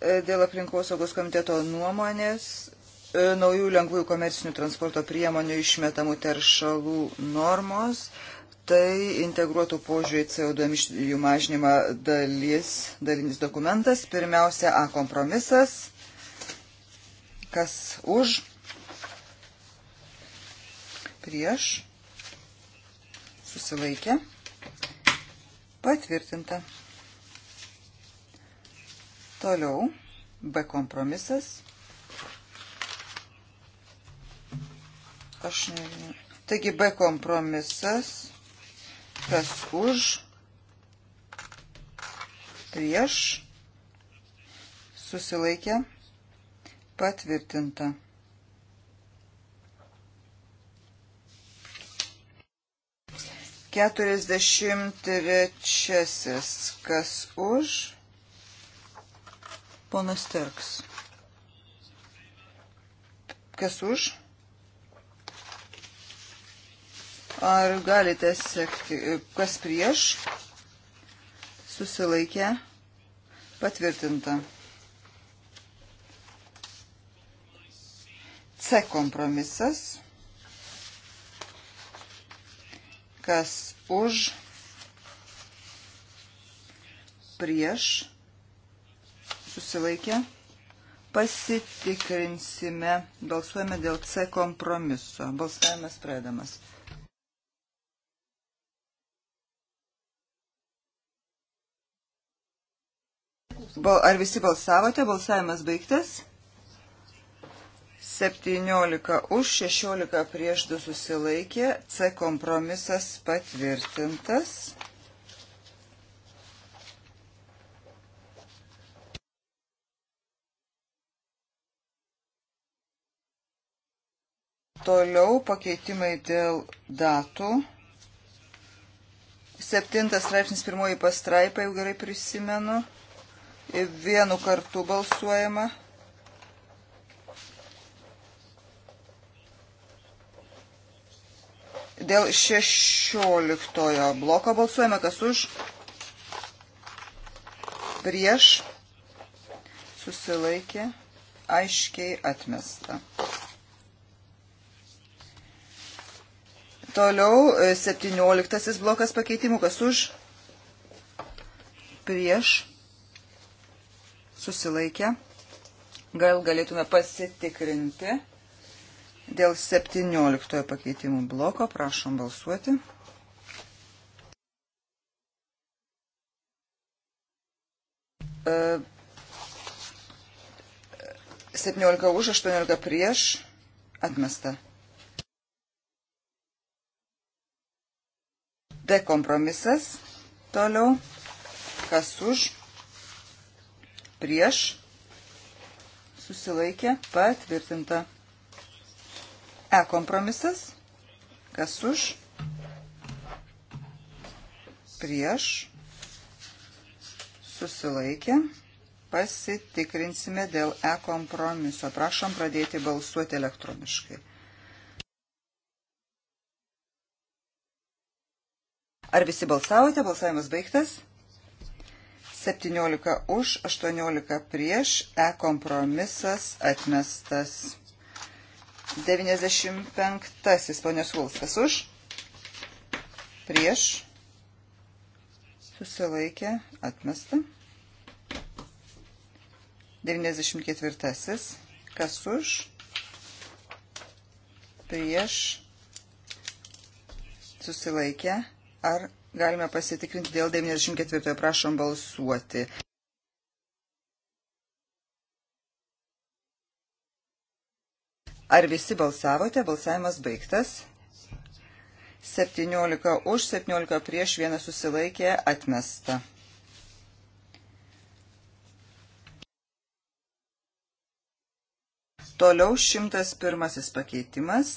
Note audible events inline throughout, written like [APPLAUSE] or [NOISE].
E, dėl aplinkosaugos komiteto nuomonės e, naujų lengvųjų komercinių transporto priemonių išmetamų teršalų normos, tai integruotų požiūrį CO2 jų mažinimą dalis, dalinis dokumentas, pirmiausia A kompromisas, kas už, prieš, susilaikė, patvirtinta. Toliau B kompromisas. Aš ne... Taigi B kompromisas, kas už, prieš, susilaikė, patvirtinta. Keturiasdešimt trečiasis, kas už, Ponas Terks. Kas už? Ar galite sekti, kas prieš? Susilaikę. Patvirtinta. C kompromisas. Kas už? Prieš susilaikė. Pasitikrinsime, balsuojame dėl C kompromiso. Balsavimas pradedamas. Ar visi balsavote? Balsavimas baigtas. 17 už, 16 prieš 2 susilaikė. C kompromisas patvirtintas. Toliau pakeitimai dėl datų. Septintas straipsnis pirmoji pastraipa, jau gerai prisimenu. Vienu kartu balsuojama. Dėl šešioliktojo bloko balsuojame, kas už, prieš, susilaikė, aiškiai atmesta. Toliau 17 e, blokas pakeitimų, kas už, prieš, susilaikę. Gal galėtume pasitikrinti dėl 17 pakeitimų bloko. Prašom balsuoti. E, 17 už, 18 prieš, atmesta. D kompromisas. Toliau. Kas už? Prieš. Susilaikė. Patvirtinta. E kompromisas. Kas už? Prieš. Susilaikė. Pasitikrinsime dėl e kompromiso. Prašom pradėti balsuoti elektroniškai. Ar visi balsavote? Balsavimas baigtas. 17 už, 18 prieš, E kompromisas atmestas. 95. Ponios Vulskas už, prieš, susilaikė, atmesta. 94. Kas už, prieš, susilaikė, atmesta Ar galime pasitikrinti dėl 94. Prašom balsuoti. Ar visi balsavote? Balsavimas baigtas. 17 už, 17 prieš, vienas susilaikė, atmesta. Toliau 101 pakeitimas.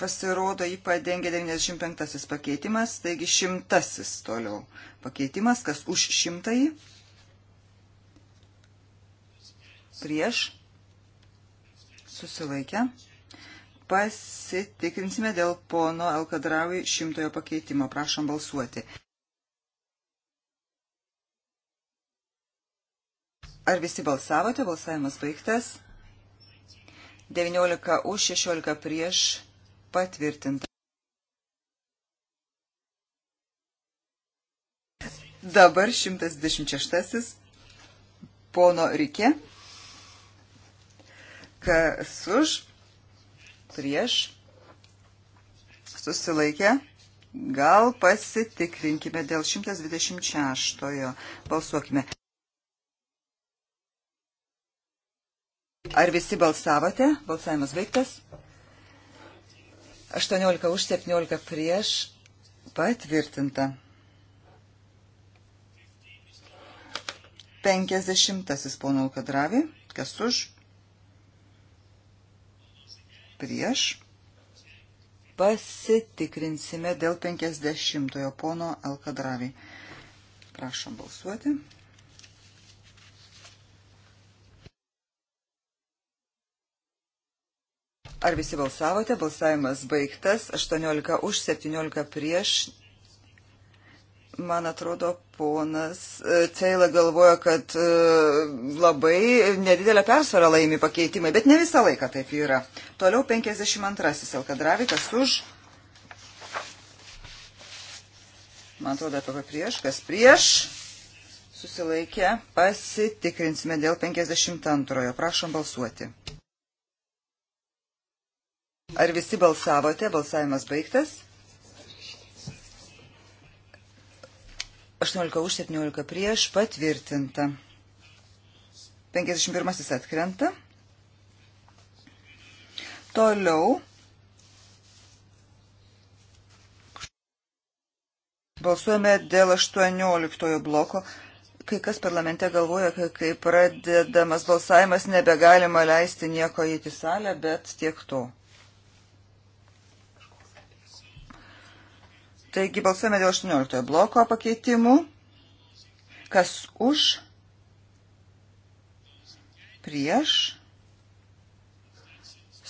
Pasirodo, jį padengia 95 pakeitimas, taigi šimtasis toliau pakeitimas, kas už šimtąjį, prieš, susilaikę. Pasitikrinsime dėl pono Alkadravai šimtojo pakeitimo. Prašom balsuoti. Ar visi balsavote? Balsavimas baigtas. 19 už, 16 prieš patvirtinta. Dabar 126 pono Rike, kas už, prieš, susilaikė. Gal pasitikrinkime dėl 126. Balsuokime. Ar visi balsavote? Balsavimas baigtas. 18 už 17 prieš patvirtinta. 50 pono Alkadravi, kas už, prieš, pasitikrinsime dėl 50 pono Alkadravi. Prašom balsuoti. Ar visi balsavote? Balsavimas baigtas. 18 už, 17 prieš. Man atrodo, ponas e, Ceila galvoja, kad e, labai nedidelę persvarą laimi pakeitimai, bet ne visą laiką taip yra. Toliau 52-asis Alkadravikas už. Man atrodo, apie prieš, kas prieš susilaikė. Pasitikrinsime dėl 52-ojo. Prašom balsuoti. Ar visi balsavote? Balsavimas baigtas. 18 už 17 prieš patvirtinta. 51 atkrenta. Toliau. Balsuojame dėl 18 bloko. Kai kas parlamente galvoja, kad kai pradedamas balsavimas nebegalima leisti nieko į salę, bet tiek to. Taigi balsuojame dėl 18 bloko pakeitimų. Kas už? Prieš?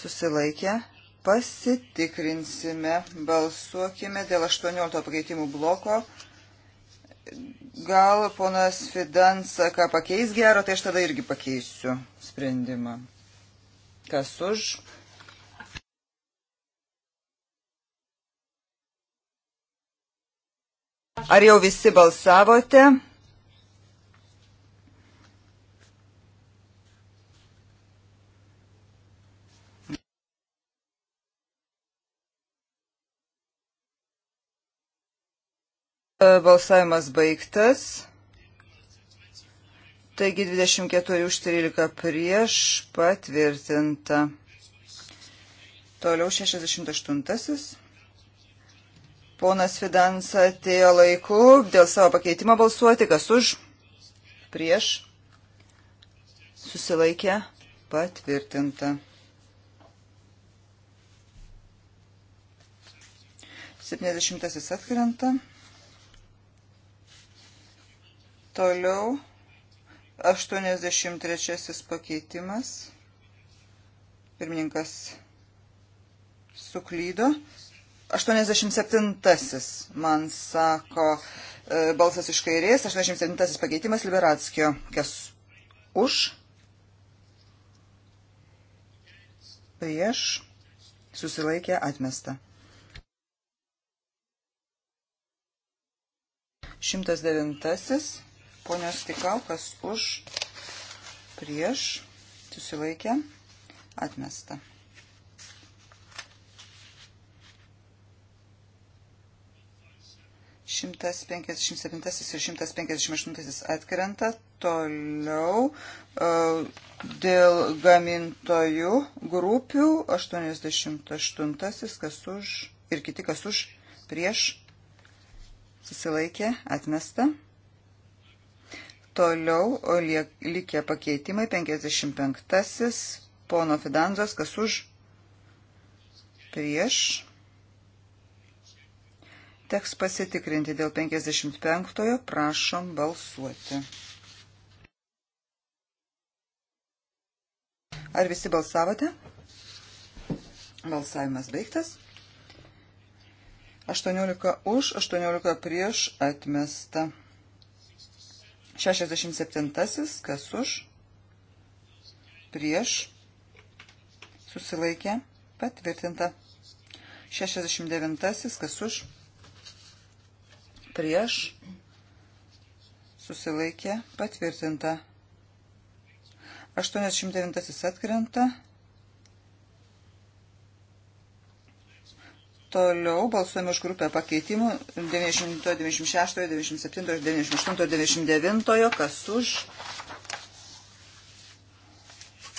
Susilaikę? Pasitikrinsime. Balsuokime dėl 18 pakeitimų bloko. Gal ponas Fidansa ką pakeis gero, tai aš tada irgi pakeisiu sprendimą. Kas už? Kas už? Ar jau visi balsavote? E, balsavimas baigtas. Taigi 24 už 13 prieš patvirtinta. Toliau 68. Ponas Fidansa atėjo laiku dėl savo pakeitimo balsuoti, kas už, prieš, susilaikė, patvirtinta. 70 atkrenta. Toliau 83 pakeitimas. Pirmininkas suklydo. 87 man sako e, balsas iš kairės, 87 pakeitimas Liberatskio. Kas už? Prieš susilaikė atmesta. 109. Ponios tikau, kas už prieš susilaikė atmesta. 157 ir 158 atkrenta. Toliau e, dėl gamintojų grupių 88 kas už ir kiti kas už prieš susilaikė atmesta. Toliau likę pakeitimai 55 pono Fidanzos kas už prieš Teks pasitikrinti dėl 55-ojo, prašom balsuoti. Ar visi balsavote? Balsavimas baigtas. 18 už, 18 prieš atmesta. 67-asis, kas už, prieš, susilaikė, patvirtinta. 69-asis, kas už, prieš prieš, susilaikė, patvirtinta. 89 atkrenta. Toliau balsuojame už grupę pakeitimų 90, 96, 97, 98, 99, kas už,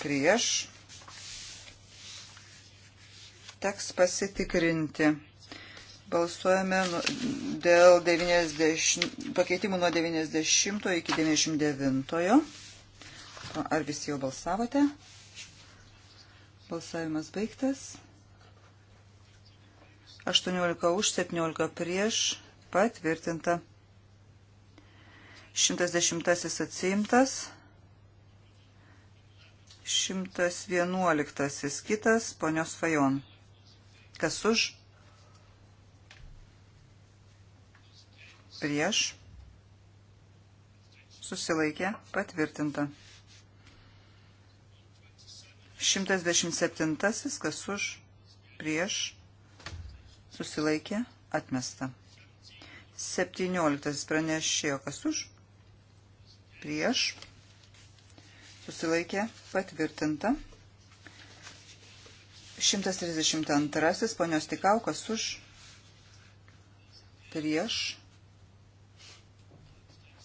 prieš, teks pasitikrinti. Balsuojame nu, dėl 90, pakeitimų nuo 90 iki 99. Ar visi jau balsavote? Balsavimas baigtas. 18 už, 17 prieš, patvirtinta. 110 atsiimtas. 111 kitas, ponios Fajon. Kas už? prieš, susilaikė, patvirtinta. 127, kas už, prieš, susilaikė, atmesta. 17 pranešėjo, kas už, prieš, susilaikė, patvirtinta. 132, ponios tikaukas už, prieš,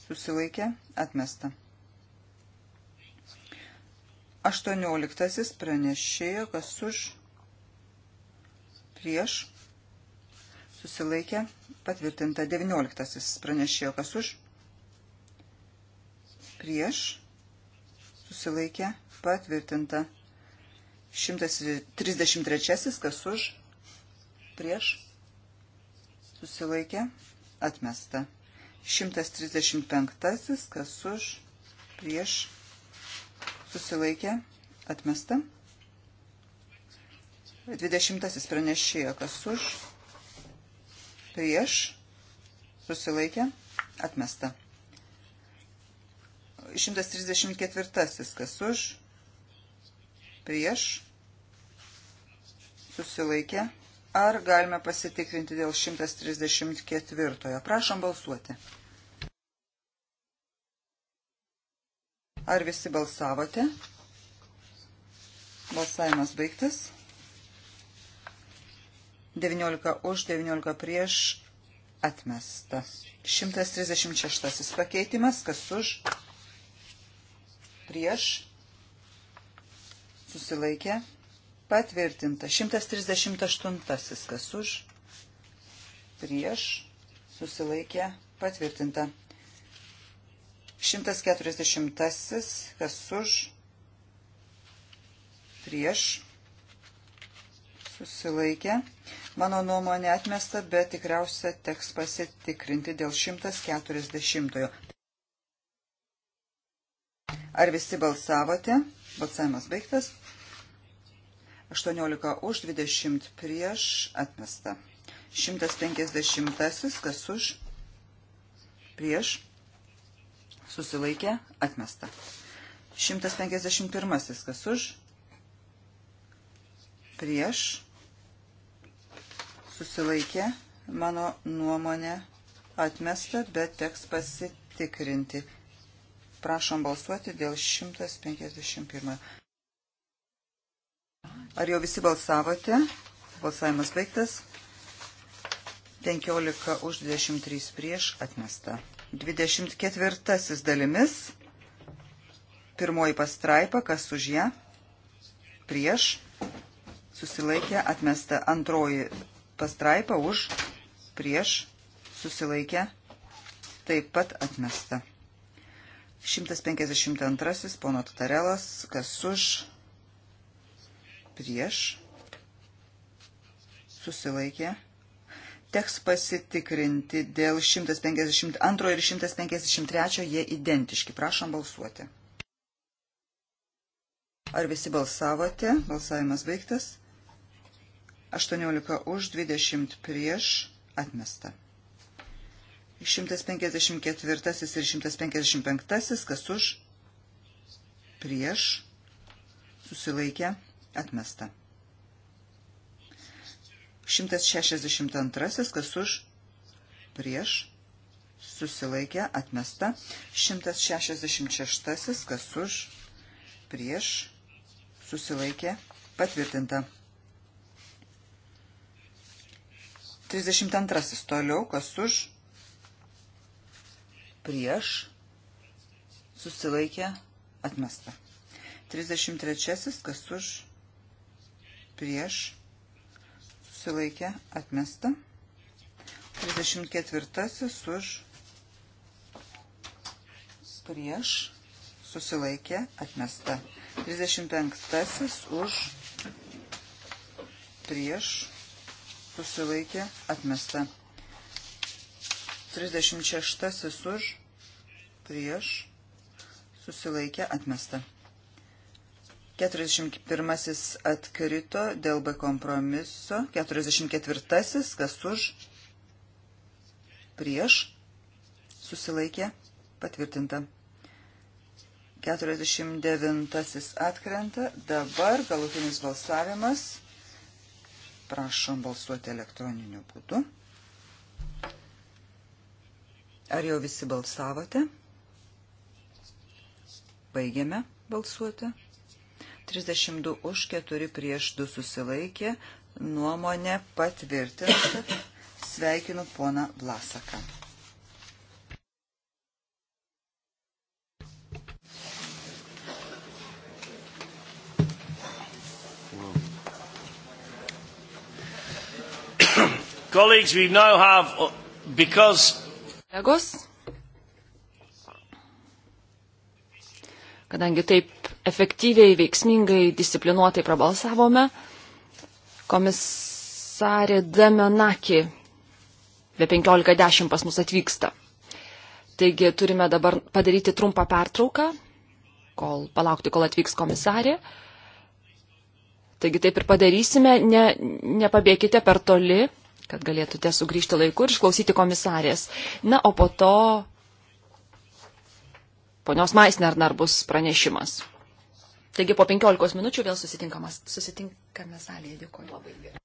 susilaikė, atmesta. 18 pranešėjo, kas už, prieš, susilaikė, patvirtinta. 19 pranešėjo, kas už, prieš, susilaikė, patvirtinta. 133 kas už, prieš, susilaikė, atmesta. 135, kas už, prieš, susilaikė, atmesta. 20 pranešėjo, kas už, prieš, susilaikė, atmesta. 134, kas už, prieš, susilaikė, atmesta Ar galime pasitikrinti dėl 134? Prašom balsuoti. Ar visi balsavote? Balsavimas baigtas. 19 už, 19 prieš atmesta. 136 pakeitimas, kas už, prieš, susilaikė, Patvirtinta. 138. Kas už? Prieš. Susilaikė. Patvirtinta. 140. Kas už? Prieš. Susilaikė. Mano nuomonė atmesta, bet tikriausia teks pasitikrinti dėl 140. Ar visi balsavote? Balsavimas baigtas. 18 už, 20 prieš, atmesta. 150 kas už, prieš, susilaikė, atmesta. 151 kas už, prieš, susilaikė, mano nuomonė atmesta, bet teks pasitikrinti. Prašom balsuoti dėl 151. Ar jau visi balsavote? Balsavimas baigtas. 15 už 23 prieš atmesta. 24 dalimis. Pirmoji pastraipa, kas už ją? Prieš. Susilaikė atmesta. Antroji pastraipa už. Prieš. Susilaikė. Taip pat atmesta. 152 pono Tarelas, kas už prieš, susilaikė. Teks pasitikrinti dėl 152 ir 153, jie identiški. Prašom balsuoti. Ar visi balsavote? Balsavimas baigtas. 18 už, 20 prieš, atmesta. 154 ir 155, kas už, prieš, susilaikė Atmesta. 162. Kas už? Prieš. Susilaikė. Atmesta. 166. Kas už? Prieš. Susilaikė. Patvirtinta. 32. Toliau. Kas už? Prieš. Susilaikė. Atmesta. 33. Kas už? prieš susilaikė atmesta. 34 už prieš susilaikė atmesta. 35 už prieš susilaikė atmesta. 36 už prieš susilaikė atmesta. 41 atkrito dėl B kompromiso. 44 kas už, prieš, susilaikė, patvirtinta. 49 atkrenta. Dabar galutinis balsavimas. Prašom balsuoti elektroniniu būdu. Ar jau visi balsavote? Baigiame balsuoti. 32 už, 4 prieš 2 susilaikė, nuomonė patvirtinta. Sveikinu poną Vlasaką. Colleagues, we now have, because... Kolegos, kadangi taip efektyviai, veiksmingai, disciplinuotai prabalsavome. Komisarė Demenaki be 15.10 pas mus atvyksta. Taigi turime dabar padaryti trumpą pertrauką, kol palaukti, kol atvyks komisarė. Taigi taip ir padarysime, ne, nepabėkite per toli, kad galėtumėte sugrįžti laiku ir išklausyti komisarės. Na, o po to ponios Maisner dar bus pranešimas. Taigi po 15 minučių vėl susitinkame salėje. Dėkuoju.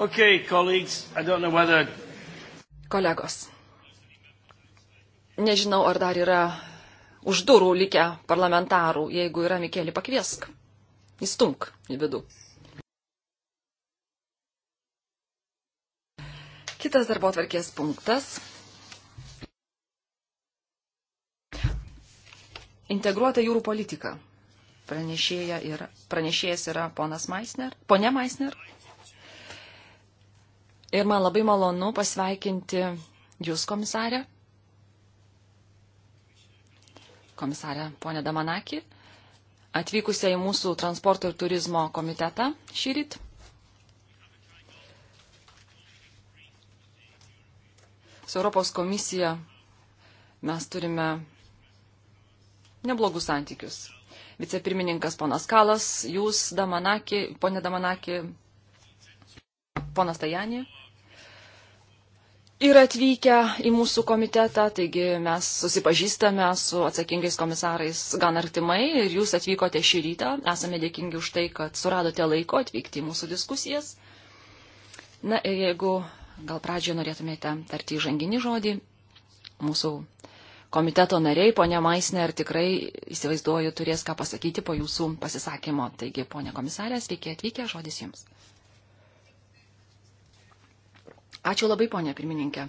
Okay, colleagues, I don't know whether... Kolegos, nežinau, ar dar yra už durų likę parlamentarų. Jeigu yra, Mikėlį pakviesk. Įstumk į vidų. Kitas darbo atvarkės punktas. Integruota jūrų politika. Pranešėja yra, pranešėjas yra ponas Maisner. Pone Maisner. Ir man labai malonu pasveikinti Jūs, komisarė. Komisarė ponė Damanaki, atvykusią į mūsų transporto ir turizmo komitetą šį rytą. Su Europos komisija mes turime neblogus santykius. Vicepirmininkas ponas Kalas, jūs, Damanaki, ponė Damanaki, ponas Tajani yra atvykę į mūsų komitetą, taigi mes susipažįstame su atsakingais komisarais gan artimai ir jūs atvykote šį rytą. Esame dėkingi už tai, kad suradote laiko atvykti į mūsų diskusijas. Na ir jeigu gal pradžioje norėtumėte tarti įžanginį žodį, mūsų komiteto nariai, ponia Maisner, tikrai įsivaizduoju turės ką pasakyti po jūsų pasisakymo. Taigi, ponia komisarė, sveiki atvykę, žodis jums. Ačiū labai, ponė pirmininkė.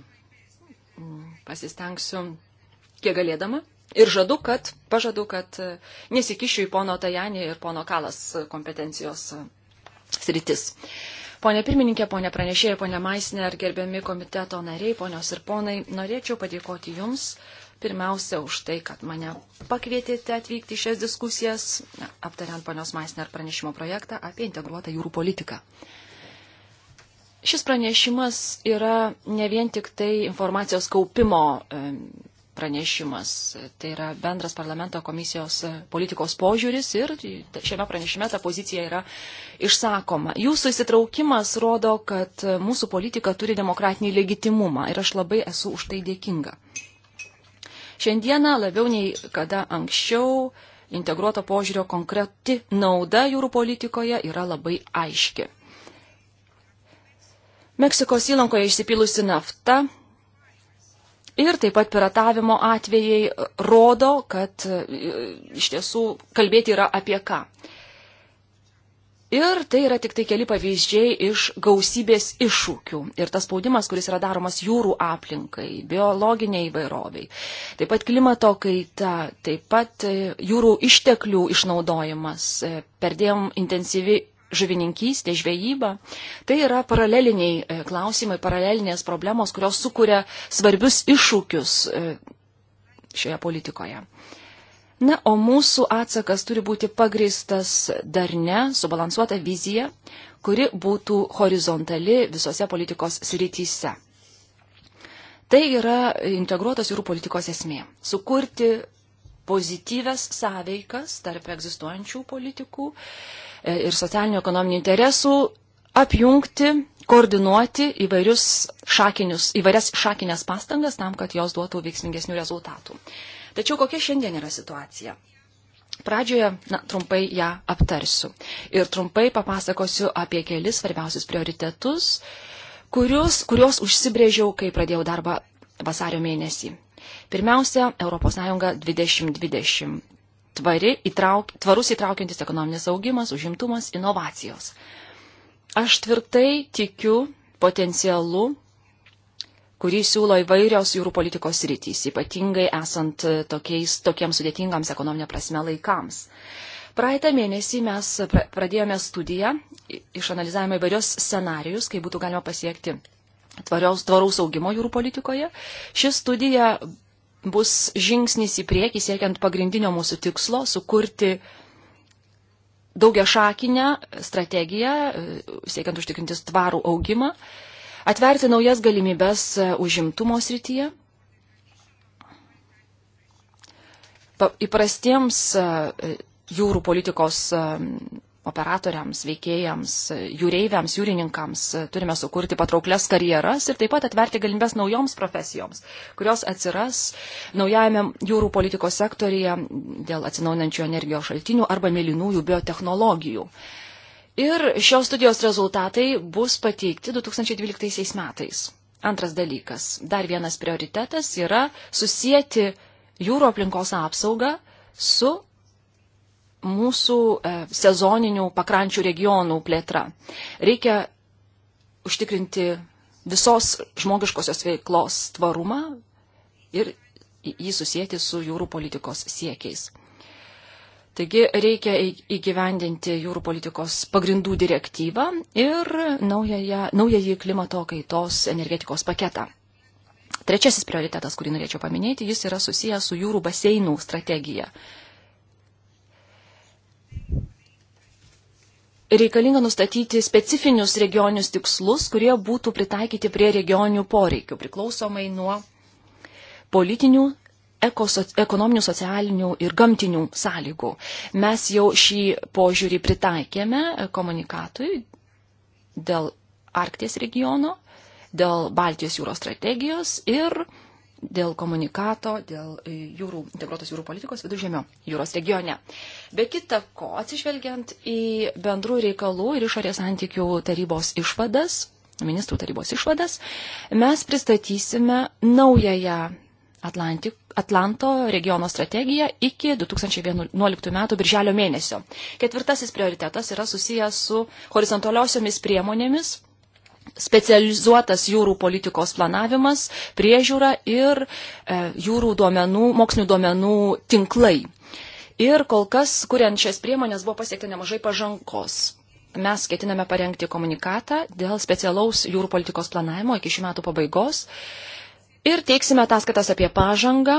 Mm, pasistengsiu, kiek galėdama. Ir žadu, kad, pažadu, kad e, nesikišiu į pono Tajanį ir pono Kalas e, kompetencijos e, sritis. Pone pirmininkė, pone pranešėjai, pone Maisner, gerbiami komiteto nariai, ponios ir ponai, norėčiau padėkoti Jums pirmiausia už tai, kad mane pakvietėte atvykti šias diskusijas, aptariant ponios Maisner pranešimo projektą apie integruotą jūrų politiką. Šis pranešimas yra ne vien tik tai informacijos kaupimo pranešimas, tai yra bendras parlamento komisijos e, politikos požiūris ir šiame pranešime ta pozicija yra išsakoma. Jūsų įsitraukimas rodo, kad e, mūsų politika turi demokratinį legitimumą ir aš labai esu už tai dėkinga. Šiandieną labiau nei kada anksčiau integruoto požiūrio konkreti nauda jūrų politikoje yra labai aiški. Meksikos įlankoje išsipylusi nafta ir taip pat piratavimo atvejai rodo, kad e, iš tiesų kalbėti yra apie ką. Ir tai yra tik tai keli pavyzdžiai iš gausybės iššūkių. Ir tas spaudimas, kuris yra daromas jūrų aplinkai, biologiniai įvairoviai, taip pat klimato kaita, taip pat e, jūrų išteklių išnaudojimas, e, perdėm intensyvi žuvininkystė, žvejyba. Tai yra paraleliniai e, klausimai, paralelinės problemos, kurios sukuria svarbius iššūkius e, šioje politikoje. Na, o mūsų atsakas turi būti pagristas darne, subalansuota vizija, kuri būtų horizontali visose politikos srityse. Tai yra integruotos jūrų politikos esmė - sukurti pozityves sąveikas tarp egzistuojančių politikų, E, ir socialinių ekonominių interesų apjungti, koordinuoti įvairius šakinius, įvairias šakinės pastangas tam, kad jos duotų veiksmingesnių rezultatų. Tačiau kokia šiandien yra situacija? Pradžioje na, trumpai ją aptarsiu ir trumpai papasakosiu apie kelis svarbiausius prioritetus, kurios, kurios užsibrėžiau, kai pradėjau darbą vasario mėnesį. Pirmiausia, ES 2020 tvari, įtrauk, tvarus įtraukiantis ekonominis augimas, užimtumas, inovacijos. Aš tvirtai tikiu potencialu, kurį siūlo įvairios jūrų politikos rytys, ypatingai esant tokiais, tokiems sudėtingams ekonominė prasme laikams. Praeitą mėnesį mes pradėjome studiją, išanalizavome įvairios scenarius, kaip būtų galima pasiekti tvariaus, tvaraus augimo jūrų politikoje. Ši studija bus žingsnis į priekį siekiant pagrindinio mūsų tikslo - sukurti daugia šakinę strategiją, siekiant užtikrinti tvarų augimą, atverti naujas galimybes e, užimtumo srityje. Įprastiems e, e, jūrų politikos operatoriams, veikėjams, jūreiviams, jūrininkams turime sukurti patrauklias karjeras ir taip pat atverti galimybės naujoms profesijoms, kurios atsiras naujajame jūrų politikos sektorija dėl atsinaunančių energijos šaltinių arba mėlynųjų biotehnologijų. Ir šios studijos rezultatai bus pateikti 2012 metais. Antras dalykas, dar vienas prioritetas yra susijęti jūrų aplinkos apsaugą su mūsų e, sezoninių pakrančių regionų plėtra. Reikia užtikrinti visos žmogiškosios veiklos tvarumą ir jį susijęti su jūrų politikos siekiais. Taigi reikia įgyvendinti jūrų politikos pagrindų direktyvą ir naująjį klimato kaitos energetikos paketą. Trečiasis prioritetas, kurį norėčiau paminėti, jis yra susijęs su jūrų baseinų strategija. reikalinga nustatyti specifinius regioninius tikslus, kurie būtų pritaikyti prie regioninių poreikių, priklausomai nuo politinių, ekoso, ekonominių, socialinių ir gamtinių sąlygų. Mes jau šį požiūrį pritaikėme komunikatui dėl Arkties regiono, dėl Baltijos jūros strategijos ir dėl komunikato, dėl e, jūrų, integruotos jūrų politikos viduržėmio jūros regione. Be kita ko, atsižvelgiant į bendrų reikalų ir išorės santykių tarybos išvadas, ministrų tarybos išvadas, mes pristatysime naująją Atlantik, Atlanto regiono strategiją iki 2011 metų birželio mėnesio. Ketvirtasis prioritetas yra susijęs su horizontaliosiomis priemonėmis specializuotas jūrų politikos planavimas, priežiūra ir e, jūrų duomenų, mokslinių duomenų tinklai. Ir kol kas, kuriant šias priemonės, buvo pasiekta nemažai pažangos. Mes ketiname parengti komunikatą dėl specialaus jūrų politikos planavimo iki šių metų pabaigos ir teiksime ataskaitas apie pažangą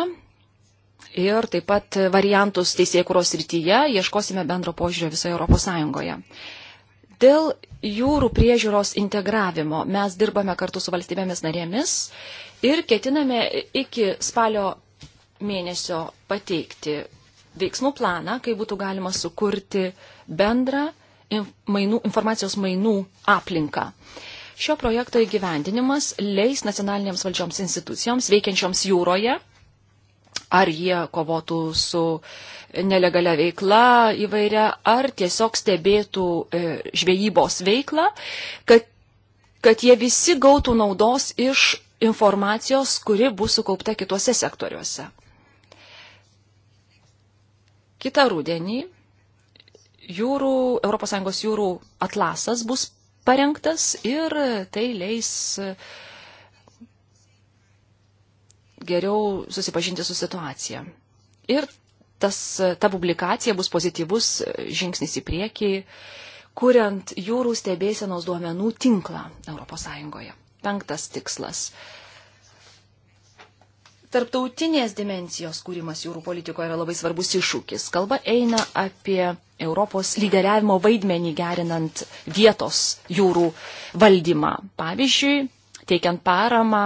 ir taip pat variantus teisėjų kuros rytyje, ieškosime bendro požiūrio visoje Europos Sąjungoje. Dėl jūrų priežiūros integravimo mes dirbame kartu su valstybėmis narėmis ir ketiname iki spalio mėnesio pateikti veiksmų planą, kai būtų galima sukurti bendrą mainų, informacijos mainų aplinką. Šio projekto įgyvendinimas leis nacionalinėms valdžioms institucijoms veikiančioms jūroje ar jie kovotų su nelegalia veikla įvairia, ar tiesiog stebėtų e, žvejybos veiklą, kad, kad jie visi gautų naudos iš informacijos, kuri bus sukaupta kituose sektoriuose. Kita rūdienį jūrų, ES jūrų atlasas bus parengtas ir tai leis uh, geriau susipažinti su situacija. Ir tas, ta publikacija bus pozityvus žingsnis į priekį, kuriant jūrų stebėsenos duomenų tinklą ES. Penktas tikslas. Tarptautinės dimensijos kūrimas jūrų politikoje yra labai svarbus iššūkis. Kalba eina apie Europos lyderiavimo vaidmenį gerinant vietos jūrų valdymą. Pavyzdžiui, teikiant paramą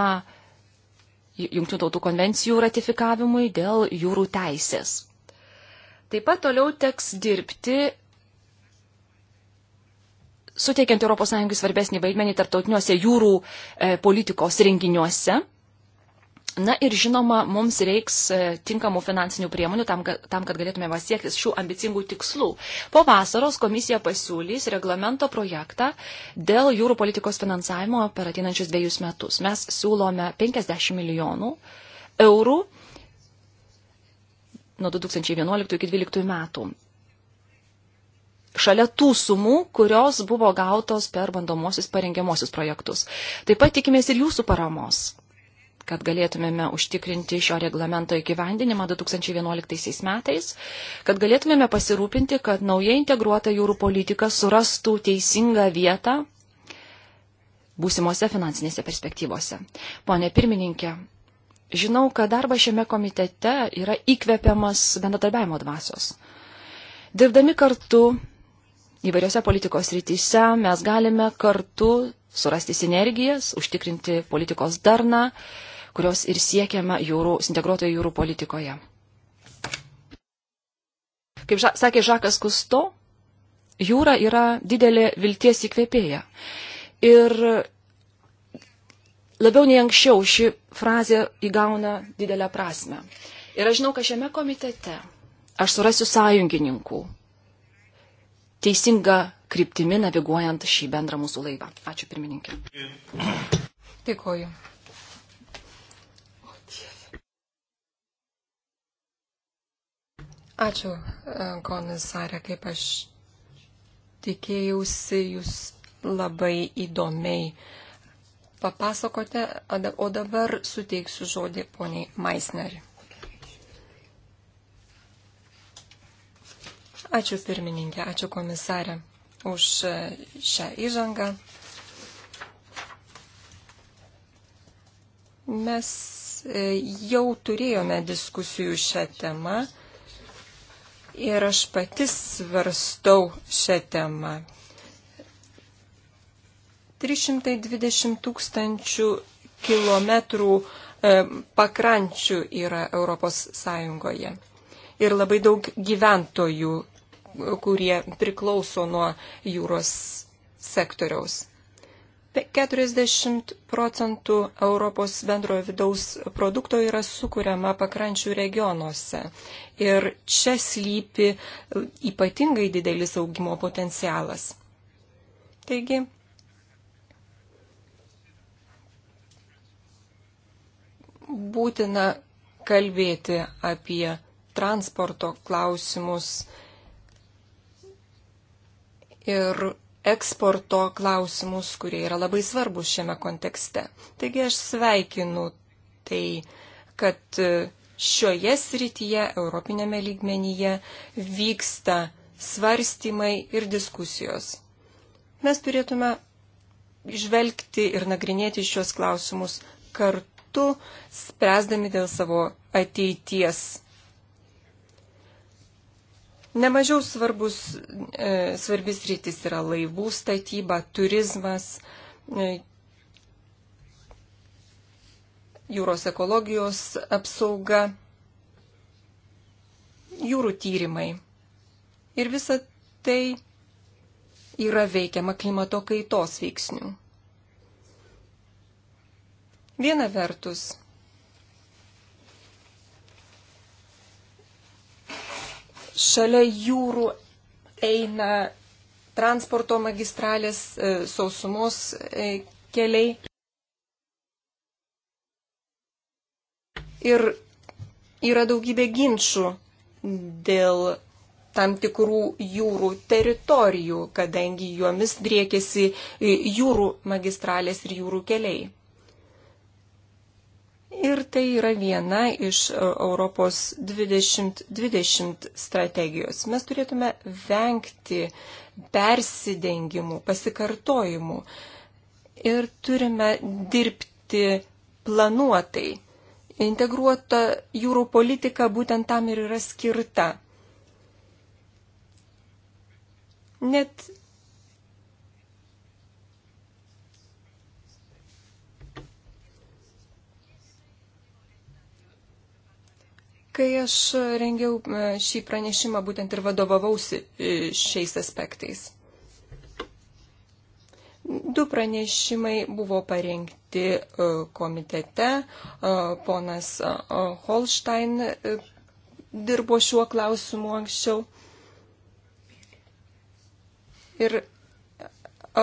Junktinių tautų konvencijų ratifikavimui dėl jūrų teisės. Taip pat toliau teks dirbti, suteikiant ES svarbesnį vaidmenį tarptautiniuose jūrų e, politikos renginiuose Na ir žinoma, mums reiks e, tinkamų finansinių priemonių tam, tam kad galėtume pasiekti šių ambicingų tikslų. Po vasaros komisija pasiūlys reglamento projektą dėl jūrų politikos finansavimo per ateinančius dviejus metus. Mes siūlome 50 milijonų eurų nuo 2011 iki 2012 metų. Šalia tų sumų, kurios buvo gautos per bandomuosius parengiamuosius projektus. Taip pat tikimės ir jūsų paramos kad galėtumėme užtikrinti šio reglamento įgyvendinimą 2011 metais, kad galėtumėme pasirūpinti, kad nauja integruota jūrų politika surastų teisingą vietą būsimose finansinėse perspektyvose. Pone pirmininkė, žinau, kad darbas šiame komitete yra įkvepiamas bendradarbiavimo dvasios. Dirbdami kartu įvairiose politikos rytise mes galime kartu surasti sinergijas, užtikrinti politikos darną, kurios ir siekiama jūrų, integruotoje jūrų politikoje. Kaip ža, sakė Žakas Kusto, jūra yra didelė vilties įkvėpėja. Ir labiau nei anksčiau ši frazė įgauna didelę prasme. Ir aš žinau, kad šiame komitete aš surasiu sąjungininkų teisinga kryptimi naviguojant šį bendrą mūsų laivą. Ačiū pirmininkė. Dėkuoju. Ačiū, e, komisarė, kaip aš tikėjausi, jūs labai įdomiai papasakote, o dabar suteiksiu žodį poniai Maisneri. Ačiū pirmininkė, ačiū komisarė už e, šią įžangą. Mes e, jau turėjome diskusijų šią temą ir aš pati svarstau šią temą. 320 tūkstančių kilometrų e, pakrančių yra Europos Sąjungoje. Ir labai daug gyventojų, kurie priklauso nuo jūros sektoriaus. 40 procentų Europos bendrojo vidaus produkto yra sukūriama pakrančių regionuose. Ir čia slypi ypatingai didelis augimo potencialas. Taigi, būtina kalbėti apie transporto klausimus ir eksporto klausimus, kurie yra labai svarbus šiame kontekste. Taigi aš sveikinu tai, kad šioje srityje, Europinėme lygmenyje, vyksta svarstymai ir diskusijos. Mes turėtume žvelgti ir nagrinėti šios klausimus kartu, spręsdami dėl savo ateities Nemažiau svarbus, e, svarbis rytis yra laivų statyba, turizmas, e, jūros ekologijos apsauga, jūrų tyrimai. Ir visa tai yra veikiama klimato kaitos veiksnių. Viena vertus, Šalia jūrų eina transporto magistralės, e, sausumos e, keliai. Ir yra daugybė ginčių dėl tam tikrų jūrų teritorijų, kadangi juomis driekėsi e, jūrų magistralės ir jūrų keliai. Ir tai yra viena iš e, Europos 2020 strategijos. Mes turėtume vengti persidengimų, pasikartojimų ir turime dirbti planuotai. Integruota jūrų politika būtent tam ir yra skirta. Net Kai aš rengiau e, šį pranešimą, būtent ir vadovavausi e, šiais aspektais. Du pranešimai buvo parengti e, komitete. Ponas Holstein dirbo šiuo klausimu anksčiau. Ir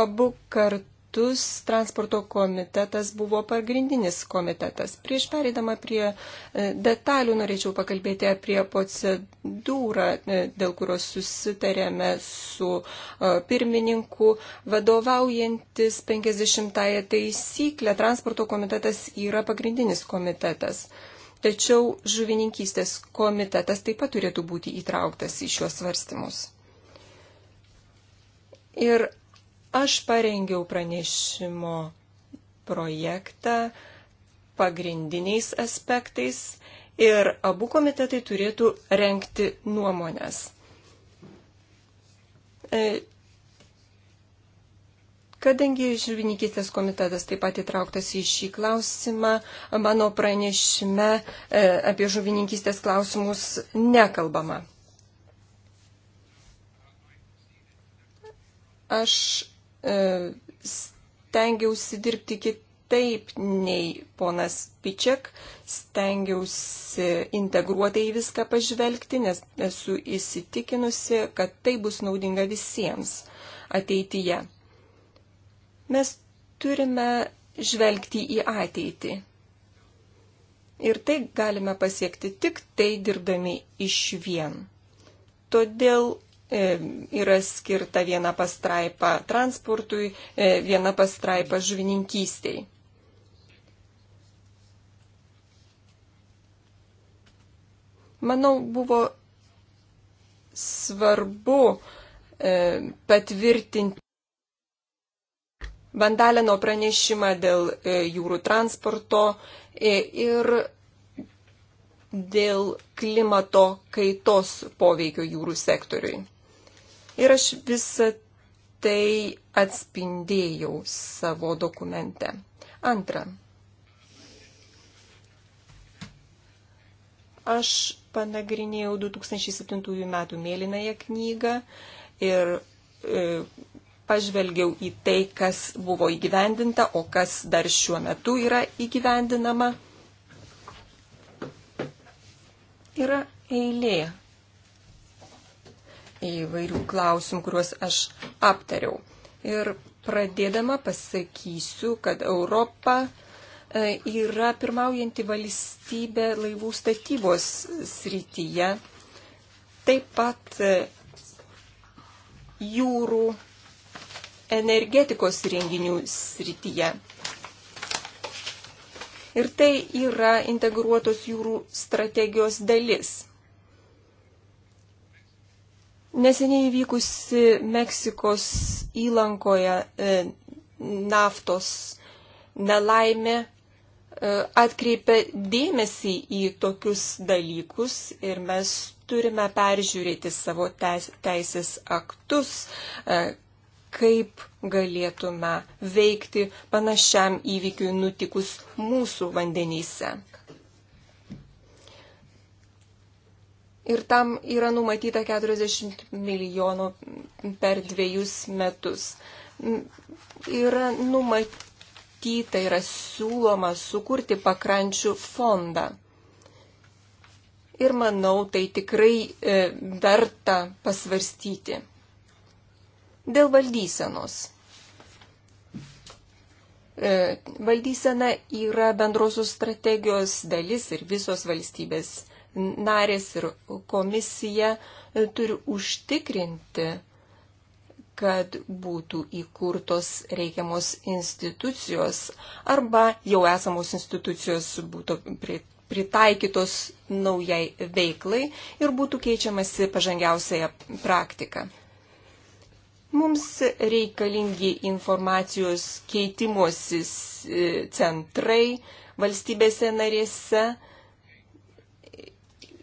abu kartu metus transporto komitetas buvo pagrindinis komitetas. Prieš pereidama prie e, detalių norėčiau pakalbėti apie procedūrą, e, dėl kurios susitarėme su e, pirmininku. Vadovaujantis 50-ąją taisyklę, transporto komitetas yra pagrindinis komitetas. Tačiau žuvininkystės komitetas taip pat turėtų būti įtrauktas į šiuos svarstymus. Ir Aš parengiau pranešimo projektą pagrindiniais aspektais ir abu komitetai turėtų renkti nuomonės. E, kadangi žuvininkystės komitetas taip pat įtrauktas į šį klausimą, mano pranešime e, apie žuvininkystės klausimus nekalbama. Aš E, stengiausi dirbti kitaip nei ponas Pičiak, stengiausi integruotai į viską pažvelgti, nes esu įsitikinusi, kad tai bus naudinga visiems ateityje. Mes turime žvelgti į ateitį. Ir tai galime pasiekti tik tai dirbdami iš vien. Todėl E, yra skirta viena pastraipa transportui, e, viena pastraipa žuvininkystiai. Manau, buvo svarbu e, patvirtinti Vandaleno pranešimą dėl jūrų transporto ir dėl klimato kaitos poveikio jūrų sektoriui. Ir aš visą tai atspindėjau savo dokumente. Antra. Aš panagrinėjau 2007 metų mėlynąją knygą ir e, pažvelgiau į tai, kas buvo įgyvendinta, o kas dar šiuo metu yra įgyvendinama. Yra eilė įvairių klausimų, kuriuos aš aptariau. Ir pradėdama pasakysiu, kad Europa e, yra pirmaujanti valstybė laivų statybos srityje, taip pat e, jūrų energetikos renginių srityje. Ir tai yra integruotos jūrų strategijos dalis. Neseniai įvykusi Meksikos įlankoje e, naftos nelaimė e, atkreipia dėmesį į tokius dalykus ir mes turime peržiūrėti savo teis, teisės aktus, e, kaip galėtume veikti panašiam įvykiui nutikus mūsų vandenyse. ir tam yra numatyta 40 milijonų per dviejus metus. Yra numatyta, yra siūloma sukurti pakrančių fondą. Ir manau, tai tikrai e, verta pasvarstyti. Dėl valdysenos. E, valdysena yra bendrosios strategijos dalis ir visos valstybės narės ir komisija e, turi užtikrinti, kad būtų įkurtos reikiamos institucijos arba jau esamos institucijos būtų pritaikytos naujai veiklai ir būtų keičiamasi pažangiausiaja praktika. Mums reikalingi informacijos keitimosis e, centrai valstybėse narėse,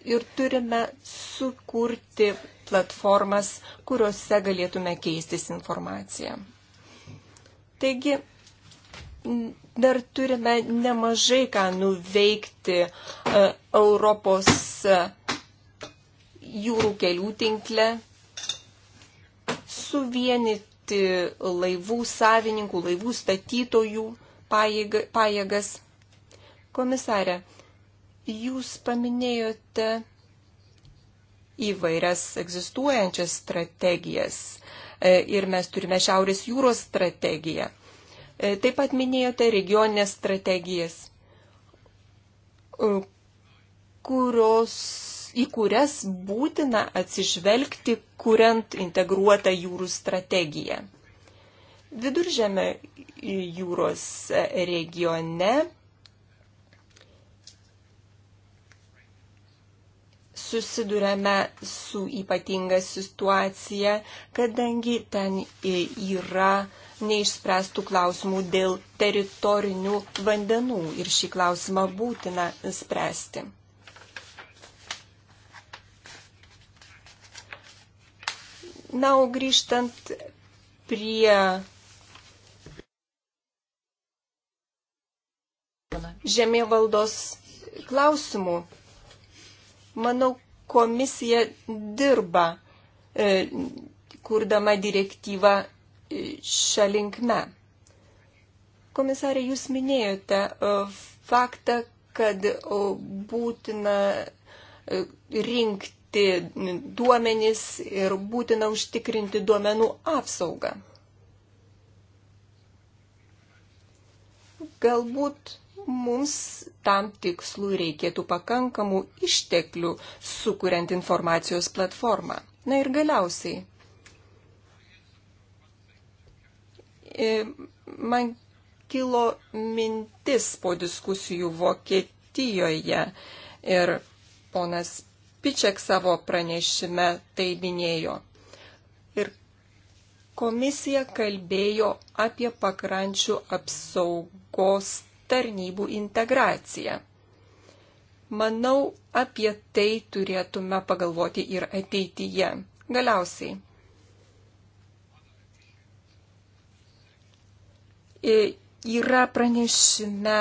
ir turime sukurti platformas, kuriuose galėtume keistis informaciją. Taigi, dar turime nemažai ką nuveikti e, Europos e, jūrų kelių tinkle, suvienyti laivų savininkų, laivų statytojų pajėgas. Komisarė, Jūs paminėjote įvairias egzistuojančias strategijas e, ir mes turime Šiaurės jūros strategiją. E, taip pat minėjote regioninės strategijas, e, kurios, į kurias būtina atsižvelgti, kuriant integruotą jūrų strategiją. Viduržėme jūros regione susidurėme su ypatinga situacija, kadangi ten yra neišspręstų klausimų dėl teritorinių vandenų ir šį klausimą būtina spręsti. Na, o grįžtant prie žemėvaldos klausimų, Manau, komisija dirba, e, kurdama direktyvą e, šią linkmę. Komisarė, jūs minėjote e, faktą, kad būtina rinkti duomenis ir būtina užtikrinti duomenų apsaugą. Galbūt mums tam tikslui reikėtų pakankamų išteklių, sukuriant informacijos platformą. Na ir galiausiai. E, man kilo mintis po diskusijų Vokietijoje ir ponas Pičiak savo pranešime tai minėjo. Ir komisija kalbėjo apie pakrančių apsaugos tarnybų integracija. Manau, apie tai turėtume pagalvoti ir ateityje. Galiausiai. E, yra pranešime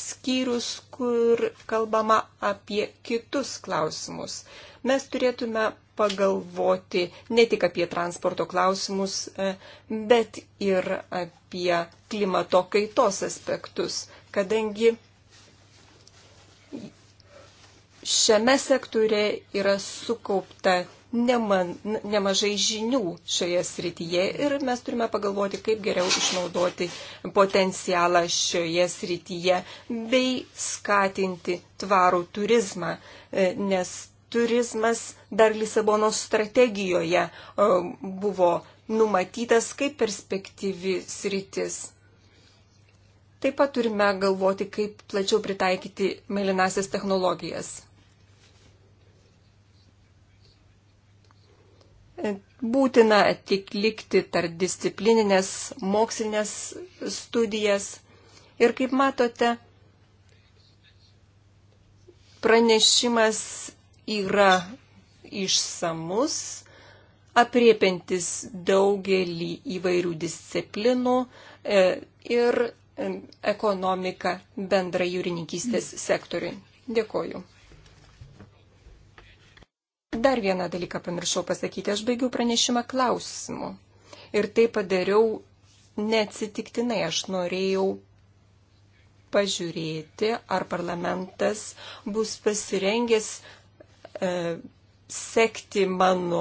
skyrius, kur kalbama apie kitus klausimus. Mes turėtume pagalvoti ne tik apie transporto klausimus, e, bet ir apie klimato kaitos aspektus, kadangi šiame sektorė yra sukaupta neman, nemažai žinių šioje srityje ir mes turime pagalvoti, kaip geriau išnaudoti potencialą šioje srityje bei skatinti tvarų turizmą, e, nes turizmas dar Lisabono strategijoje e, buvo numatytas kaip perspektyvi sritis. Taip pat turime galvoti, kaip plačiau pritaikyti melinasias technologijas. E, būtina atlikti tarpdisciplininės mokslinės studijas ir kaip matote, pranešimas yra išsamus, apriepintis daugelį įvairių disciplinų e, ir e, ekonomiką bendrai jūrininkystės sektoriui. Dėkoju. Dar vieną dalyką pamiršau pasakyti. Aš baigiau pranešimą klausimu. Ir tai padariau neatsitiktinai. Aš norėjau pažiūrėti, ar parlamentas bus pasirengęs E, sekti mano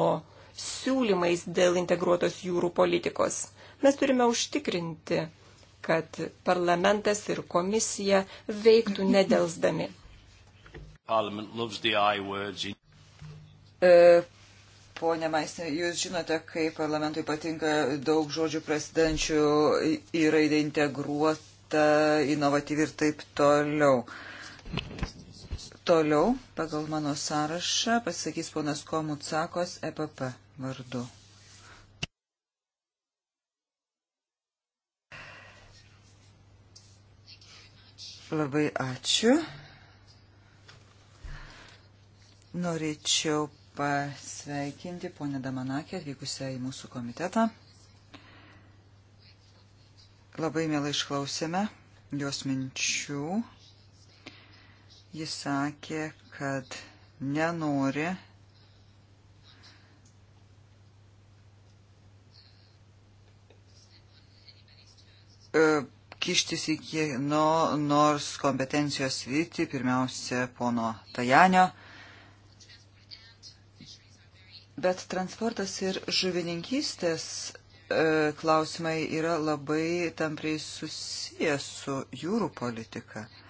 siūlymais dėl integruotos jūrų politikos. Mes turime užtikrinti, kad parlamentas ir komisija veiktų nedelsdami. E, pone Maisne, jūs žinote, kaip parlamentui patinka daug žodžių prasidančių į raidę integruota, inovatyvi ir taip toliau. Toliau, pagal mano sąrašą, pasakys ponas Komutsakos EPP vardu. Labai ačiū. Norėčiau pasveikinti ponę Damanakį atvykusią į mūsų komitetą. Labai mielai išklausėme jos minčių Jis sakė, kad nenori e, kištis į kieno nors kompetencijos rytį, pirmiausia, pono Tajanio. Bet transportas ir žuvininkystės e, klausimai yra labai tampriai susijęs su jūrų politika. E,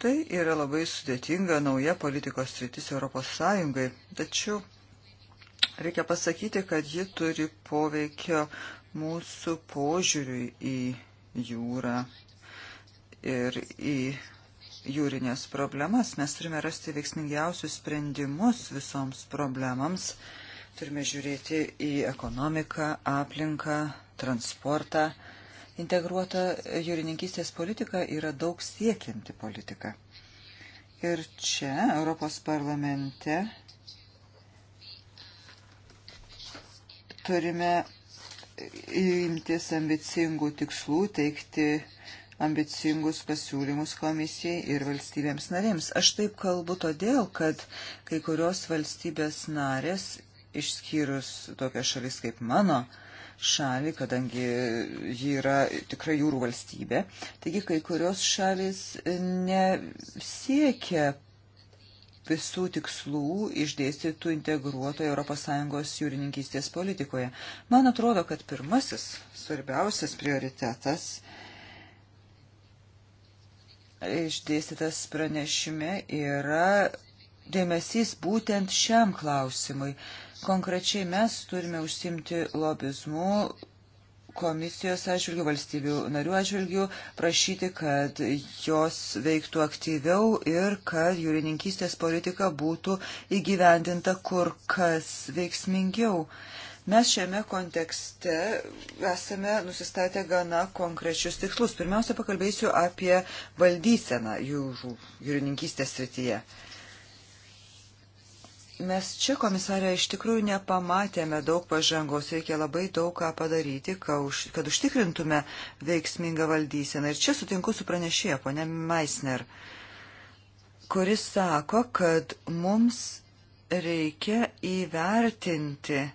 Tai yra labai sudėtinga nauja politikos sritis Europos Sąjungai, tačiau reikia pasakyti, kad ji turi poveikio mūsų požiūriui į jūrą ir į jūrinės problemas. Mes turime rasti veiksmingiausius sprendimus visoms problemams. Turime žiūrėti į ekonomiką, aplinką, transportą Integruota jūrininkystės politika yra daug siekianti politika. Ir čia, Europos parlamente, turime imtis ambicingų tikslų, teikti ambicingus pasiūlymus komisijai ir valstybėms narėms. Aš taip kalbu todėl, kad kai kurios valstybės narės, išskyrus tokias šalis kaip mano, uh, šalį, kadangi ji yra tikrai jūrų valstybė. Taigi kai kurios šalis nesiekia visų tikslų išdėstytų integruotoje ES jūrininkystės politikoje. Man atrodo, kad pirmasis svarbiausias prioritetas išdėstytas pranešime yra dėmesys būtent šiam klausimui. Konkrečiai mes turime užsimti lobizmu komisijos atžvilgių, valstybių narių atžvilgių, prašyti, kad jos veiktų aktyviau ir kad jūrininkystės politika būtų įgyvendinta kur kas veiksmingiau. Mes šiame kontekste esame nusistatę gana konkrečius tikslus. Pirmiausia, pakalbėsiu apie valdyseną jūrų jūrininkystės srityje. Jū, Mes čia, komisarė, iš tikrųjų nepamatėme daug pažangos, reikia labai daug ką padaryti, kad užtikrintume veiksmingą valdyseną. Ir čia sutinku su pranešėja, ponė Meisner, kuris sako, kad mums reikia įvertinti e,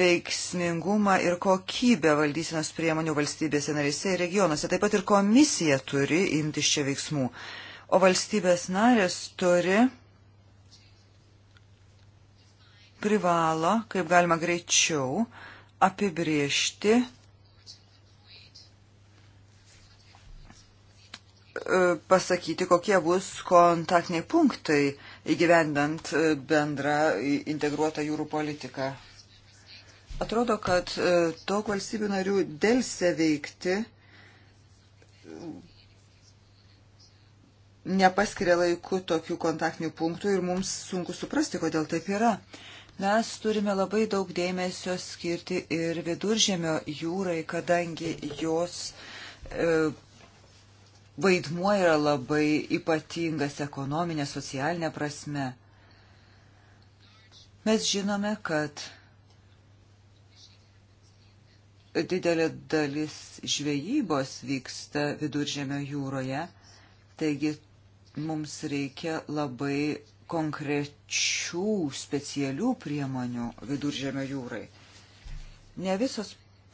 veiksmingumą ir kokybę valdysenos priemonių valstybėse narėse ir regionuose. Taip pat ir komisija turi imtis čia veiksmų. O valstybės narės turi privalo, kaip galima greičiau, apibriežti e, pasakyti, kokie bus kontaktiniai punktai įgyvendant e, bendrą integruotą jūrų politiką. Atrodo, kad e, daug valstybių narių dėlse veikti nepaskiria laiku tokių kontaktinių punktų ir mums sunku suprasti, kodėl taip yra. Mes turime labai daug dėmesio skirti ir viduržėmio jūrai, kadangi jos e, vaidmuo yra labai ypatingas ekonominė, socialinė prasme. Mes žinome, kad didelė dalis žvejybos vyksta viduržėmio jūroje, taigi mums reikia labai konkrečių specialių priemonių viduržėmio jūrai. Ne visos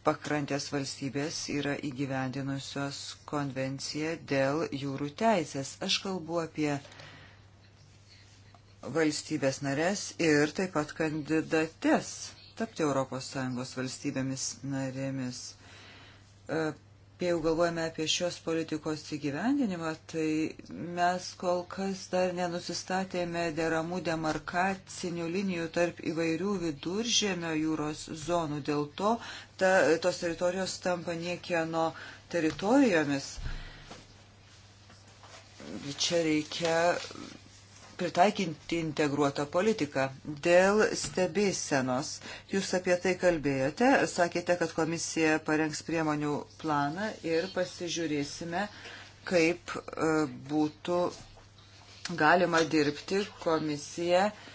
pakrantės valstybės yra įgyvendinusios konvenciją dėl jūrų teisės. Aš kalbu apie valstybės narės ir taip pat kandidates tapti ES valstybėmis narėmis. E, jeigu galvojame apie šios politikos įgyvendinimą, tai mes kol kas dar nenusistatėme deramų demarkacinių linijų tarp įvairių viduržėmio jūros zonų. Dėl to ta, tos teritorijos tampa niekieno teritorijomis. Čia reikia pritaikinti integruotą politiką. Dėl stebėsenos, jūs apie tai kalbėjote, sakėte, kad komisija parengs priemonių planą ir pasižiūrėsime, kaip e, būtų galima dirbti komisija. Uh,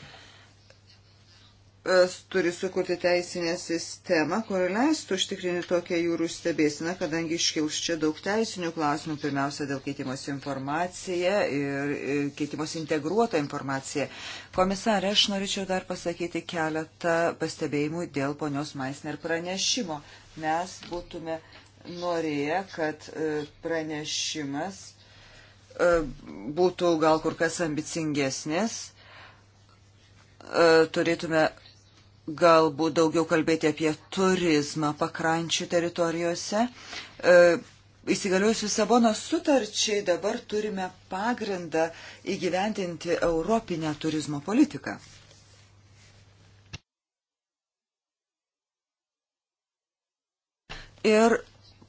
E, turi sukurti teisinę sistemą, kuri leistų užtikrinti tokią jūrų stebėsiną, kadangi iškils čia daug teisinių klausimų, pirmiausia dėl keitimos informacija ir e, keitimos integruota informacija. Komisarė, aš norėčiau dar pasakyti keletą pastebėjimų dėl ponios Maisner pranešimo. Mes būtume norėję, kad e, pranešimas būtų gal kur kas ambicingesnis turėtume galbūt daugiau kalbėti apie turizmą pakrančių teritorijose. E, įsigaliojus Lisabono sutarčiai dabar turime pagrindą įgyventinti Europinę turizmo politiką. Ir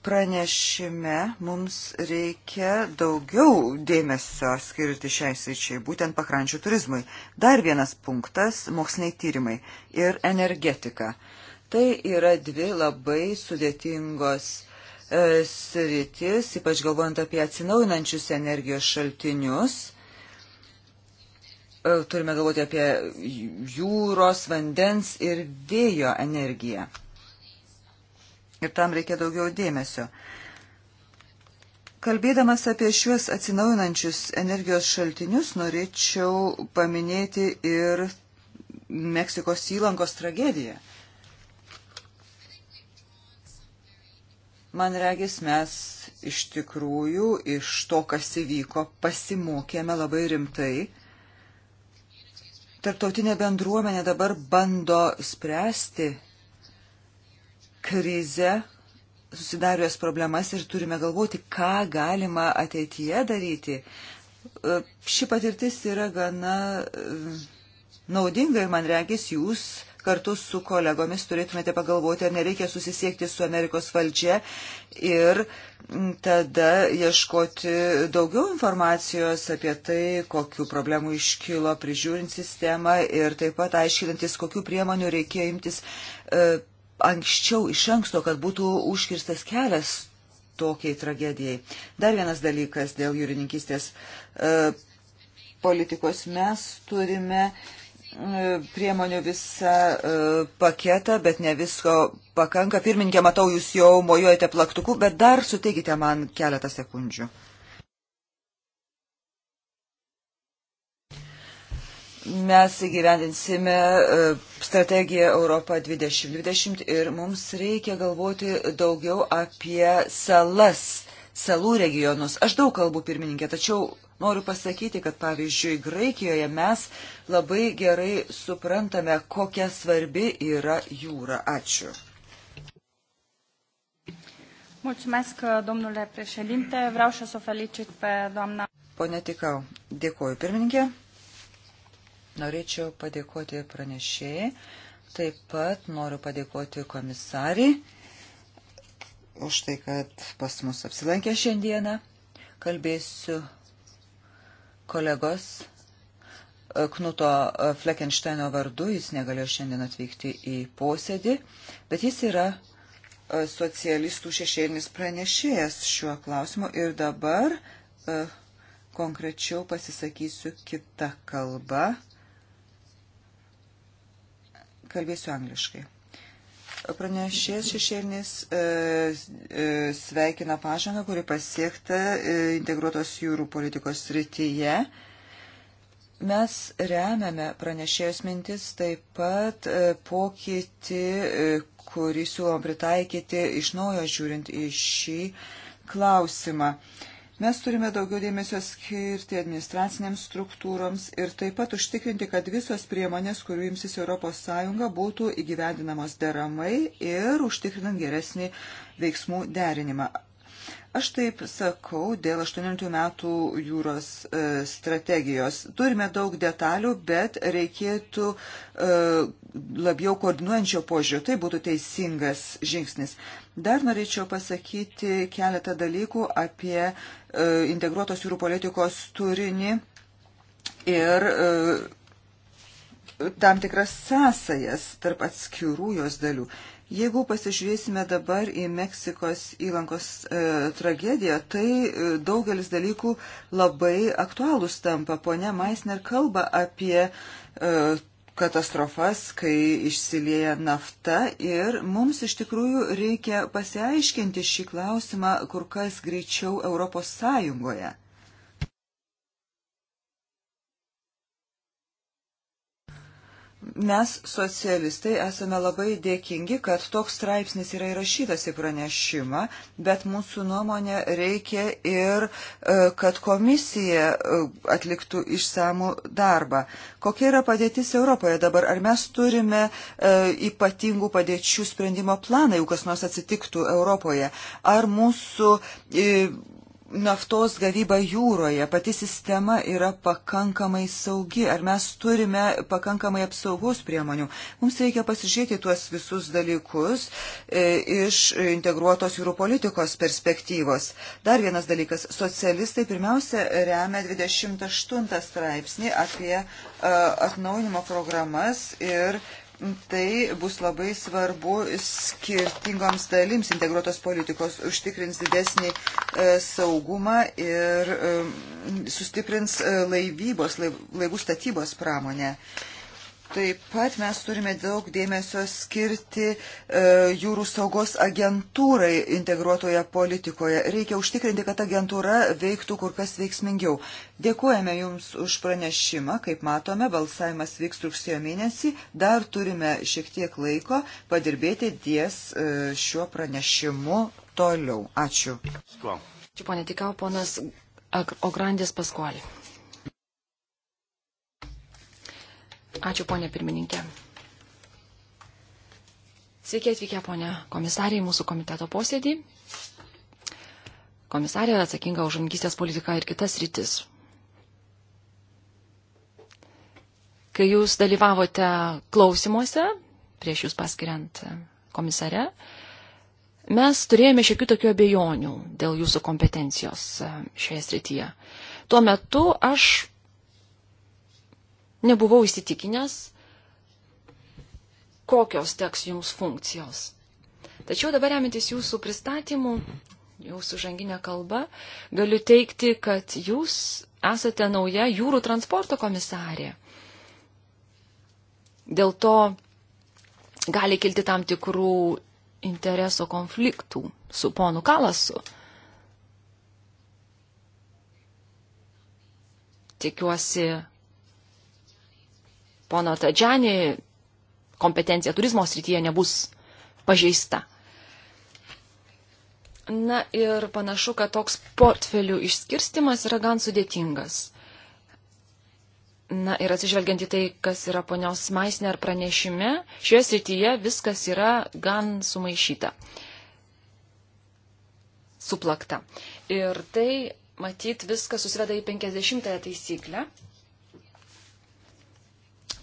pranešime mums reikia daugiau dėmesio skirti šiai sričiai, būtent pakrančių turizmui. Dar vienas punktas - moksliniai tyrimai ir energetika. Tai yra dvi labai sudėtingos e, sritis, ypač galvojant apie atsinaujinančius energijos šaltinius. E, turime galvoti apie jūros, vandens ir vėjo energiją ir tam reikia daugiau dėmesio. Kalbėdamas apie šiuos atsinaujinančius energijos šaltinius, norėčiau paminėti ir Meksikos įlankos tragediją. Man regis, mes iš tikrųjų iš to, kas įvyko, pasimokėme labai rimtai. Tarptautinė bendruomenė dabar bando spręsti krizę, susidarius problemas ir turime galvoti, ką galima ateityje daryti. E, ši patirtis yra gana e, naudinga ir man reikės jūs kartu su kolegomis turėtumėte pagalvoti, ar nereikia susisiekti su Amerikos valdžia ir tada ieškoti daugiau informacijos apie tai, kokiu problemu iškilo prižiūrint sistemą ir taip pat aiškinantis, kokiu priemoniu reikėjo imtis e, anksčiau iš anksto, kad būtų užkirstas kelias tokiai tragedijai. Dar vienas dalykas dėl jūrininkistės e, politikos. Mes turime e, priemonių visą e, paketą, bet ne visko pakanka. Pirminkė, matau, jūs jau mojuojate plaktuku, bet dar suteikite man keletą sekundžių. mes įgyvendinsime e, strategiją Europą 2020 ir mums reikia galvoti daugiau apie salas, salų regionus. Aš daug kalbu pirmininkė, tačiau noriu pasakyti, kad pavyzdžiui Graikijoje mes labai gerai suprantame, kokia svarbi yra jūra. Ačiū. Mulțumesc, domnule președinte. Vreau și să o felicit pe doamna. Pone Ticau, dėkoju pirmininkė. Norėčiau padėkoti pranešėjai, taip pat noriu padėkoti komisariai už tai, kad pas mus apsilankė šiandieną. Kalbėsiu kolegos e, Knuto Fleckensteino vardu, jis negalėjo šiandien atvykti į posėdį, bet jis yra e, socialistų šešėlinis pranešėjas šiuo klausimu ir dabar e, konkrečiau pasisakysiu kitą kalbą. Kalbėsiu angliškai. Pranešės šešėlinis e, e, sveikina pažangą, kuri pasiekta e, integruotos jūrų politikos srityje. Mes remiame pranešėjos mintis taip pat e, pokytį, e, kurį siūlom pritaikyti iš naujo žiūrint į šį klausimą. E, Mes turime daugiau dėmesio skirti administracinėms struktūroms ir taip pat užtikrinti, kad visos priemonės, kurių imsis ES, būtų įgyvendinamos deramai ir užtikrinant geresnį veiksmų derinimą. Aš taip sakau dėl 18 metų jūros e, strategijos. Turime daug detalių, bet reikėtų e, labiau koordinuojančio požiūrio. Tai būtų teisingas žingsnis. Dar norėčiau pasakyti keletą dalykų apie e, integruotos jūrų politikos turinį ir tam tikras sąsajas tarp atskirų jos dalių. Jeigu pasižiūrėsime dabar į Meksikos įlankos e, tragediją, tai e, daugelis dalykų labai aktualūs tampa. Pone Maisner kalba apie e, katastrofas, kai išsilieja nafta ir mums iš tikrųjų reikia pasiaiškinti šį klausimą kur kas greičiau Europos Sąjungoje. Mes, socialistai, esame labai dėkingi, kad toks straipsnis yra įrašytas į pranešimą, bet mūsų nuomonė reikia ir, e, kad komisija e, atliktų išsamų darbą. Kokia yra padėtis Europoje dabar? Ar mes turime e, ypatingų padėčių sprendimo planą, jeigu kas nors atsitiktų Europoje? Ar mūsų naftos gavyba jūroje, pati sistema yra pakankamai saugi, ar mes turime pakankamai apsaugos priemonių. Mums reikia pasižiūrėti tuos visus dalykus e, iš integruotos jūrų politikos perspektyvos. Dar vienas dalykas. Socialistai pirmiausia remia 28 straipsnį apie e, atnaujinimo programas ir e, Tai bus labai svarbu skirtingoms dalims integruotos politikos, užtikrins didesnį e, saugumą ir e, sustiprins e, laivybos, laivų statybos pramonę. Taip pat mes turime daug dėmesio skirti e, jūrų saugos agentūrai integruotoje politikoje. Reikia užtikrinti, kad agentūra veiktų kur kas veiksmingiau. Dėkojame Jums už pranešimą. Kaip matome, balsavimas vyks rugsėjo mėnesį. Dar turime šiek tiek laiko padirbėti ties e, šiuo pranešimu toliau. Ačiū. Čia ponė Tikau, ponas Ograndės Paskualė. Ačiū, ponė pirmininkė. Sveiki atvykę, ponė komisarė, į mūsų komiteto posėdį. Komisarė atsakinga už žungystės politiką ir kitas rytis. Kai jūs dalyvavote klausimuose, prieš jūs paskiriant komisare, mes turėjome šiokių tokių abejonių dėl jūsų kompetencijos e, šioje srityje. Tuo metu aš nebuvau įsitikinęs, kokios teks jums funkcijos. Tačiau dabar remintis jūsų pristatymu, jūsų žanginė kalba, galiu teikti, kad jūs esate nauja jūrų transporto komisarė. Dėl to gali kilti tam tikrų intereso konfliktų su ponu Kalasu. Tikiuosi, pono Tadžiani kompetencija turizmo srityje nebus pažeista. Na ir panašu, kad toks portfelių išskirstimas yra gan sudėtingas. Na ir atsižvelgiant į tai, kas yra ponios Maisner pranešime, šioje srityje viskas yra gan sumaišyta, suplakta. Ir tai, matyt, viskas susiveda į 50-ąją taisyklę,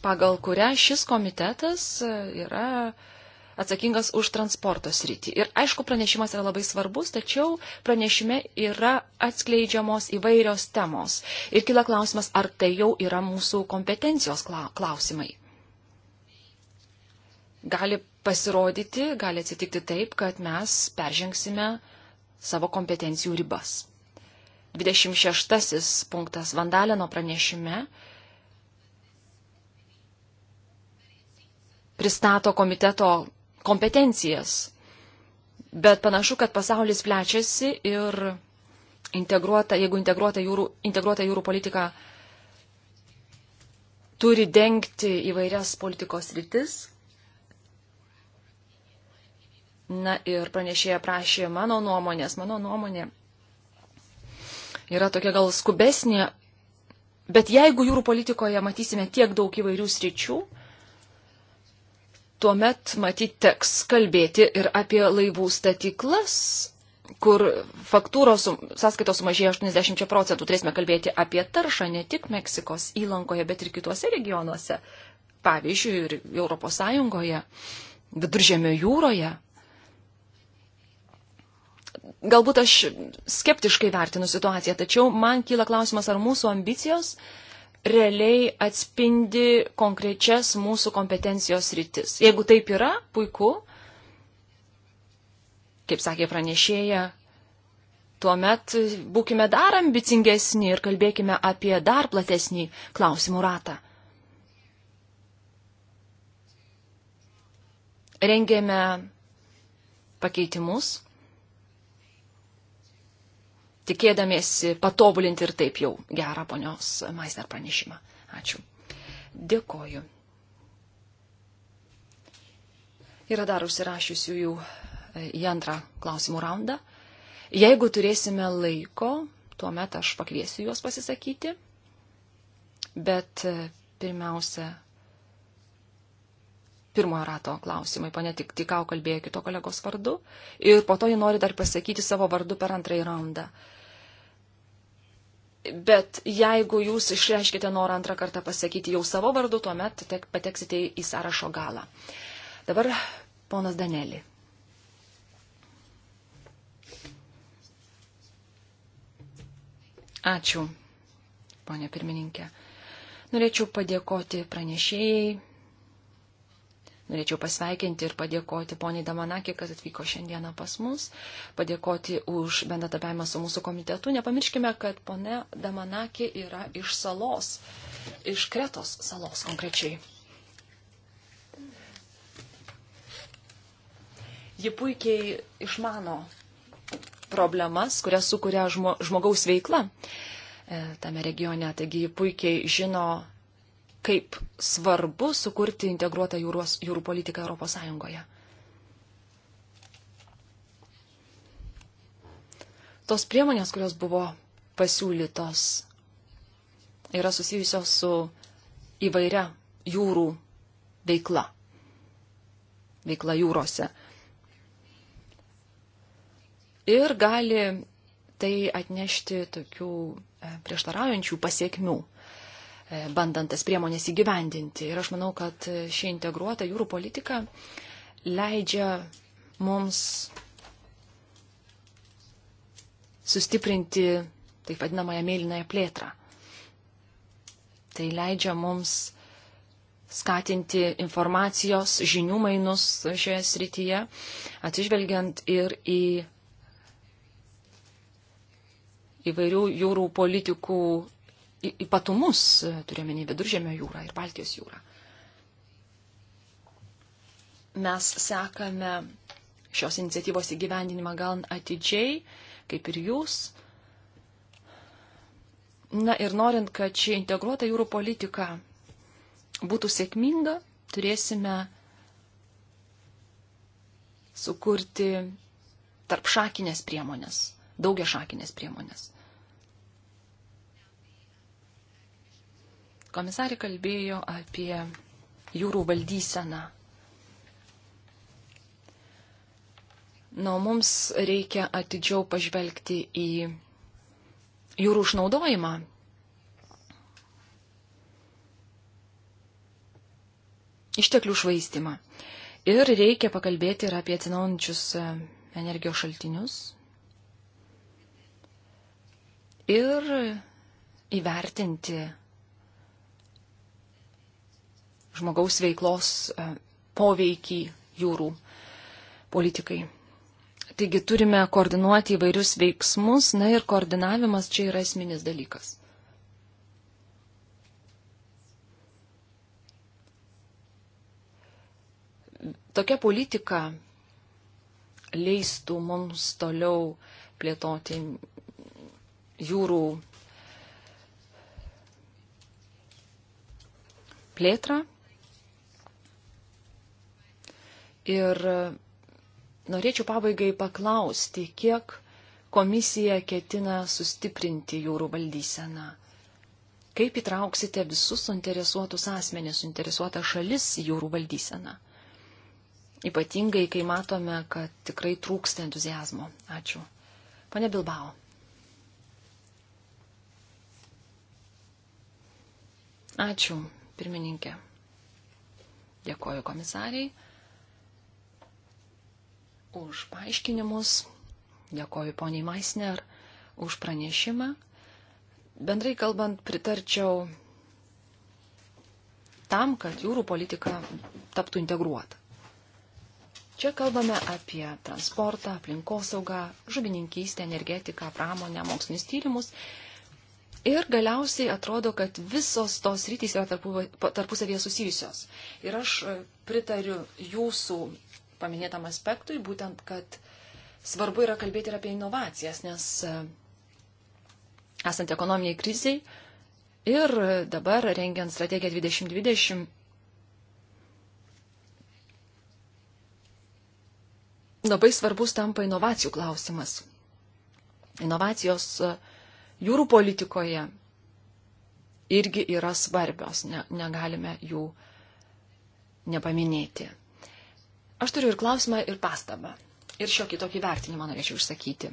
pagal kurią šis komitetas e, yra atsakingas už transporto sritį. Ir aišku, pranešimas yra labai svarbus, tačiau pranešime yra atskleidžiamos įvairios temos. Ir kila klausimas, ar tai jau yra mūsų kompetencijos klausimai. Gali pasirodyti, gali atsitikti taip, kad mes peržengsime savo kompetencijų ribas. 26 punktas Vandalino pranešime pristato komiteto kompetencijas. Bet panašu, kad pasaulis plečiasi ir integruota, jeigu integruota jūrų, integruota jūrų politika turi dengti įvairias politikos rytis. Na ir pranešėja prašė mano nuomonės, mano nuomonė yra tokia gal skubesnė, bet jeigu jūrų politikoje matysime tiek daug įvairių sričių, tuomet matyt teks kalbėti ir apie laivų statyklas, kur faktūros sąskaitos sumažėjo 80 procentų. Turėsime kalbėti apie taršą ne tik Meksikos įlankoje, bet ir kituose regionuose. Pavyzdžiui, ir Europos Sąjungoje, Viduržėmio jūroje. Galbūt aš skeptiškai vertinu situaciją, tačiau man kyla klausimas, ar mūsų ambicijos uh, realiai atspindi konkrečias mūsų kompetencijos rytis. Jeigu taip yra, puiku, kaip sakė pranešėja, tuomet būkime dar ambicingesni ir kalbėkime apie dar platesnį klausimų ratą. Rengėme pakeitimus tikėdamiesi patobulinti ir taip jau gerą ponios Maisner pranešimą. Ačiū. Dėkoju. Yra dar užsirašysiu jų e, į antrą klausimų raundą. Jeigu turėsime laiko, tuomet aš pakviesiu juos pasisakyti. Bet e, pirmiausia, pirmojo rato klausimai, pane tik tikau kalbėjo kito kolegos vardu ir po to ji nori dar pasakyti savo vardu per antrąjį raundą. Uh, Bet jeigu jūs išreiškite norą antrą kartą pasakyti jau savo vardu, tuomet pateksite į sąrašo galą. Dabar ponas Danelį. Ačiū, ponė pirmininkė. Norėčiau padėkoti pranešėjai, Norėčiau pasveikinti ir padėkoti poniai Damanakė, kad atvyko šiandieną pas mus, padėkoti už bendratabiavimą su mūsų komitetu. Nepamirškime, kad ponė Damanakė yra iš salos, iš Kretos salos konkrečiai. Ji puikiai išmano problemas, kurias sukuria žmo, žmogaus veikla e, tame regione, taigi ji puikiai žino kaip svarbu sukurti integruotą jūros, jūrų politiką Europos Sąjungoje. Tos priemonės, kurios buvo pasiūlytos, yra susijusios su įvairia jūrų veikla. Veikla jūrose. Ir gali tai atnešti tokių e, prieštaraujančių pasiekmių. E, bandant tas priemonės įgyvendinti. Ir aš manau, kad ši integruota jūrų politika leidžia mums sustiprinti taip vadinamąją mėlynąją plėtrą. Tai leidžia mums skatinti informacijos, žinių mainus šioje srityje, atsižvelgiant ir į įvairių jūrų politikų ypatumus, e, turiuomenį Viduržėmio jūrą ir Baltijos jūrą. Mes sekame šios iniciatyvos įgyvendinimą gal atidžiai, kaip ir jūs. Na ir norint, kad ši integruota jūrų politika būtų sėkminga, turėsime sukurti tarp šakinės priemonės, daugia šakinės priemonės. Komisarė kalbėjo apie jūrų valdyseną. Na, nu, mums reikia atidžiau pažvelgti į jūrų išnaudojimą. Išteklių švaistimą. Ir reikia pakalbėti ir apie atsinaujančius e, energijos šaltinius. Ir įvertinti žmogaus veiklos e, poveikį jūrų politikai. Taigi turime koordinuoti įvairius veiksmus, na ir koordinavimas čia yra esminis dalykas. Tokia politika leistų mums toliau plėtoti jūrų plėtrą Ir e, norėčiau pabaigai paklausti, kiek komisija ketina sustiprinti jūrų valdyseną. Kaip įtrauksite visus suinteresuotus asmenės, suinteresuotą šalis į jūrų valdyseną? Ypatingai, kai matome, kad tikrai trūksta entuzijazmo. Ačiū. Pane Bilbao. Ačiū, pirmininkė. Dėkoju komisariai už paaiškinimus, dėkoju poniai Maisner už pranešimą. Bendrai kalbant, pritarčiau tam, kad jūrų politika taptų integruota. Čia kalbame apie transportą, aplinkosaugą, žuvininkystę, energetiką, pramonę, mokslinis tyrimus. Ir galiausiai atrodo, kad visos tos rytys yra tarpusavėje susijusios. Ir aš pritariu jūsų paminėtam aspektui, būtent, kad svarbu yra kalbėti ir apie inovacijas, nes e, esant ekonominiai kriziai ir dabar rengiant strategiją 2020. Labai svarbus tampa inovacijų klausimas. Inovacijos e, jūrų politikoje irgi yra svarbios, ne, negalime jų nepaminėti. Aš turiu ir klausimą, ir pastabą. Ir šiokį tokį vertinimą norėčiau išsakyti.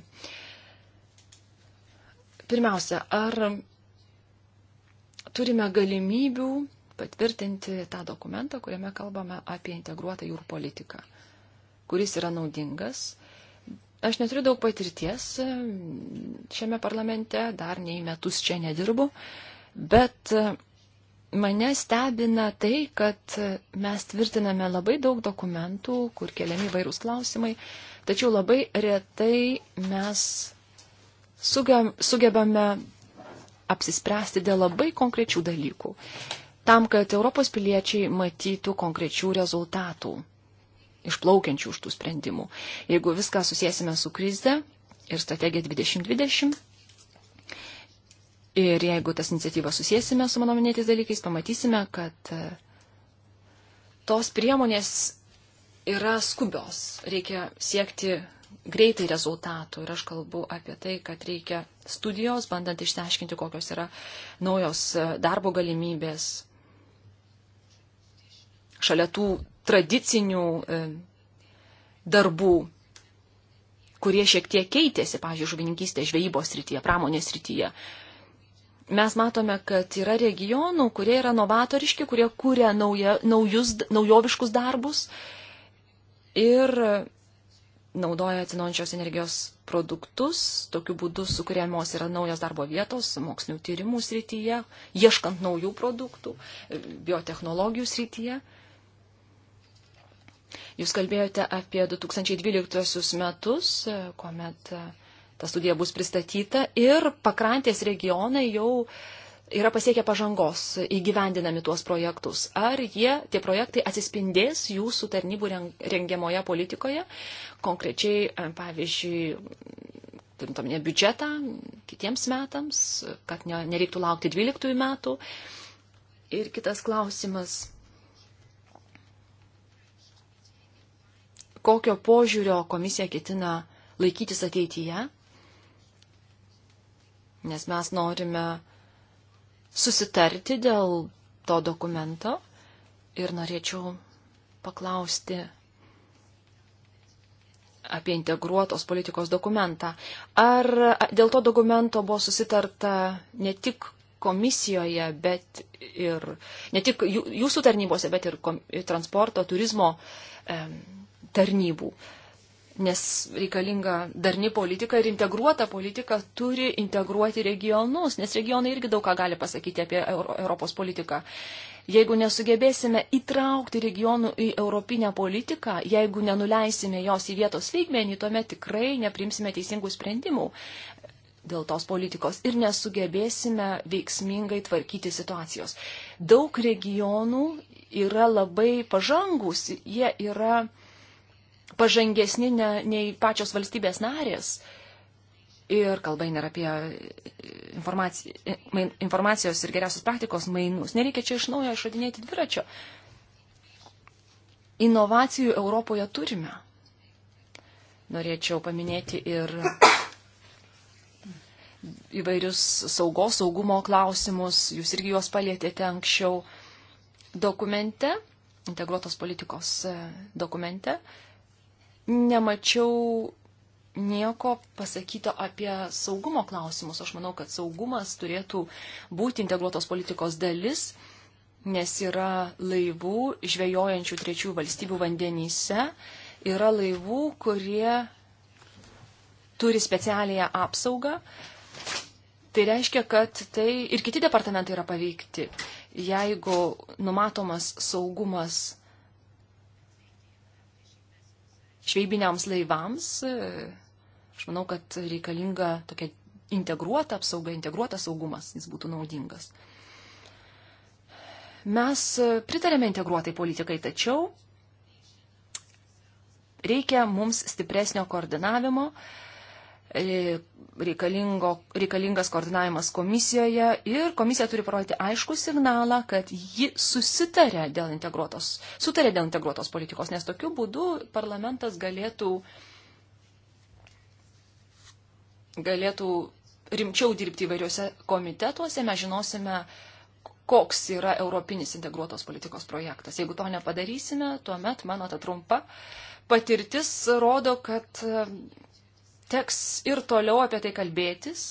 Pirmiausia, ar turime galimybių patvirtinti tą dokumentą, kuriame kalbame apie integruotą jūrų politiką, kuris yra naudingas. Aš neturiu daug patirties šiame parlamente, dar nei metus čia nedirbu, bet mane stebina tai, kad mes tvirtiname labai daug dokumentų, kur keliami vairūs klausimai, tačiau labai retai mes sugebame apsispręsti dėl labai konkrečių dalykų, tam, kad Europos piliečiai matytų konkrečių rezultatų išplaukiančių už tų sprendimų. Jeigu viską susijęsime su krize ir strategija 2020, Ir jeigu tas iniciatyvas susijęsime su mano minėtais dalykais, pamatysime, kad e, tos priemonės yra skubios. Reikia siekti greitai rezultatų. Ir aš kalbu apie tai, kad reikia studijos, bandant išteiškinti, kokios yra naujos e, darbo galimybės. Šalia tų tradicinių e, darbų, kurie šiek tiek keitėsi, pavyzdžiui, žuvininkystės žvejybos rytyje, pramonės rytyje mes matome, kad yra regionų, kurie yra novatoriški, kurie kūrė nauja, naujus, naujoviškus darbus ir naudoja atsinaujančios energijos produktus. Tokiu būdu sukūrėmos yra naujos darbo vietos mokslinių tyrimų srityje, ieškant naujų produktų, biotehnologijų srityje. Jūs kalbėjote apie 2012 metus, kuomet ta studija bus pristatyta ir pakrantės regionai jau yra pasiekę pažangos įgyvendinami tuos projektus. Ar jie, tie projektai atsispindės jūsų tarnybų rengiamoje politikoje, konkrečiai, e, pavyzdžiui, turintominė biudžetą kitiems metams, kad ne, nereiktų laukti 12 metų. Ir kitas klausimas. Kokio požiūrio komisija ketina laikytis ateityje, nes mes norime susitarti dėl to dokumento ir norėčiau paklausti apie integruotos politikos dokumentą. Ar dėl to dokumento buvo susitarta ne tik komisijoje, bet ir ne tik jūsų tarnybose, bet ir transporto, turizmo tarnybų? nes reikalinga darni politika ir integruota politika turi integruoti regionus, nes regionai irgi daug ką gali pasakyti apie Europos politiką. Jeigu nesugebėsime įtraukti regionų į europinę politiką, jeigu nenuleisime jos į vietos lygmenį, tuomet tikrai neprimsime teisingų sprendimų dėl tos politikos ir nesugebėsime veiksmingai tvarkyti situacijos. Daug regionų yra labai pažangus, jie yra pažangesni ne, nei pačios valstybės narės. Ir kalba eina apie e, e, informacijos ir geriausios praktikos mainus. Nereikia čia iš naujo išradinėti dviračio. Inovacijų Europoje turime. Norėčiau paminėti ir įvairius saugos, saugumo klausimus. Jūs irgi juos palėtėte anksčiau dokumente, integruotos politikos e, dokumente nemačiau nieko pasakyto apie saugumo klausimus. Aš manau, kad saugumas turėtų būti integruotos politikos dalis, nes yra laivų žvejojančių trečių valstybių vandenyse, yra laivų, kurie turi specialiąją apsaugą. Tai reiškia, kad tai ir kiti departamentai yra paveikti. Jeigu numatomas saugumas žvejybiniams laivams. Aš manau, kad reikalinga tokia integruota apsauga, integruotas saugumas, jis būtų naudingas. Mes pritarėme integruotai politikai, tačiau reikia mums stipresnio koordinavimo, uh, E, reikalingas koordinavimas komisijoje ir komisija turi parodyti aišku signalą, kad ji susitarė dėl integruotos, sutarė dėl integruotos politikos, nes tokiu būdu parlamentas galėtų, galėtų rimčiau dirbti įvairiuose komitetuose, mes žinosime, koks yra europinis integruotos politikos projektas. Jeigu to nepadarysime, tuomet mano ta trumpa patirtis rodo, kad teks ir toliau apie tai kalbėtis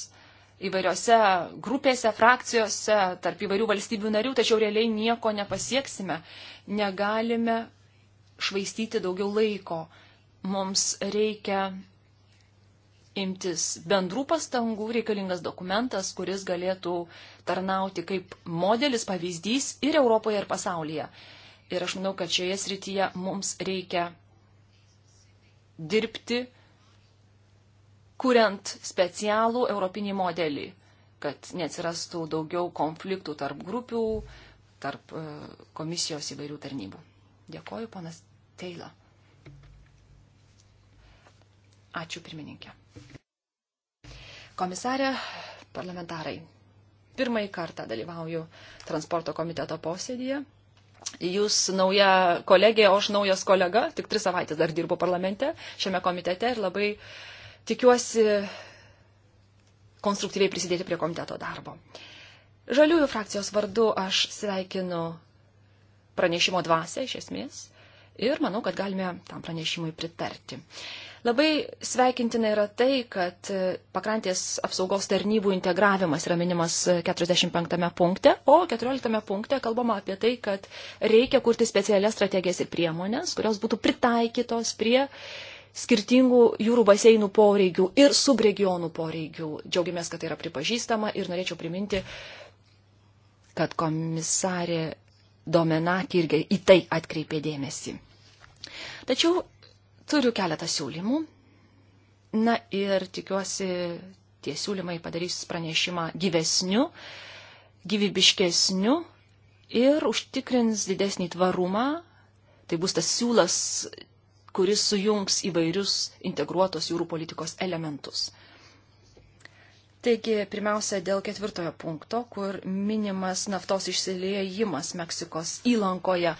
įvairiose grupėse, frakcijose, tarp įvairių valstybių narių, tačiau realiai nieko nepasieksime. Negalime švaistyti daugiau laiko. Mums reikia imtis bendrų pastangų, reikalingas dokumentas, kuris galėtų tarnauti kaip modelis, pavyzdys ir Europoje, ir pasaulyje. Ir aš manau, kad šioje srityje mums reikia dirbti kuriant specialų europinį modelį, kad neatsirastų daugiau konfliktų tarp grupių, tarp e, komisijos įvairių tarnybų. Dėkoju, panas Teila. Ačiū, pirmininkė. Komisarė, parlamentarai. Pirmąjį kartą dalyvauju transporto komiteto posėdėje. Jūs nauja kolegė, o aš naujas kolega, tik tris savaitės dar dirbu parlamente šiame komitete ir labai uh, tikiuosi konstruktyviai prisidėti prie komiteto darbo. Žaliųjų frakcijos vardu aš sveikinu pranešimo dvasę iš esmės ir manau, kad galime tam pranešimui pritarti. Labai sveikintina yra tai, kad pakrantės apsaugos tarnybų integravimas yra minimas 45 punkte, o 14 punkte kalbama apie tai, kad reikia kurti specialias strategijas ir priemonės, kurios būtų pritaikytos prie uh, skirtingų jūrų baseinų poreikių ir subregionų poreikių. Džiaugiamės, kad tai yra pripažįstama ir norėčiau priminti, kad komisarė Domenakį irgi į tai atkreipė dėmesį. Tačiau turiu keletą siūlymų. Na ir tikiuosi, tie siūlymai padarys pranešimą gyvesniu, gyvybiškesniu ir užtikrins didesnį tvarumą. Tai bus tas siūlas kuris sujungs įvairius integruotos jūrų politikos elementus. Taigi, pirmiausia, dėl ketvirtojo punkto, kur minimas naftos išsiliejimas Meksikos įlankoje,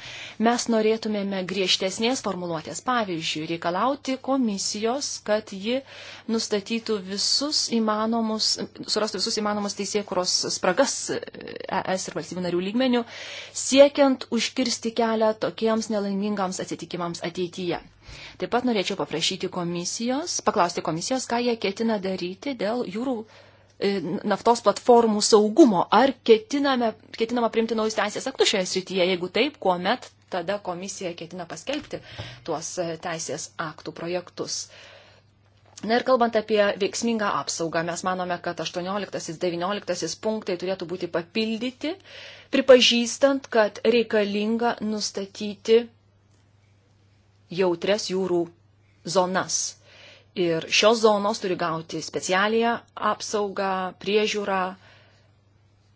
mes norėtumėme griežtesnės formuluotės, pavyzdžiui, reikalauti komisijos, kad ji nustatytų visus įmanomus, surastų visus įmanomus teisėkuros spragas ES ir valstybių narių lygmenių, siekiant užkirsti kelią tokiems nelaimingams atsitikimams ateityje. Taip pat norėčiau paprašyti komisijos, paklausti komisijos, ką jie ketina daryti dėl jūrų e, naftos platformų saugumo. Ar ketiname, ketinama priimti naujus teisės aktus šioje srityje? Jeigu taip, kuomet tada komisija ketina paskelbti tuos e, teisės aktų projektus. Na ir kalbant apie veiksmingą apsaugą, mes manome, kad 18-19 punktai turėtų būti papildyti, pripažįstant, kad reikalinga nustatyti jautres jūrų zonas. Ir šios zonos turi gauti specialią apsaugą, priežiūrą,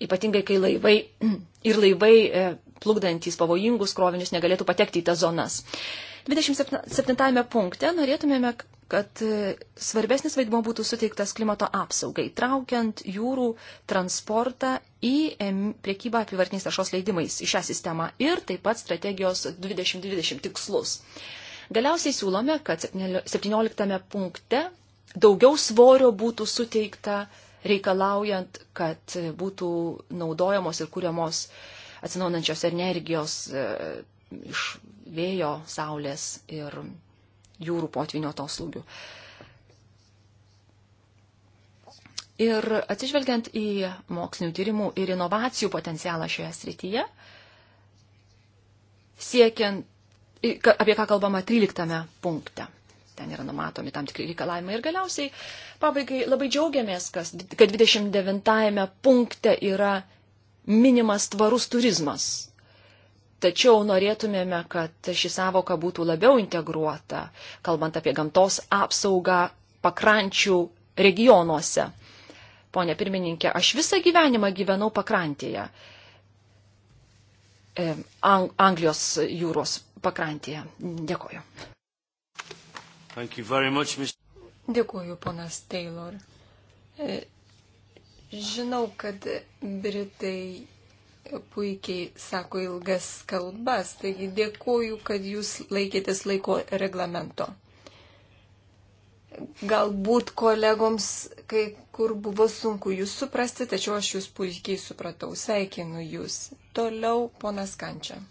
ypatingai kai laivai [CLEARS THROAT] ir laivai e, plukdantys pavojingus krovinius negalėtų patekti į tas zonas. 27 punkte norėtumėme, kad e, svarbesnis vaidmo būtų suteiktas klimato apsaugai, traukiant jūrų transportą į priekybą apivartiniais taršos leidimais į šią sistemą ir taip pat strategijos 2020 tikslus. Galiausiai siūlome, kad 17 punkte daugiau svorio būtų suteikta reikalaujant, kad būtų naudojamos ir kūriamos atsinaunančios energijos e, iš vėjo, saulės ir jūrų potvinio atoslūgių. Ir atsižvelgiant į mokslinių tyrimų ir inovacijų potencialą šioje srityje, siekiant apie ką kalbama 13 punkte. Ten yra numatomi tam tikri reikalavimai. Ir galiausiai, pabaigai, labai džiaugiamės, kas, kad 29 punkte yra minimas tvarus turizmas. Tačiau norėtumėme, kad ši savoka būtų labiau integruota, kalbant apie gamtos apsaugą pakrančių regionuose. Pone pirmininkė, aš visą gyvenimą gyvenau pakrantėje. Anglijos jūros pakrantėje. Dėkoju. Much, Ms... Dėkoju, ponas Taylor. E, žinau, kad Britai puikiai sako ilgas kalbas, taigi dėkoju, kad jūs laikėtės laiko reglamento. Galbūt kolegoms kai kur buvo sunku jūs suprasti, tačiau aš jūs puikiai supratau. Sveikinu jūs. Toliau ponas Kančia.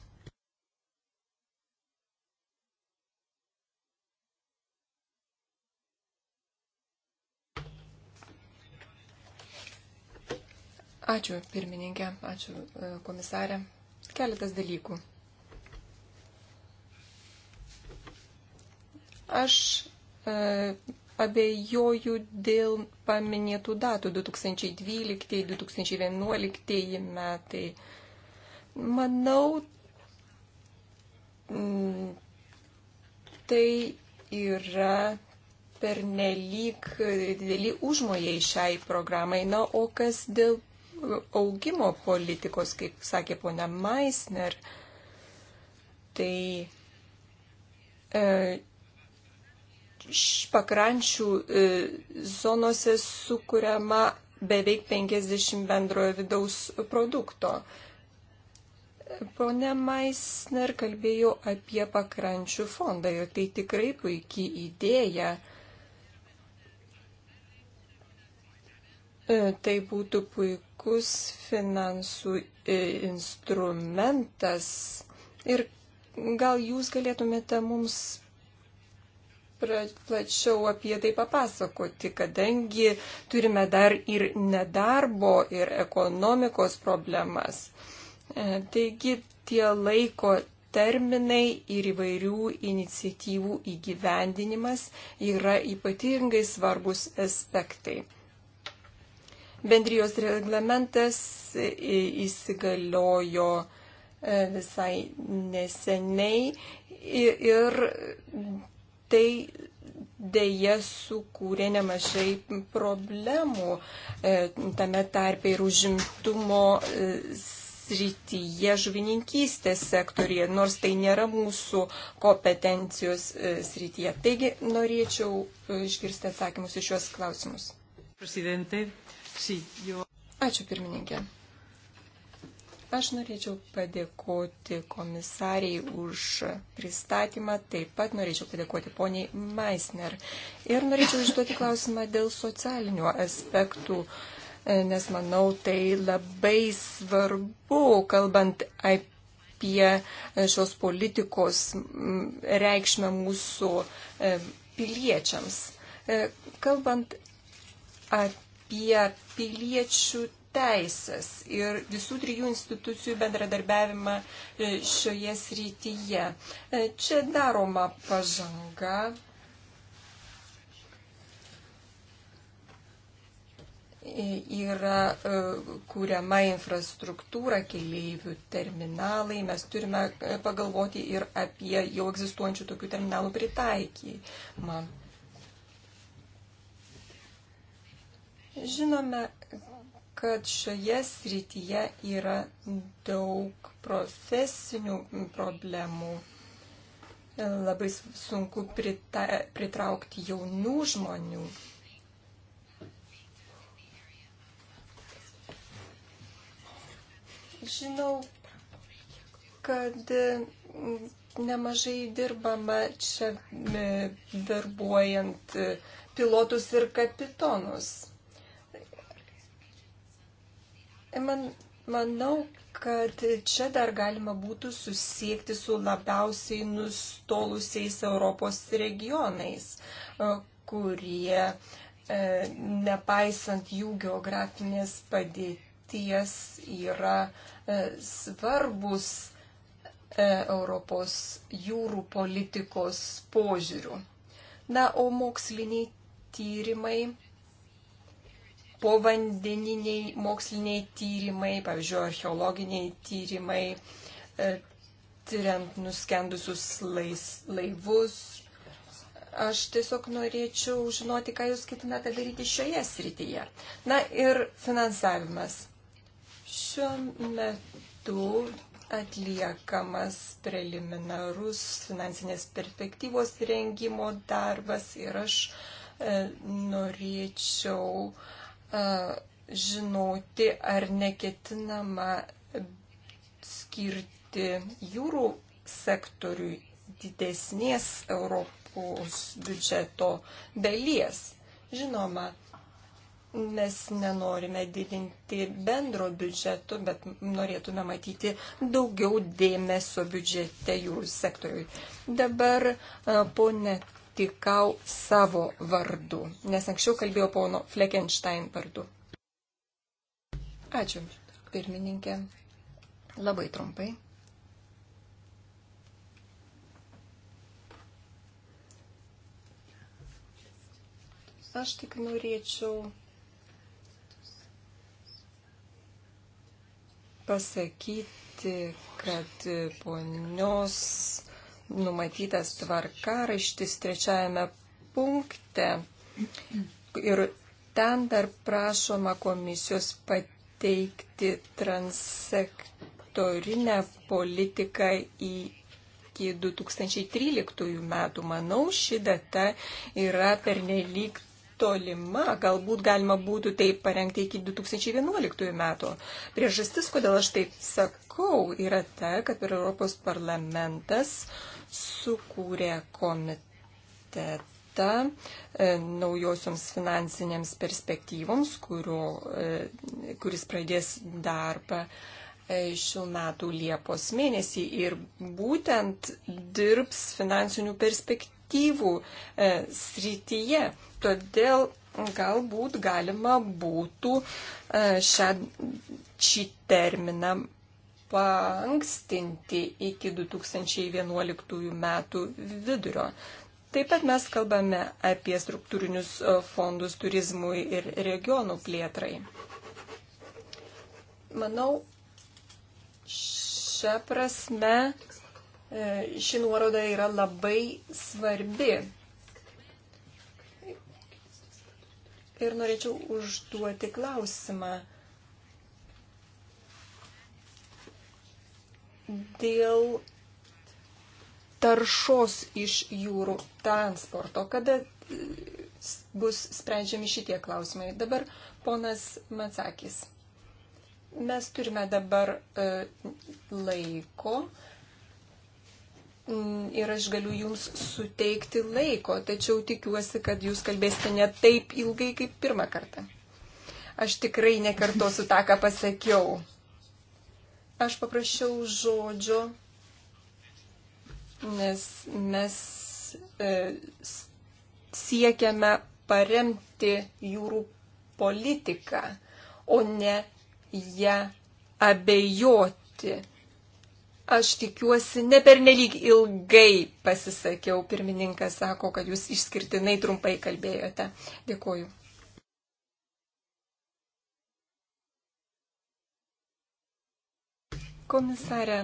Ačiū pirmininkė, ačiū e, komisarė. Keletas dalykų. Aš e, abejoju dėl paminėtų datų 2012-2011 metai. Manau, tai yra pernelyg dideli užmojai šiai programai. Na, o kas dėl augimo politikos, kaip sakė ponia Maisner, tai e, pakrančių e, zonose sukuriama beveik 50 bendrojo vidaus produkto. Pone Maisner kalbėjo apie pakrančių fondą ir tai tikrai puikiai idėja. E, E, tai būtų puikus finansų e, instrumentas. Ir gal jūs galėtumėte mums plačiau apie tai papasakoti, kadangi turime dar ir nedarbo, ir ekonomikos problemas. E, taigi tie laiko terminai ir įvairių iniciatyvų įgyvendinimas yra ypatingai svarbus aspektai. Bendrijos reglamentas įsigaliojo e, visai neseniai ir tai dėje sukūrė nemažai problemų e, tame tarpe ir užimtumo e, srityje žuvininkystės sektorija, nors tai nėra mūsų kompetencijos srityje. Taigi norėčiau išgirsti atsakymus iš juos klausimus. Presidente, Ačiū pirmininkė. Aš norėčiau padėkoti komisariai už pristatymą, taip pat norėčiau padėkoti poniai Meisner. Ir norėčiau išduoti klausimą dėl socialinių aspektų, e, nes manau tai labai svarbu, kalbant apie šios politikos reikšmę mūsų e, piliečiams. E, kalbant apie apie piliečių teisės ir visų trijų institucijų bendradarbiavimą e, šioje srityje. E, čia daroma pažanga. E, yra kuriama infrastruktūra, keleivių terminalai. Mes turime pagalvoti ir apie jau egzistuojančių tokių terminalų pritaikymą. Žinome, kad šioje srityje yra daug profesinių problemų. Labai sunku prita, pritraukti jaunų žmonių. Žinau, kad nemažai dirbama čia darbuojant e, pilotus ir kapitonus. E man, manau, kad čia dar galima būtų susiekti su labiausiai nustolusiais Europos regionais, e, kurie, e, nepaisant jų geografinės padėties, yra svarbus Europos jūrų politikos požiūrių. Na, o moksliniai tyrimai povandeniniai moksliniai tyrimai, pavyzdžiui, archeologiniai tyrimai, e, tyriant nuskendusius lais, laivus. Aš tiesiog norėčiau žinoti, ką jūs ketinate daryti šioje srityje. Na ir finansavimas. Šiuo metu atliekamas preliminarus finansinės perspektyvos rengimo darbas ir aš e, norėčiau uh, žinoti, ar neketinama skirti jūrų sektoriui didesnės Europos biudžeto dalies. Žinoma, mes nenorime didinti bendro biudžeto, bet norėtume matyti daugiau dėmesio biudžete jūrų sektoriui. Dabar ponė kritikau savo vardu, nes anksčiau kalbėjau pono Fleckenstein vardu. Ačiū, pirmininkė. Labai trumpai. Aš tik norėčiau pasakyti, kad ponios numatytas tvarkaraštis trečiajame punkte. Ir ten dar prašoma komisijos pateikti transsektorinę politiką į iki 2013 metų. Manau, ši data yra pernelyg tolima, galbūt galima būtų tai parengti iki 2011 metų. Priežastis, kodėl aš taip sakau, yra ta, kad ir Europos parlamentas uh, sukūrė komitetą e, naujosioms finansinėms perspektyvoms, kurio, e, kuris pradės darbą e, šių metų Liepos mėnesį ir būtent dirbs finansinių perspektyvų srityje. Todėl galbūt galima būtų šią, šį terminą paankstinti iki 2011 metų vidurio. Taip pat mes kalbame apie struktūrinius e, fondus turizmui ir regionų plėtrai. Manau, šią prasme e, ši nuoroda yra labai svarbi. Ir norėčiau užduoti klausimą dėl taršos iš jūrų transporto, kada bus sprendžiami šitie klausimai. Dabar ponas Matsakis. Mes turime dabar e, laiko mm, ir aš galiu jums suteikti laiko, tačiau tikiuosi, kad jūs kalbėsite ne taip ilgai kaip pirmą kartą. Aš tikrai nekartosiu tą, ką pasakiau. Aš paprašiau žodžio, nes mes e, siekiame paremti jūrų politiką, o ne ją abejoti. Aš tikiuosi, ne pernelyg ilgai pasisakiau, pirmininkas sako, kad jūs išskirtinai trumpai kalbėjote. Dėkuoju. Komisarė,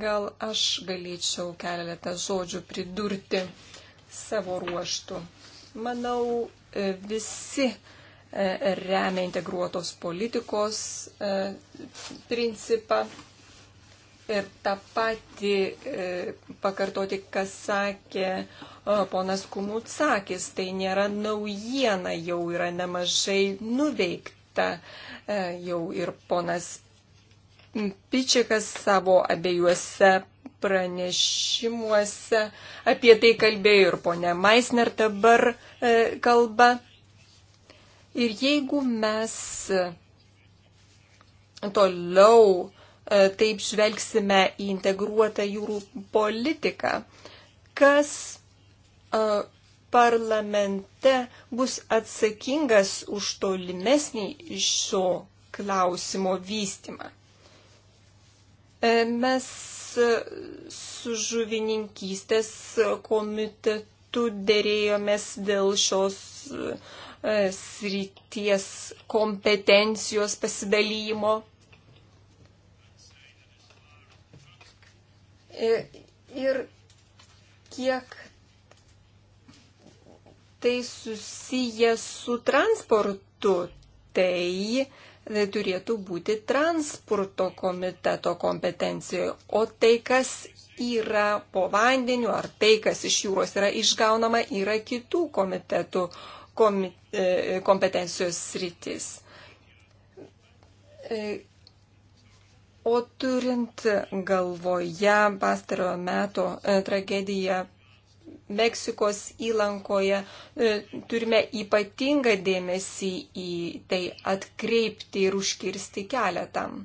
gal aš galėčiau keletą žodžių pridurti savo ruoštų. Manau, e, visi e, remia integruotos politikos e, principą ir tą patį pakartoti, kas sakė ponas Kumutsakis, tai nėra naujiena, jau yra nemažai nuveikta, jau ir ponas Pičikas savo abiejuose pranešimuose apie tai kalbėjo ir ponė Maisner dabar e, kalba. Ir jeigu mes e, toliau e, taip žvelgsime į integruotą jūrų politiką, kas e, parlamente bus atsakingas už tolimesnį šio klausimo vystimą? E, mes e, su žuvininkystės komitetu dėrėjomės dėl šios e, srities kompetencijos pasidalymo. Ir kiek tai susiję su transportu, tai E, turėtų būti transporto komiteto kompetencijoje, o tai, kas yra po vandeniu ar tai, kas iš jūros yra išgaunama, yra kitų komitetų komite, kompetencijos sritis. E, o turint galvoje pastarojo meto e, tragediją Meksikos įlankoje e, turime ypatingą dėmesį į tai atkreipti ir užkirsti kelią tam.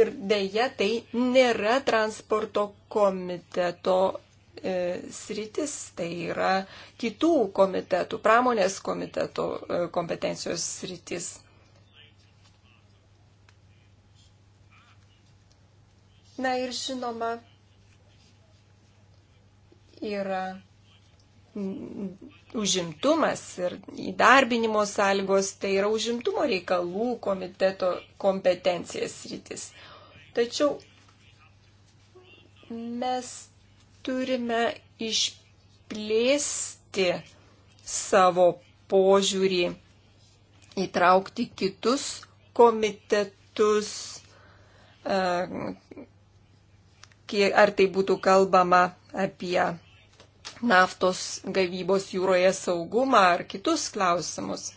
Ir dėja, tai nėra transporto komiteto e, sritis, tai yra kitų komitetų, pramonės komiteto e, kompetencijos sritis. Na ir žinoma, yra užimtumas ir įdarbinimo sąlygos, tai yra užimtumo reikalų komiteto kompetencijas rytis. Tačiau mes turime išplėsti savo požiūrį, įtraukti kitus komitetus, e, ar tai būtų kalbama apie naftos gavybos jūroje saugumą ar kitus klausimus.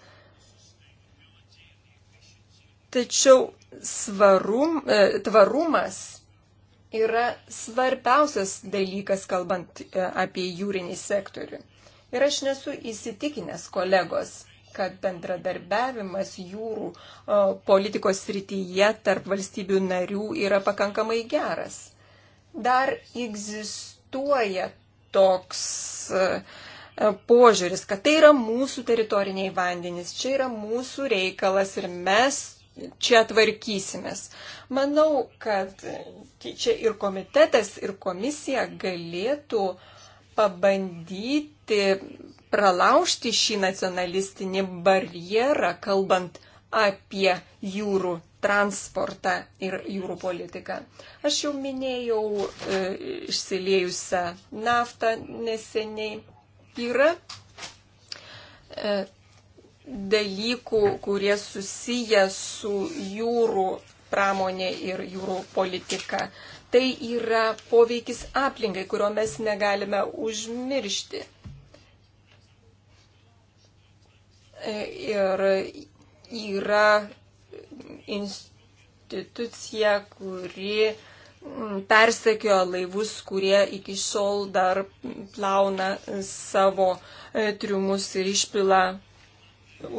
Tačiau svarum, e, tvarumas yra svarbiausias dalykas, kalbant e, apie jūrinį sektorių. Ir aš nesu įsitikinęs kolegos, kad bendradarbiavimas jūrų o, politikos srityje tarp valstybių narių yra pakankamai geras. Dar egzistuoja toks e, požiūris, kad tai yra mūsų teritoriniai vandenys, čia yra mūsų reikalas ir mes čia tvarkysimės. Manau, kad čia ir komitetas, ir komisija galėtų pabandyti pralaužti šį nacionalistinį barjerą, kalbant apie jūrų transportą ir jūrų politiką. Aš jau minėjau e, išsiliejusią naftą neseniai. Yra e, dalykų, kurie susiję su jūrų pramonė ir jūrų politika. Tai yra poveikis aplinkai, kurio mes negalime užmiršti. E, ir yra institucija, kuri mm, persekio laivus, kurie iki šiol dar plauna savo e, triumus ir išpila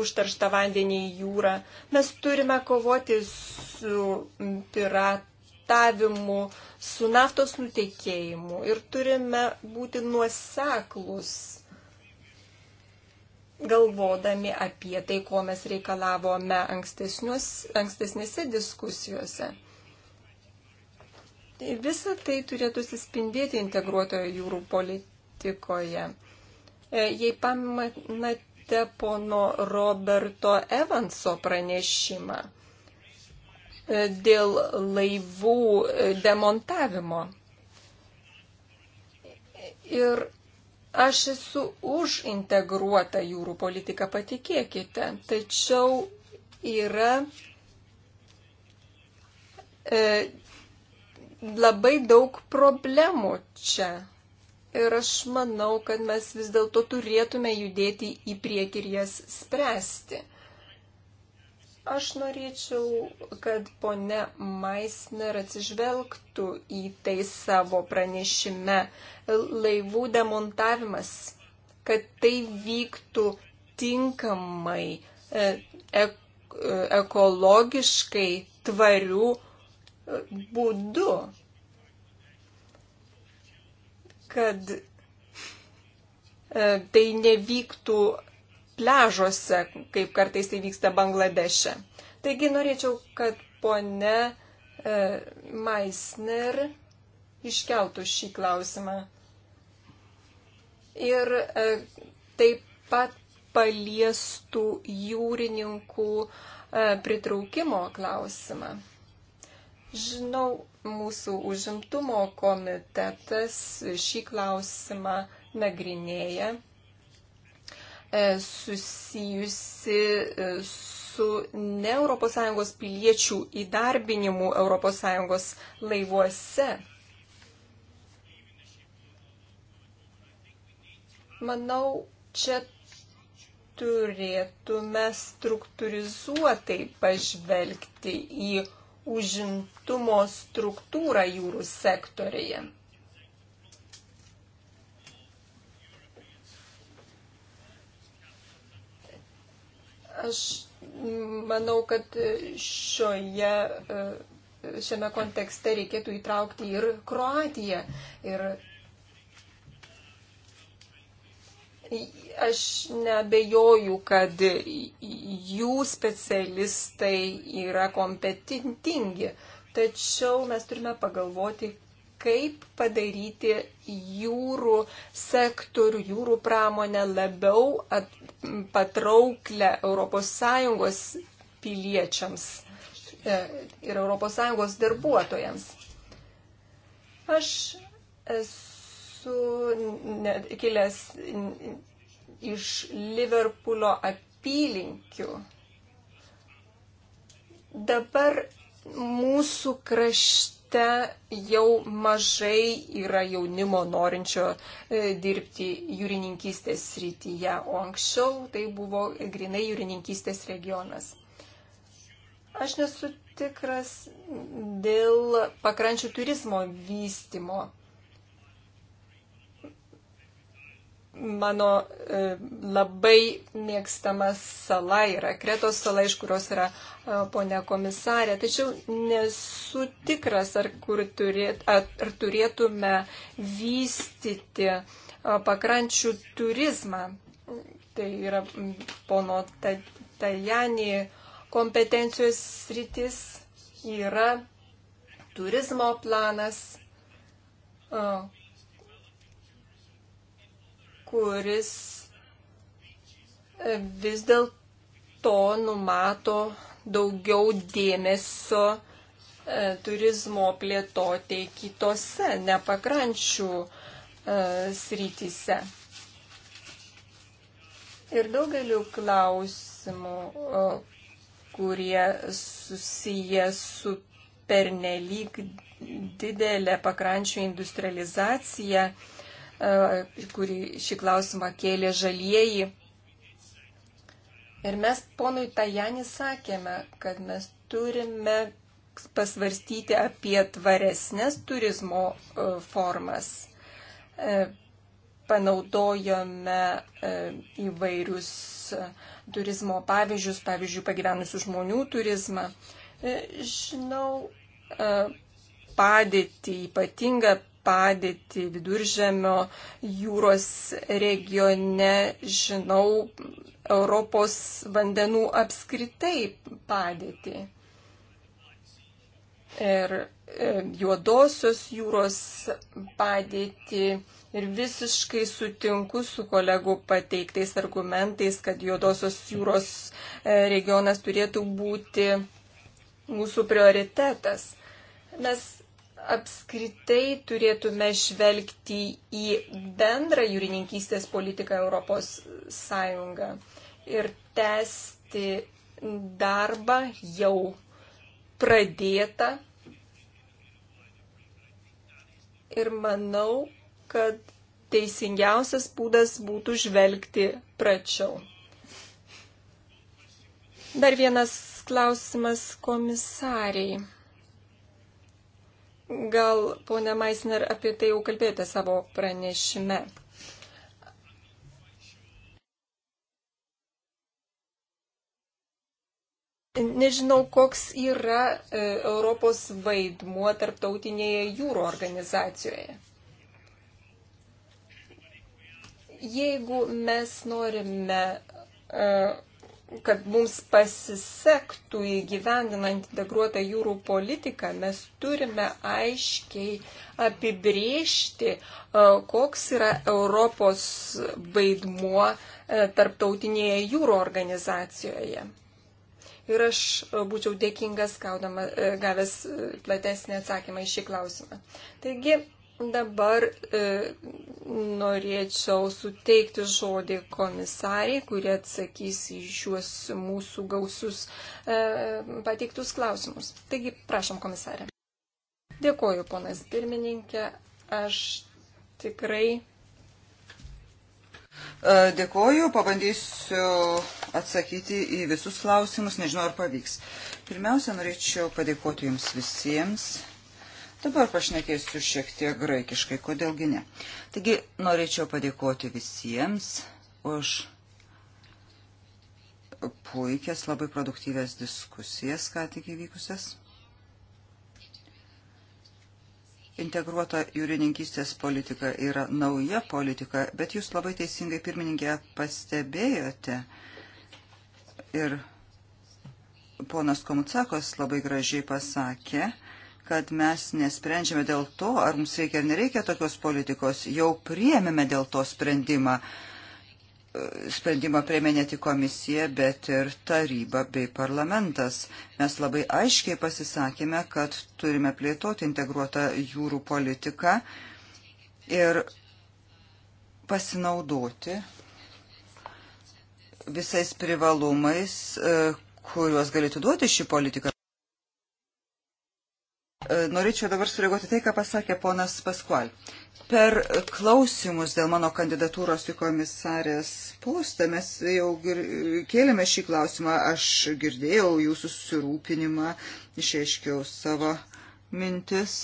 užtarštą vandenį į jūrą. Mes turime kovoti su piratavimu, su naftos nutekėjimu ir turime būti nuoseklus galvodami apie tai, ko mes reikalavome ankstesnėse diskusijose. Tai visa tai turėtų suspindėti integruotojo jūrų politikoje. E, jei pamatnate pono Roberto Evanso pranešimą e, dėl laivų demontavimo. Ir Aš esu už integruotą jūrų politiką, patikėkite. Tačiau yra e, labai daug problemų čia. Ir aš manau, kad mes vis dėlto turėtume judėti į priekį ir jas spręsti. Aš norėčiau, kad pone Maisner atsižvelgtų į tai savo pranešime laivų demontavimas, kad tai vyktų tinkamai, e, ek, e, ekologiškai tvarių e, būdu, kad tai nevyktų pležuose, kaip kartais tai vyksta Bangladeše. Taigi norėčiau, kad ponė e, Meisner iškeltų šį klausimą. Ir e, taip pat paliestų jūrininkų e, pritraukimo klausimą. Žinau, mūsų užimtumo komitetas šį klausimą nagrinėja E, susijusi e, su ne ES piliečių įdarbinimu ES laivuose. Manau, čia turėtume struktūrizuotai pažvelgti į užimtumo struktūrą jūrų sektorėje. Aš manau, kad šioje, e, šiame kontekste reikėtų įtraukti ir Kroatiją. Ir aš nebejoju, kad jų specialistai yra kompetentingi, tačiau mes turime pagalvoti, kaip padaryti jūrų sektorių, jūrų pramonę labiau at, patrauklę ES piliečiams e, ir ES darbuotojams. Aš esu kilęs iš Liverpulio apylinkių. Dabar mūsų krašte mieste jau mažai yra jaunimo norinčio e, dirbti jūrininkystės srityje, o anksčiau tai buvo grinai jūrininkystės regionas. Aš nesu tikras dėl pakrančių turizmo vystimo mano e, labai mėgstama sala yra, Kretos sala, iš kurios yra e, ponia komisarė. Tačiau nesu tikras, ar, turėt, ar, ar turėtume vystyti e, pakrančių turizmą. Tai yra pono Tajani kompetencijos sritis, yra turizmo planas, e, kuris e, vis dėlto numato daugiau dėmesio e, turizmo plėtotei kitose nepakrančių e, srityse. Ir daugeliu klausimų, kurie susiję su pernelyg didelė pakrančių industrializacija, E, kurį šį klausimą kėlė žalieji. Ir mes ponui Tajanį sakėme, kad mes turime pasvarstyti apie tvaresnės turizmo e, formas. E, panaudojome įvairius turizmo pavyzdžius, pavyzdžiui, pagyvenusių žmonių turizmą. Žinau padėtį, ypatingą padėtį viduržemio jūros regione, žinau Europos vandenų apskritai padėtį. Ir e, juodosios jūros padėtį. Ir visiškai sutinku su kolegų pateiktais argumentais, kad juodosios jūros e, regionas turėtų būti mūsų prioritetas. Mes apskritai turėtume žvelgti į bendrą jūrininkystės politiką Europos Sąjungą ir tęsti darbą jau pradėtą. Ir manau, kad teisingiausias būdas būtų žvelgti pračiau. Dar vienas klausimas komisariai. Gal ponia Maisner apie tai jau kalbėjote savo pranešime. Nežinau, koks yra e, Europos vaidmuo tarptautinėje jūro organizacijoje. Jeigu mes norime uh, kad mums pasisektų įgyvendinant integruotą jūrų politiką, mes turime aiškiai apibriežti, e, koks yra Europos vaidmuo e, tarptautinėje jūro organizacijoje. Ir aš e, būčiau dėkingas, gaudama, gavęs platesnį atsakymą į šį klausimą. Taigi, Dabar e, norėčiau suteikti žodį komisariai, kurie atsakys į šiuos mūsų gausius e, pateiktus klausimus. Taigi, prašom, komisarė. Dėkoju, ponas pirmininkė. Aš tikrai. E, dėkoju, pabandysiu atsakyti į visus klausimus, nežinau ar pavyks. Pirmiausia, norėčiau padėkoti Jums visiems Dabar pašnekėsiu šiek tiek graikiškai, kodėlgi ne. Taigi norėčiau padėkoti visiems už puikias, labai produktyvės diskusijas, ką tik įvykusias. Integruota jūrininkystės politika yra nauja politika, bet jūs labai teisingai pirmininkė pastebėjote ir ponas Komucakos labai gražiai pasakė, kad mes nesprendžiame dėl to, ar mums reikia ar nereikia tokios politikos, jau priėmėme dėl to sprendimą. Sprendimą prieimė ne tik komisija, bet ir taryba bei parlamentas. Mes labai aiškiai pasisakėme, kad turime plėtoti integruotą jūrų politiką ir pasinaudoti visais privalumais, e, kuriuos galėtų duoti šį politiką. E, norėčiau dabar sureaguoti tai, ką pasakė ponas Paskual. Per klausimus dėl mano kandidatūros į komisarės postą mes jau kėlėme šį klausimą. Aš girdėjau jūsų susirūpinimą, išaiškiau savo mintis.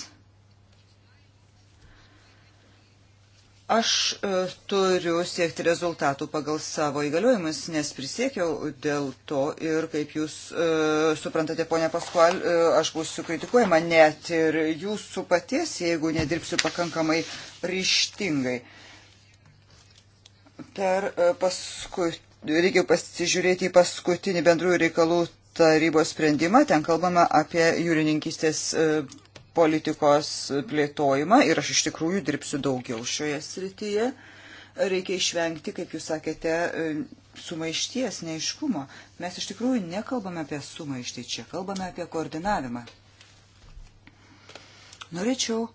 Aš e, turiu siekti rezultatų pagal savo įgaliojimus, nes prisiekiau dėl to ir, kaip jūs uh, suprantate, ponia Paskual, uh, aš būsiu kritikuojama net ir jūsų paties, jeigu nedirbsiu pakankamai ryštingai. Per uh, paskui, reikia pasižiūrėti į paskutinį bendrųjų reikalų tarybos sprendimą, ten kalbama apie jūrininkystės uh, politikos plėtojimą ir aš iš tikrųjų dirbsiu daugiau šioje srityje. Reikia išvengti, kaip jūs sakėte, e, sumaišties, neiškumo. Mes iš tikrųjų nekalbame apie sumaištį čia, kalbame apie koordinavimą. Norėčiau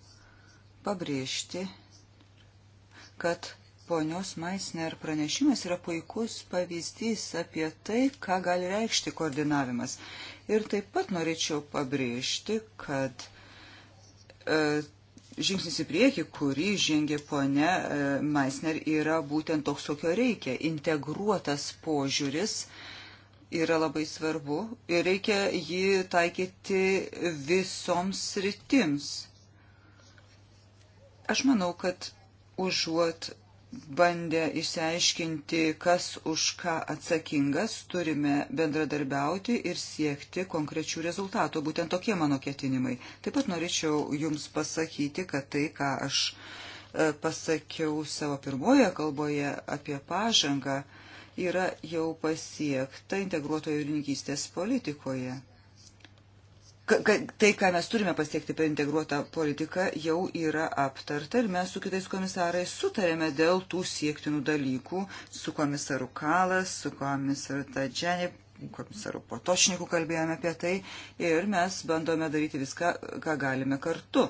pabrėžti, kad ponios Maisner pranešimas yra puikus pavyzdys apie tai, ką gali reikšti koordinavimas. Ir taip pat norėčiau pabrėžti, kad E, žingsnis į priekį, kurį žengė ponia e, Meisner, yra būtent toks, kokio reikia. Integruotas požiūris yra labai svarbu ir reikia jį taikyti visoms rytims. Aš manau, kad užuot bandę išsiaiškinti, kas už ką atsakingas, turime bendradarbiauti ir siekti konkrečių rezultatų. Būtent tokie mano ketinimai. Taip pat norėčiau Jums pasakyti, kad tai, ką aš e, pasakiau savo pirmoje kalboje apie pažangą, yra jau pasiekta integruotojo jūrininkystės politikoje tai, ką mes turime pasiekti per integruotą politiką, jau yra aptarta ir mes su kitais komisarais sutarėme dėl tų siektinų dalykų su komisaru Kalas, su komisaru Tadžianė, komisaru Potošniku kalbėjome apie tai ir mes bandome daryti viską, ką galime kartu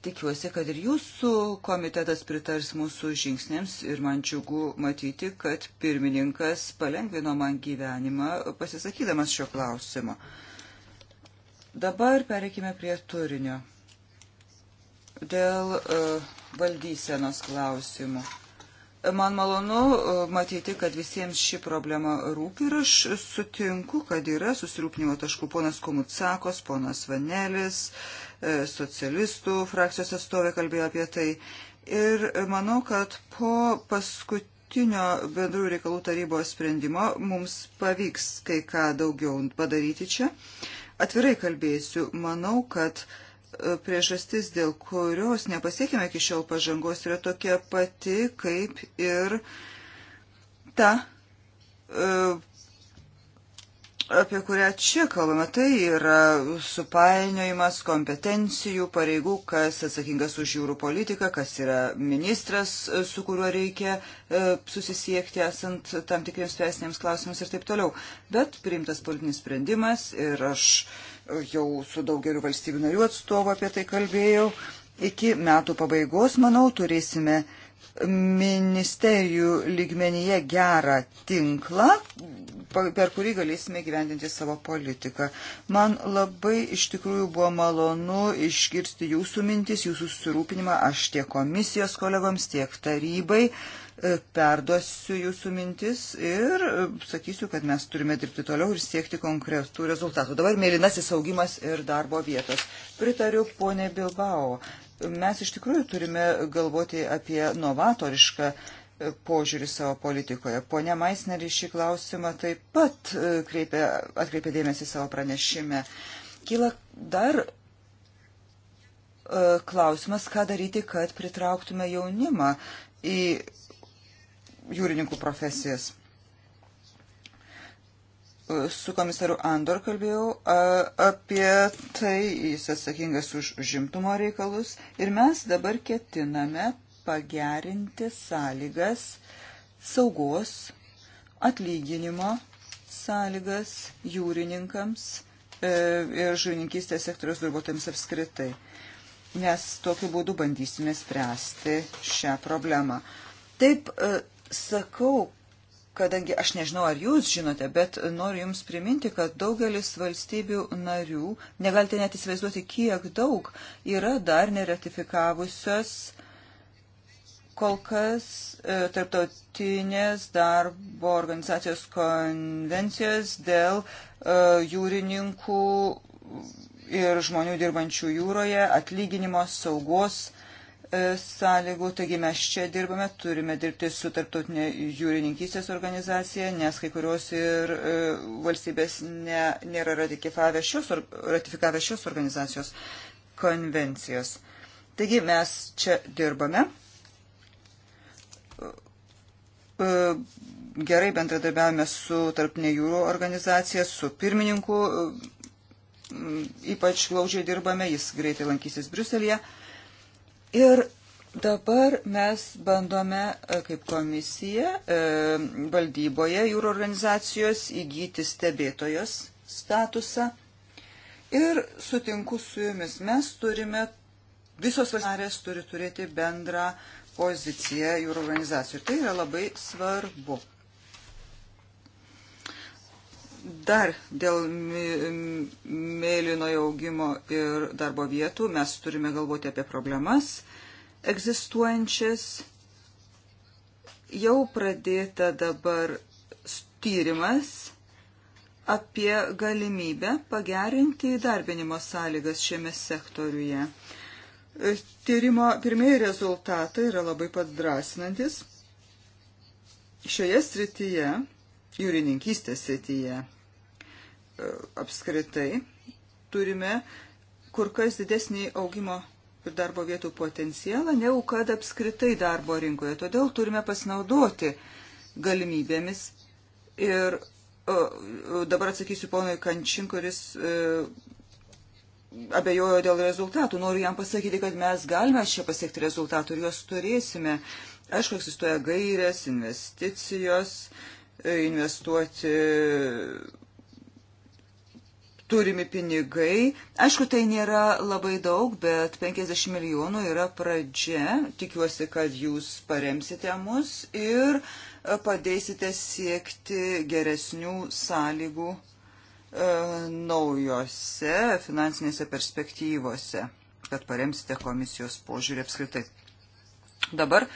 Tikiuosi, kad ir jūsų komitetas pritars mūsų žingsnėms ir man džiugu matyti, kad pirmininkas palengvino man gyvenimą pasisakydamas šio klausimo. Dabar pereikime prie turinio. Dėl uh, valdysenos klausimų. Man malonu e, matyti, kad visiems ši problema rūpi ir aš sutinku, kad yra susirūpinimo taškų ponas Komutsakos, ponas Vanelis, e, socialistų frakcijos atstovė kalbėjo apie tai. Ir manau, kad po paskutinio bendrų reikalų tarybos sprendimo mums pavyks kai ką daugiau padaryti čia. Atvirai kalbėsiu, manau, kad uh, priežastis, dėl kurios nepasiekime iki šiol pažangos, yra tokia pati, kaip ir ta, e, apie kurią čia kalbame. Tai yra supainiojimas kompetencijų, pareigų, kas atsakingas už jūrų politiką, kas yra ministras, e, su kuriuo reikia e, susisiekti esant tam tikriems teisiniams klausimams ir taip toliau. Bet priimtas politinis sprendimas ir aš jau su daugeliu valstybių narių atstovu apie tai kalbėjau. Iki metų pabaigos, manau, turėsime ministerijų lygmenyje gerą tinklą, per kurį galėsime gyvendinti savo politiką. Man labai iš tikrųjų buvo malonu išgirsti jūsų mintis, jūsų susirūpinimą, aš tiek komisijos kolegoms, tiek tarybai. Uh, E, perduosiu jūsų mintis ir e, sakysiu, kad mes turime dirbti toliau ir siekti konkretų rezultatų. Dabar mėlynasis augimas ir darbo vietos. Pritariu ponė Bilbao. Mes iš tikrųjų turime galvoti apie novatorišką e, požiūrį savo politikoje. Pone Maisneri šį klausimą taip pat kreipia, atkreipia dėmesį savo pranešime. Kyla dar klausimas, ką daryti, kad pritrauktume jaunimą į jūrininkų profesijas. E, su komisaru Andor kalbėjau e, apie tai, jis atsakingas už žimtumo reikalus ir mes dabar ketiname pagerinti sąlygas, saugos, atlyginimo sąlygas jūrininkams e, ir žuvininkystės sektoriaus darbuotojams apskritai nes tokiu būdu bandysime spręsti šią problemą. Taip Sakau, kadangi aš nežinau, ar jūs žinote, bet noriu jums priminti, kad daugelis valstybių narių, negalite net įsivaizduoti, kiek daug, yra dar neratifikavusios kol kas e, tarptautinės darbo organizacijos konvencijos dėl e, jūrininkų ir žmonių dirbančių jūroje atlyginimo saugos E, sąlygų, taigi mes čia dirbame, turime dirbti su tarptautinė jūrininkystės organizacija, nes kai kurios ir e, valstybės ne, nėra ratifikavę šios, ratifikavę šios organizacijos konvencijos. Taigi mes čia dirbame. E, gerai bendradarbiavame su tarptautinė jūrų organizacija, su pirmininku, ypač glaudžiai dirbame, jis greitai lankysis Briuselėje. Ir dabar mes bandome e, kaip komisija e, valdyboje jūrų organizacijos įgyti stebėtojos statusą. Ir sutinku su jumis, mes turime, visos valstybės turi turėti bendrą poziciją jūrų organizacijų. Ir tai yra labai svarbu. Dar dėl mėlynojo augimo ir darbo vietų mes turime galvoti apie problemas egzistuojančias. Jau pradėta dabar tyrimas apie galimybę pagerinti įdarbinimo sąlygas šiame sektoriuje. E, tyrimo pirmieji rezultatai yra labai padrasinantis. Šioje srityje jūrininkystės srityje e, apskritai turime kur kas didesnį augimo ir darbo vietų potencialą, negu kad apskritai darbo rinkoje. Todėl turime pasinaudoti galimybėmis. Ir o, dabar atsakysiu ponui Kančin, kuris e, abejojo dėl rezultatų. Noriu jam pasakyti, kad mes galime čia pasiekti rezultatų ir juos turėsime. Aišku, egzistuoja gairės, investicijos. E, investuoti turimi pinigai. Aišku, tai nėra labai daug, bet 50 milijonų yra pradžia. Tikiuosi, kad jūs paremsite mus ir e, padėsite siekti geresnių sąlygų e, naujose finansinėse perspektyvose, kad paremsite komisijos požiūrį apskritai. Dabar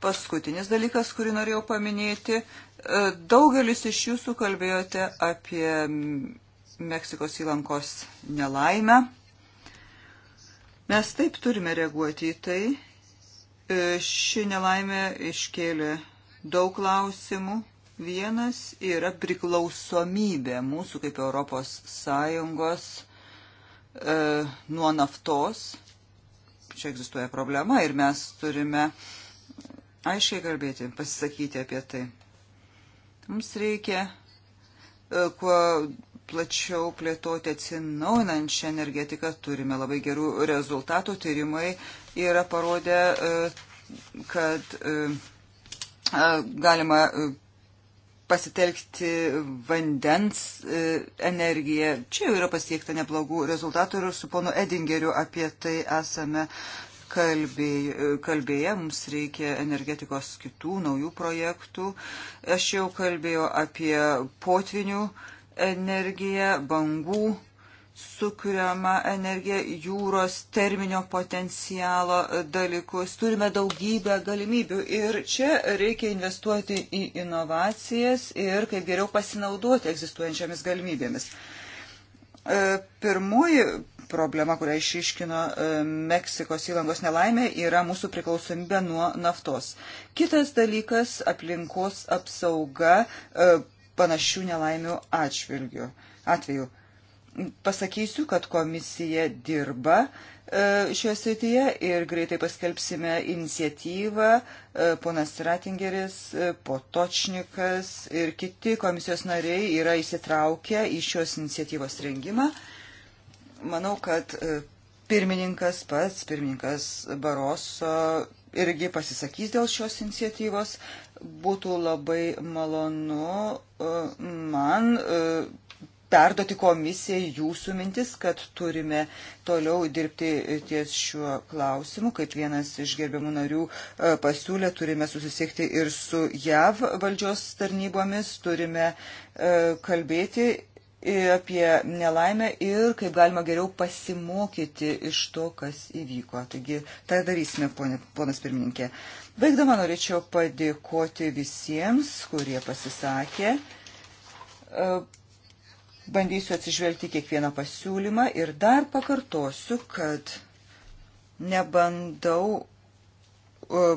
paskutinis dalykas, kurį norėjau paminėti, Daugelis iš jūsų kalbėjote apie Meksikos įlankos nelaimę. Mes taip turime reaguoti į tai. E, ši nelaimė iškėlė daug klausimų. Vienas yra priklausomybė mūsų kaip Europos Sąjungos e, nuo naftos. Čia egzistuoja problema ir mes turime aiškiai kalbėti, pasisakyti apie tai. Mums reikia e, kuo plačiau plėtoti atsinaujinančią energetiką, turime labai gerų rezultatų, tyrimai yra parodę, e, kad e, galima pasitelkti vandens energiją. Čia jau yra pasiekta neblogų rezultatų ir su ponu Edingeriu apie tai esame kalbėje, kalbėje mums reikia energetikos kitų naujų projektų. Aš jau kalbėjau apie potvinių energiją, bangų sukuriama energija, jūros terminio potencialo dalykus. Turime daugybę galimybių ir čia reikia investuoti į inovacijas ir kaip geriau pasinaudoti egzistuojančiamis galimybėmis. E, pirmoji problema, kurią išiškino e, Meksikos įlangos nelaimė, yra mūsų priklausomybė nuo naftos. Kitas dalykas - aplinkos apsauga e, panašių nelaimių atšvilgių, atveju. Pasakysiu, kad komisija dirba e, šioje srityje ir greitai paskelbsime iniciatyvą. Ponas Ratingeris, Potočnikas ir kiti komisijos nariai yra įsitraukę į šios iniciatyvos rengimą. Manau, kad e, pirmininkas pats, pirmininkas Baroso irgi pasisakys dėl šios iniciatyvos. Būtų labai malonu e, man e, perduoti komisijai jūsų mintis, kad turime toliau dirbti ties šiuo klausimu. Kaip vienas iš gerbiamų narių pasiūlė, turime susisiekti ir su JAV valdžios tarnybomis, turime kalbėti apie nelaimę ir kaip galima geriau pasimokyti iš to, kas įvyko. Taigi, tai darysime, ponė, ponas pirmininkė. Baigdama norėčiau padėkoti visiems, kurie pasisakė. E, bandysiu atsižvelgti kiekvieną pasiūlymą ir dar pakartosiu, kad nebandau e,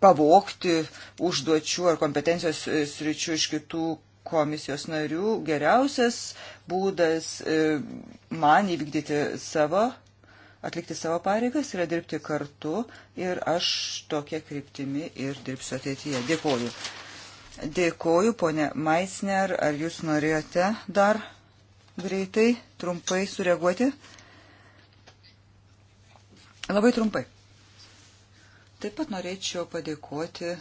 pavokti užduočių ar kompetencijos e, sričių iš kitų komisijos narių geriausias būdas e, man įvykdyti savo, atlikti savo pareigas yra dirbti kartu ir aš tokia kryptimi ir dirbsiu ateityje. Dėkoju. Dėkoju, ponė Maisner, ar jūs norėjote dar greitai, trumpai sureaguoti? Labai trumpai. Taip pat norėčiau padėkoti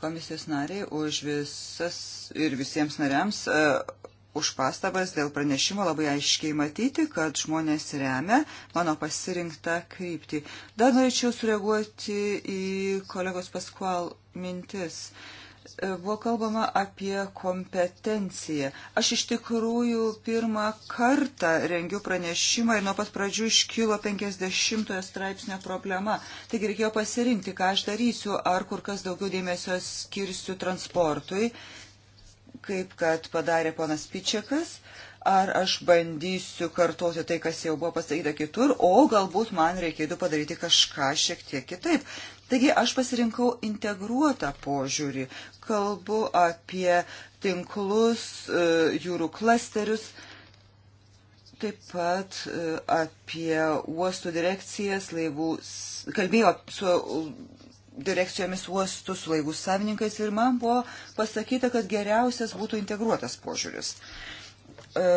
komisijos nariai už visas ir visiems nariams e, už pastabas dėl pranešimo labai aiškiai matyti, kad žmonės remia mano pasirinktą kryptį. Dar norėčiau sureaguoti į kolegos Paskual mintis. Uh, E, buvo kalbama apie kompetenciją. Aš iš tikrųjų pirmą kartą rengiu pranešimą ir nuo pat pradžių iškilo 50 straipsnio problema. Taigi reikėjo pasirinkti, ką aš darysiu, ar kur kas daugiau dėmesio skirsiu transportui, kaip kad padarė ponas Pičiakas, ar aš bandysiu kartoti tai, kas jau buvo pasakyta kitur, o galbūt man reikėtų padaryti kažką šiek tiek kitaip. Taigi aš pasirinkau integruotą požiūrį. Kalbu apie tinklus, e, jūrų klasterius, taip pat e, apie uostų direkcijas, laivų, kalbėjau su direkcijomis uostų, su laivų savininkais ir man buvo pasakyta, kad geriausias būtų integruotas požiūris. E,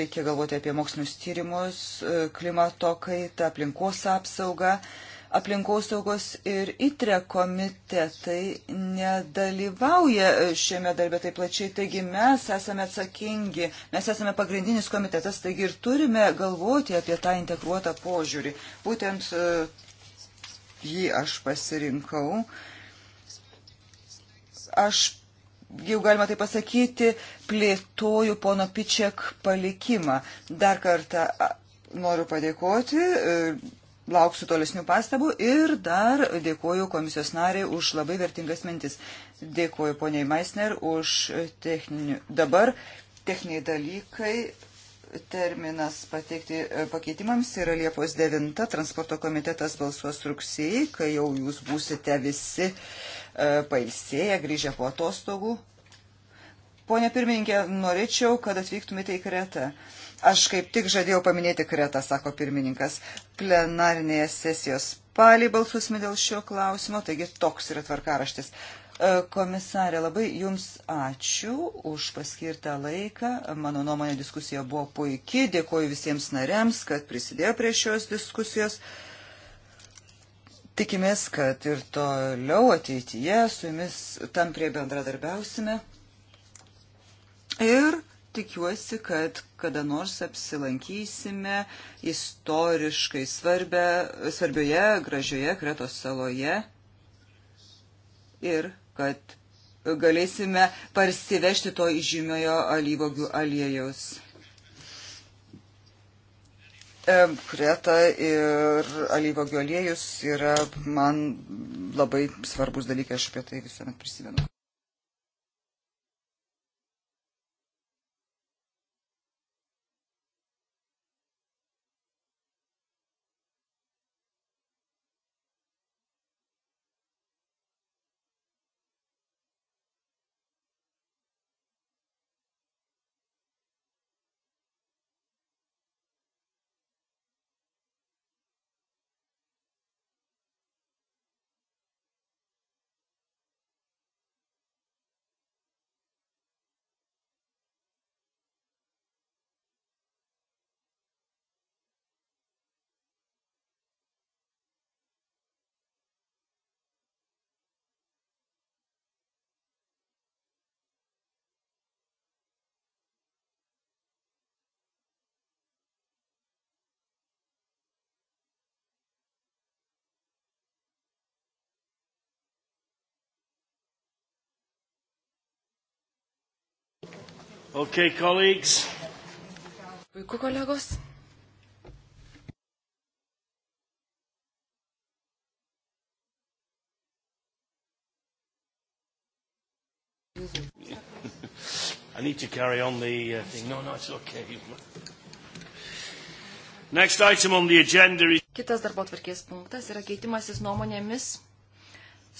reikia galvoti apie mokslinius tyrimus, klimato kaitą, aplinkos apsaugą aplinkosaugos ir ITRE komitetai nedalyvauja šiame darbe taip plačiai, taigi mes esame atsakingi, mes esame pagrindinis komitetas, taigi ir turime galvoti apie tą integruotą požiūrį. Būtent e, jį aš pasirinkau. Aš, jau galima tai pasakyti, plėtoju pono Pičiak palikimą. Dar kartą noriu padėkoti e, lauksiu tolesnių pastabų ir dar dėkuoju komisijos nariai už labai vertingas mintis. Dėkuoju poniai Meisner už techninių. Dabar techniniai dalykai. Terminas pateikti e, pakeitimams yra Liepos 9. Transporto komitetas balsuos rugsėjai, kai jau jūs būsite visi e, pailsėję, grįžę po atostogų. Pone pirmininkė, norėčiau, kad atvyktumėte į Kretą. E, Aš kaip tik žadėjau paminėti Kretą, sako pirmininkas, plenarinėje sesijos spalį balsusime dėl šio klausimo, taigi toks yra tvarkaraštis. E, komisarė, labai Jums ačiū už paskirtą laiką. Mano nuomonė diskusija buvo puikiai. Dėkoju visiems nariams, kad prisidėjo prie šios diskusijos. Tikimės, kad ir toliau ateityje su Jumis tam prie bendradarbiausime. Ir tikiuosi, kad kada nors apsilankysime istoriškai svarbia, svarbioje, gražioje Kretos saloje ir kad galėsime parsivežti to įžymiojo alyvogių aliejaus. E, Kreta ir alyvogių aliejus yra man labai svarbus dalykai, aš apie tai visuomet prisimenu. Okay, colleagues. Puiku, kolegos. I need to carry on the uh, thing. No, no, it's okay. Next item on the agenda is... Kitas darbo tvarkės punktas yra keitimasis nuomonėmis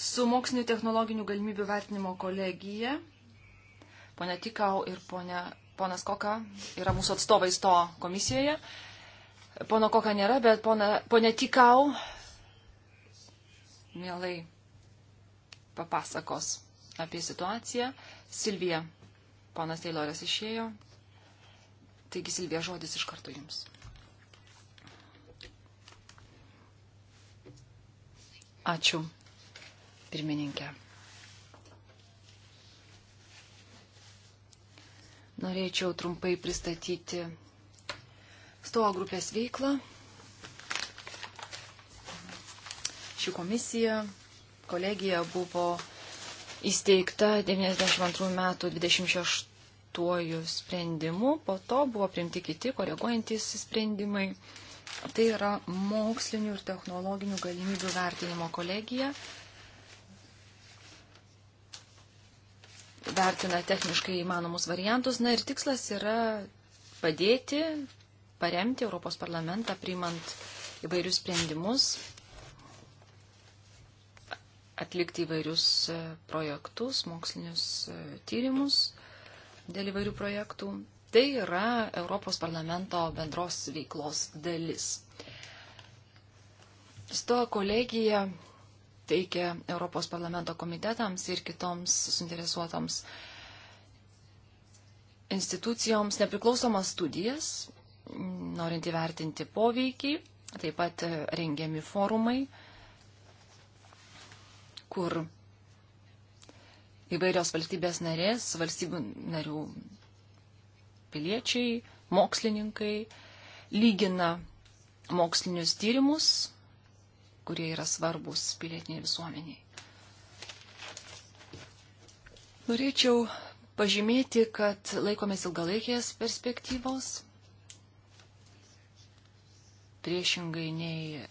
su mokslinio technologinių galimybių vertinimo kolegija Pone Tikau ir pone, ponas Koka yra mūsų atstovai to komisijoje. Pono Koka nėra, bet pona, ponė Tikau mielai papasakos apie situaciją. Silvija, ponas Teiloras išėjo. Taigi, Silvija, žodis iš karto jums. Ačiū, pirmininkė. norėčiau trumpai pristatyti stovo grupės veiklą. Ši komisija, kolegija buvo įsteigta 92 metų 26 sprendimu, po to buvo priimti kiti koreguojantis sprendimai. Tai yra mokslinių ir technologinių galimybių vertinimo kolegija vertina techniškai įmanomus variantus. Na ir tikslas yra padėti, paremti Europos parlamentą, priimant įvairius sprendimus, atlikti įvairius e, projektus, mokslinius e, tyrimus dėl įvairių projektų. Tai yra Europos parlamento bendros veiklos dalis. Sto kolegija teikia Europos parlamento komitetams ir kitoms suinteresuotoms institucijoms nepriklausomas studijas, norint įvertinti poveikį, taip pat rengiami forumai, kur įvairios valstybės narės, valstybių narių piliečiai, mokslininkai lygina mokslinius tyrimus kurie yra svarbus pilietiniai visuomeniai. Norėčiau pažymėti, kad laikomės ilgalaikės perspektyvos, priešingai nei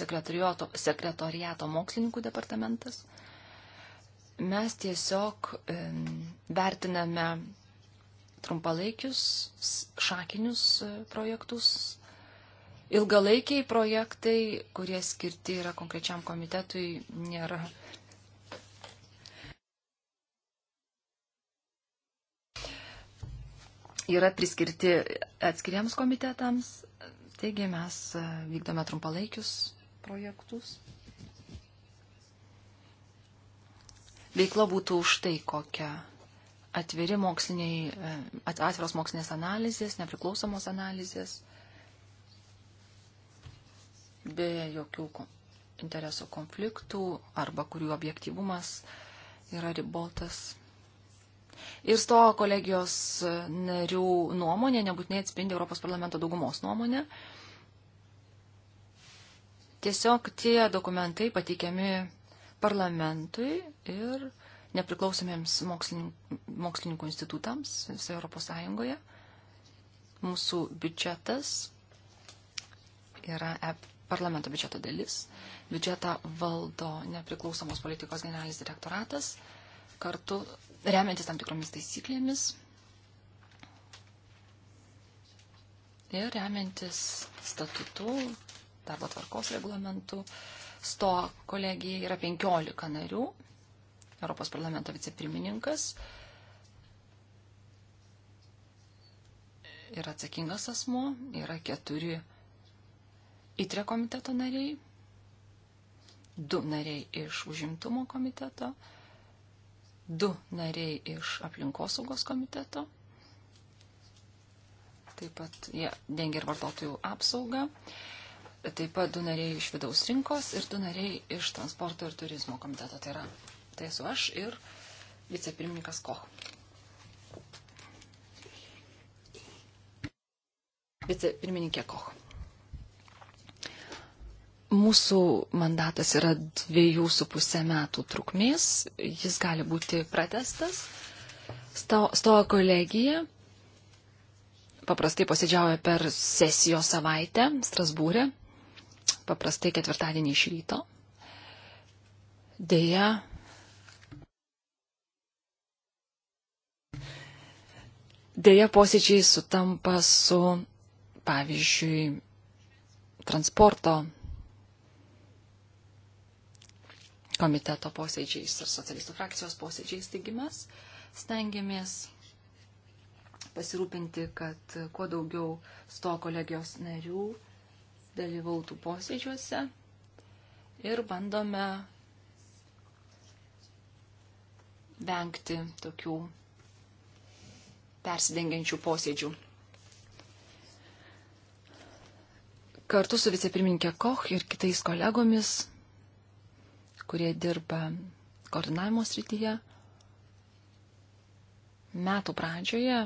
sekretoriato mokslininkų departamentas. Mes tiesiog vertiname trumpalaikius šakinius e, projektus, ilgalaikiai projektai, kurie skirti yra konkrečiam komitetui, nėra. Yra priskirti atskiriams komitetams, taigi mes e, vykdome trumpalaikius projektus. Veikla būtų už tai, kokia atviri moksliniai, e, atviros mokslinės analizės, nepriklausomos analizės be jokių interesų konfliktų arba kurių objektivumas yra ribotas. Ir to kolegijos narių nuomonė nebūtinai atspindi Europos parlamento daugumos nuomonę. Tiesiog tie dokumentai pateikiami parlamentui ir nepriklausomiems mokslininkų institutams visoje Europos Sąjungoje. Mūsų biudžetas yra parlamento biudžeto dalis. Biudžetą valdo nepriklausomos politikos generalinis direktoratas, kartu remiantis tam tikromis taisyklėmis ir remiantis statutu, darbo tvarkos reglamentu. Sto kolegija yra 15 narių, Europos parlamento vicepirmininkas yra atsakingas asmo, yra keturi įtre komiteto nariai, du nariai iš užimtumo komiteto, du nariai iš aplinkosaugos komiteto, taip pat jie ja, dengia ir vartotojų apsaugą, taip pat du nariai iš vidaus rinkos ir du nariai iš transporto ir turizmo komiteto. Tai yra, tai esu aš ir vicepirmininkas Koch. Vicepirmininkė Koch. Mūsų mandatas yra dviejų su pusę metų trukmės, jis gali būti pratestas. Stoja kolegija paprastai posėdžiauja per sesijos savaitę Strasbūrė, paprastai ketvirtadienį iš ryto. Deja, Deja, posėdžiai sutampa su, pavyzdžiui, transporto komiteto posėdžiais ir socialistų frakcijos posėdžiais. Taigi mes stengiamės pasirūpinti, kad kuo daugiau sto kolegijos narių dalyvautų posėdžiuose ir bandome vengti tokių persidengiančių posėdžių. Kartu su vicepirmininkė Koch ir kitais kolegomis kurie dirba koordinavimo srityje. Metų pradžioje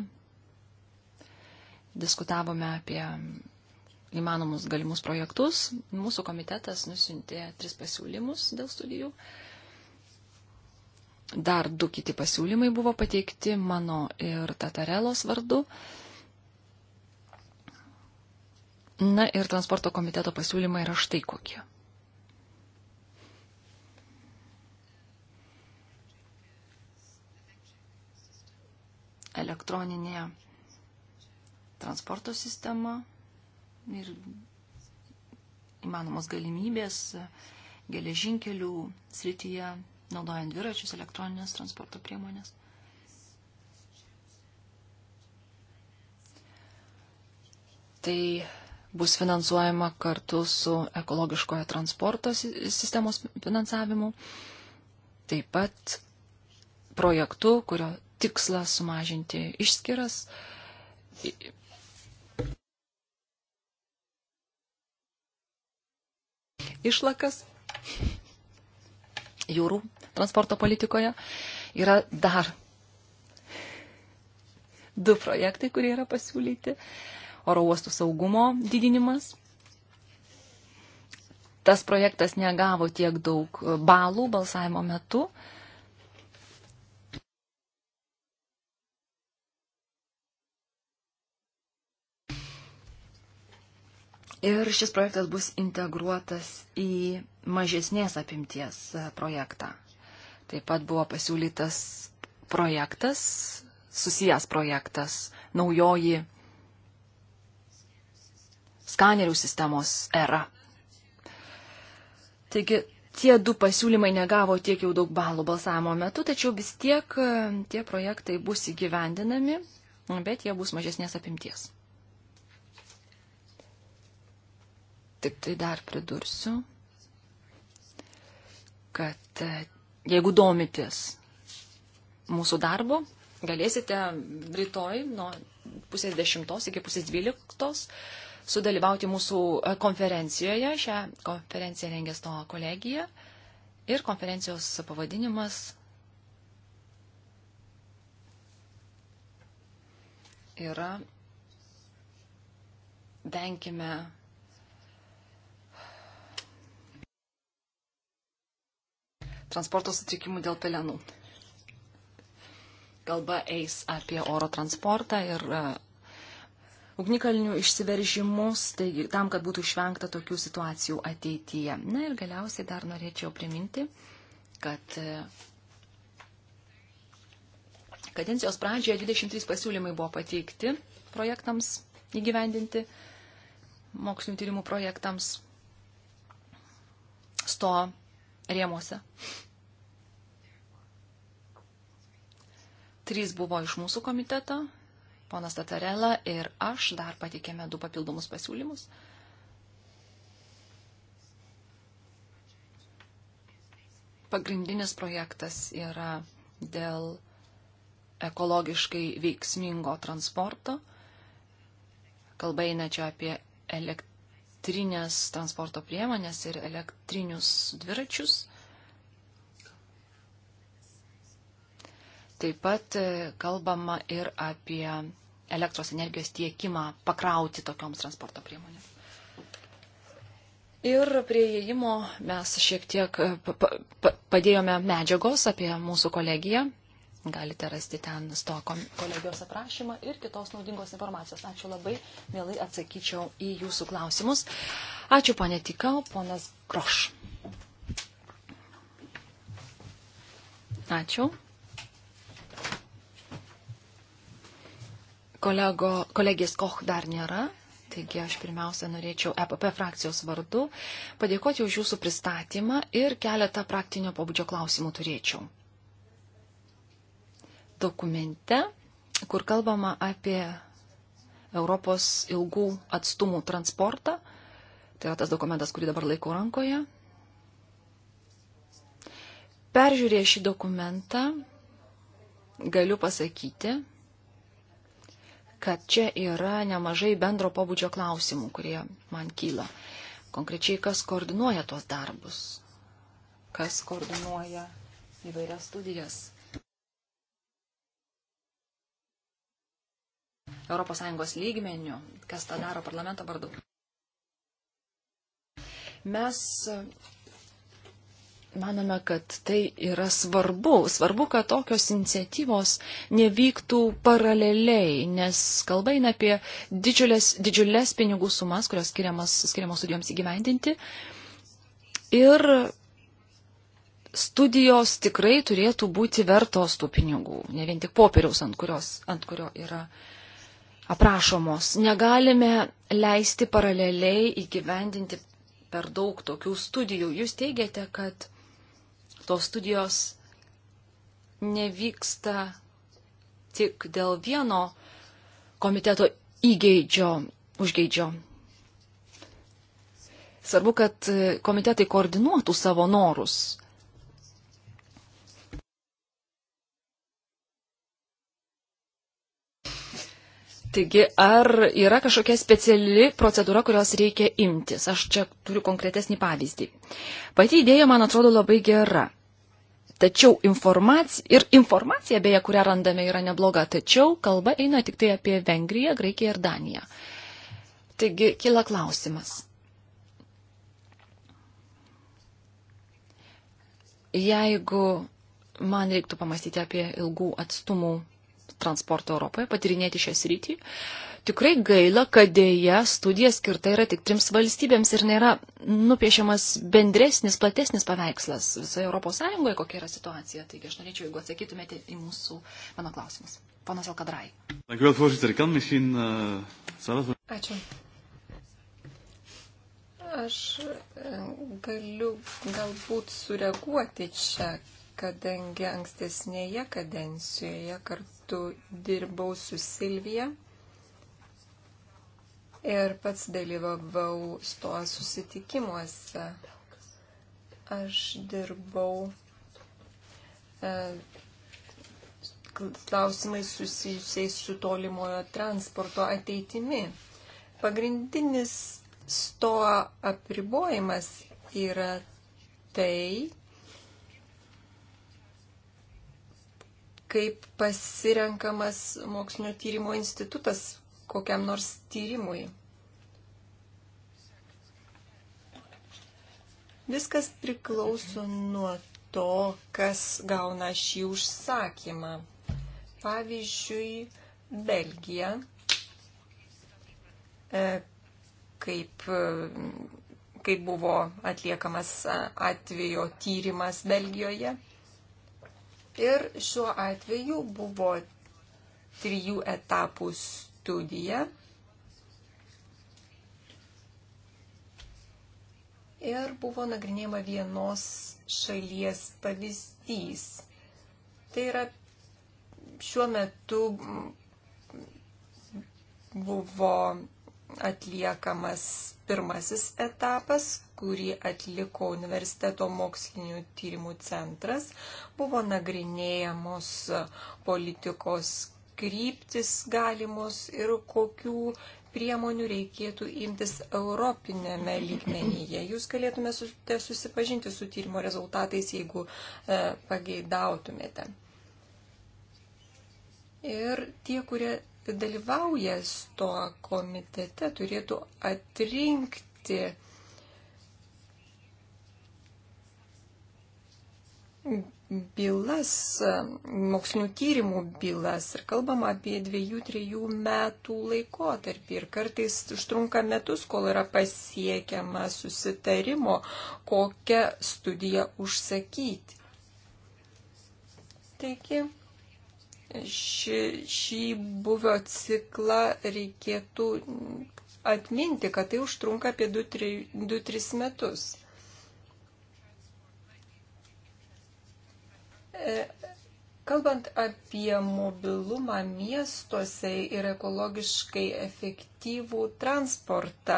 diskutavome apie įmanomus galimus projektus. Mūsų komitetas nusintė tris pasiūlymus dėl studijų. Dar du kiti pasiūlymai buvo pateikti mano ir Tatarelos vardu. Na ir transporto komiteto pasiūlymai yra štai kokie. elektroninė transporto sistema ir įmanomos galimybės geležinkelių srityje, naudojant dviračius, elektroninės transporto priemonės. Tai bus finansuojama kartu su ekologiškojo transporto sistemos finansavimu, taip pat projektu, kurio tikslą sumažinti išskiras. Išlakas jūrų transporto politikoje yra dar du projektai, kurie yra pasiūlyti. Oro uostų saugumo didinimas. Tas projektas negavo tiek daug balų balsavimo metu, Ir šis projektas bus integruotas į mažesnės apimties projektą. Taip pat buvo pasiūlytas projektas, susijęs projektas, naujoji skanerių sistemos era. Taigi tie du pasiūlymai negavo tiek jau daug balų balsavimo metu, tačiau vis tiek e, tie projektai bus įgyvendinami, bet jie bus mažesnės apimties. Tik tai dar pridursiu, kad e, jeigu domitės mūsų darbu, galėsite rytoj nuo pusės dešimtos iki pusės dvyliktos sudalyvauti mūsų e, konferencijoje. Šią konferenciją rengia to kolegija ir konferencijos pavadinimas yra Venkime transporto sutrikimų dėl pelenų. Kalba eis apie oro transportą ir e, ugnikalnių išsiveržimus, taigi tam, kad būtų išvengta tokių situacijų ateityje. Na ir galiausiai dar norėčiau priminti, kad e, kadencijos pradžioje 23 pasiūlymai buvo pateikti projektams įgyvendinti, mokslinio tyrimų projektams. Sto rėmuose. Trys buvo iš mūsų komiteto, ponas Tatarela ir aš dar patikėme du papildomus pasiūlymus. Pagrindinis projektas yra dėl ekologiškai veiksmingo transporto. Kalba eina čia apie elekt elektrinės transporto priemonės ir elektrinius dviračius. Taip pat e, kalbama ir apie elektros energijos tiekimą pakrauti tokioms transporto priemonėms. Ir prie įėjimo mes šiek tiek e, padėjome medžiagos apie mūsų kolegiją, Galite rasti ten to kolegijos aprašymą ir kitos naudingos informacijos. Ačiū labai, mielai atsakyčiau į jūsų klausimus. Ačiū, ponė Tikau, ponas Groš. Ačiū. Kolego, kolegės Koch dar nėra, taigi aš pirmiausia norėčiau EPP frakcijos vardu padėkoti už jūsų pristatymą ir keletą praktinio pobūdžio klausimų turėčiau dokumente, kur kalbama apie Europos ilgų atstumų transportą. Tai yra tas dokumentas, kurį dabar laikau rankoje. Peržiūrėję šį dokumentą, galiu pasakyti, kad čia yra nemažai bendro pobūdžio klausimų, kurie man kyla. Konkrečiai, kas koordinuoja tuos darbus, kas koordinuoja įvairias studijas ES lygmenių, kas tą daro parlamento vardu. Mes e, manome, kad tai yra svarbu. Svarbu, kad tokios iniciatyvos nevyktų paraleliai, nes kalba eina apie didžiulės, didžiulės pinigų sumas, kurios skiriamos, skiriamos studijoms įgyvendinti. Ir studijos tikrai turėtų būti vertos tų pinigų, ne vien tik popieriaus, ant, kurios, ant kurio yra uh, aprašomos. Negalime leisti paraleliai įgyvendinti per daug tokių studijų. Jūs teigiate, kad tos studijos nevyksta tik dėl vieno komiteto įgeidžio, užgeidžio. Svarbu, kad komitetai koordinuotų savo norus. Taigi, ar yra kažkokia speciali procedūra, kurios reikia imtis? Aš čia turiu konkretesnį pavyzdį. Pati idėja man atrodo labai gera. Tačiau informacija, ir informacija beje, kurią randame, yra nebloga, tačiau kalba eina tik tai apie Vengriją, Graikiją ir Daniją. Taigi, kila klausimas. Jeigu man reiktų pamastyti apie ilgų atstumų transporto Europoje, patirinėti šią sritį. Tikrai gaila, kad dėja studija skirta yra tik trims valstybėms ir nėra nupiešiamas bendresnis, platesnis paveikslas visoje Europos Sąjungoje, kokia yra situacija. Taigi aš norėčiau, jeigu atsakytumėte į mūsų mano klausimus. Ponas Alkadrai. Eh, Ačiū. Aš eh, galiu galbūt sureaguoti čia, kadangi ankstesnėje kadencijoje kartu metų dirbau su Silvija ir pats dalyvavau sto susitikimuose. Aš dirbau e, klausimais susijusiais su tolimojo transporto ateitimi. Pagrindinis sto apribojimas yra tai, kaip pasirenkamas mokslinio tyrimo institutas kokiam nors tyrimui. Viskas priklauso nuo to, kas gauna šį užsakymą. Pavyzdžiui, Belgija e, kaip, kaip buvo atliekamas atvejo tyrimas Belgijoje. Ir šiuo atveju buvo trijų etapų studija. Ir buvo nagrinėjama vienos šalies pavyzdys. Tai yra šiuo metu buvo atliekamas pirmasis etapas, kurį atliko universiteto mokslinių tyrimų centras, buvo nagrinėjamos politikos kryptis galimus ir kokių priemonių reikėtų imtis europinėme lygmenyje. Jūs galėtumėte susipažinti su tyrimo rezultatais, jeigu e, pageidautumėte. Ir tie, kurie dalyvauja to komitete, turėtų atrinkti e, bylas, mokslinių tyrimų bylas ir kalbam apie dviejų, trijų metų laikotarpį ir kartais užtrunka metus, kol yra pasiekiama susitarimo, kokią studiją užsakyti. Taigi, ši, šį buvio ciklą reikėtų atminti, kad tai užtrunka apie 2-3 metus. E, kalbant apie mobilumą miestuose ir ekologiškai efektyvų transportą,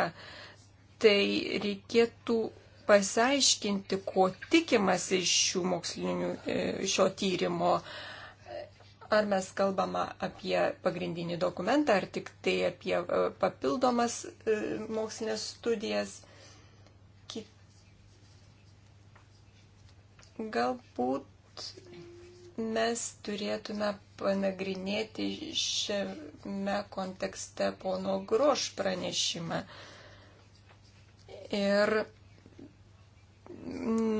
tai reikėtų pasiaiškinti, ko tikimasi iš e, šio tyrimo. Ar mes kalbame apie pagrindinį dokumentą, ar tik tai apie e, papildomas mokslinės studijas. Galbūt mes turėtume panagrinėti šiame kontekste pono Groš pranešimą ir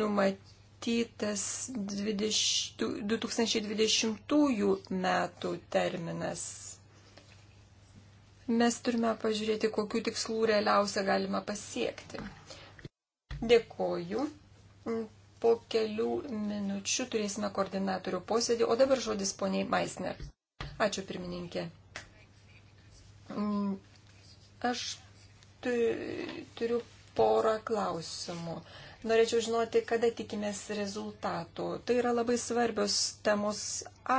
numatytas 20, 2020 metų terminas. Mes turime pažiūrėti, kokiu tikslu realiausia galima pasiekti. Dėkoju po kelių minučių turėsime koordinatorių posėdį, o dabar žodis poniai Maisner. Ačiū pirmininkė. Mm, aš turiu porą klausimų. Norėčiau žinoti, kada tikimės rezultatų. Tai yra labai svarbios temos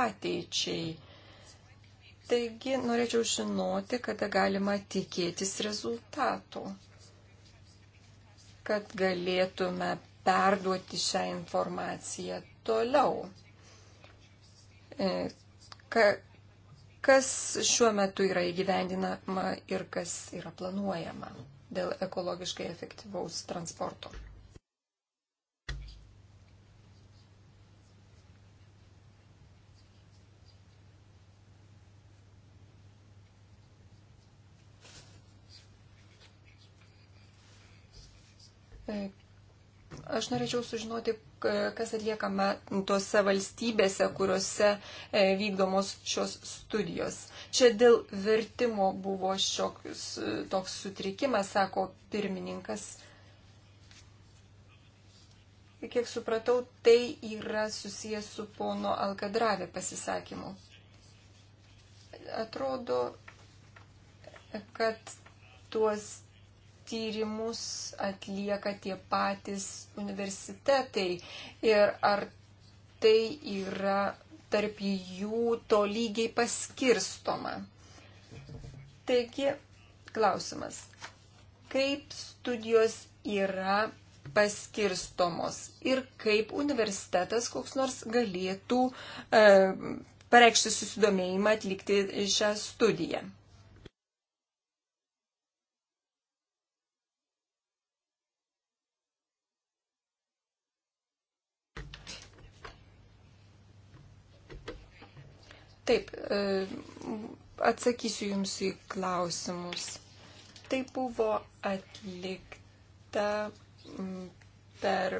ateičiai. Taigi norėčiau žinoti, kada galima tikėtis rezultatų, kad galėtume perduoti šią informaciją toliau. E, ka, kas šiuo metu yra įgyvendinama ir kas yra planuojama dėl ekologiškai efektyvaus transporto. E, Aš norėčiau sužinoti, kas atliekama tose valstybėse, kuriuose e, vykdomos šios studijos. Čia dėl vertimo buvo šioks e, toks sutrikimas, sako pirmininkas. Kiek supratau, tai yra susijęs su pono Alkadravė pasisakymu. Atrodo, kad tuos tyrimus atlieka tie patys universitetai ir ar tai yra tarp jų tolygiai paskirstoma. Taigi, klausimas. Kaip studijos yra paskirstomos ir kaip universitetas koks nors galėtų e, pareikšti susidomėjimą atlikti šią studiją. Taip, e, atsakysiu Jums į klausimus. Tai buvo atlikta per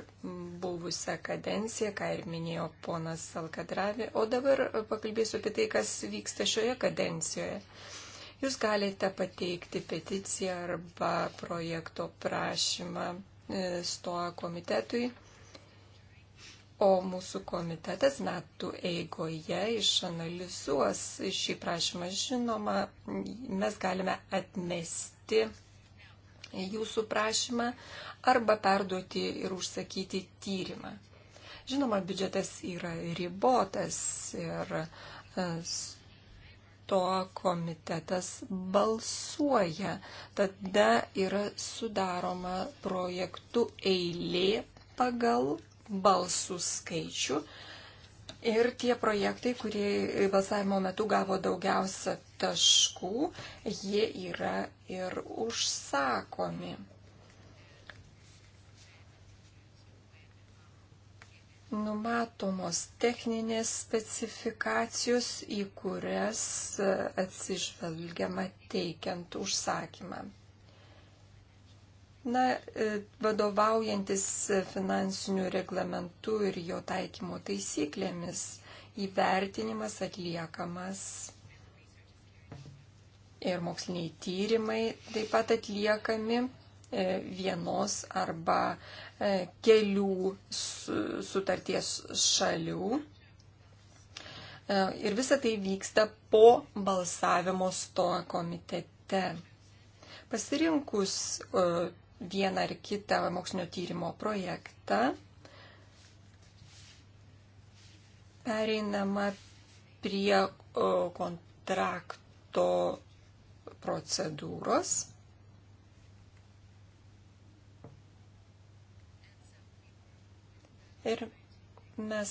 buvusią kadenciją, ką ir minėjo ponas Alkadravi, o dabar pakalbėsiu apie tai, kas vyksta šioje kadencijoje. Jūs galite pateikti peticiją arba projekto prašymą e, stoa komitetui O mūsų komitetas metų eigoje išanalizuos šį prašymą. Žinoma, mes galime atmesti jūsų prašymą arba perduoti ir užsakyti tyrimą. Žinoma, biudžetas yra ribotas ir e, to komitetas balsuoja. Tada yra sudaroma projektų eilė pagal balsų skaičių. Ir tie projektai, kurie balsavimo metu gavo daugiausia taškų, jie yra ir užsakomi. Numatomos techninės specifikacijos, į kurias atsižvelgiama teikiant užsakymą. Na, e, vadovaujantis finansiniu reglamentu ir jo taikymo taisyklėmis, įvertinimas atliekamas ir moksliniai tyrimai taip pat atliekami e, vienos arba e, kelių sutarties šalių. Ir visa tai vyksta po balsavimo stoja komitete. Pasirinkus vieną ar kitą mokslinio tyrimo projektą, pereinama prie kontrakto procedūros. Ir mes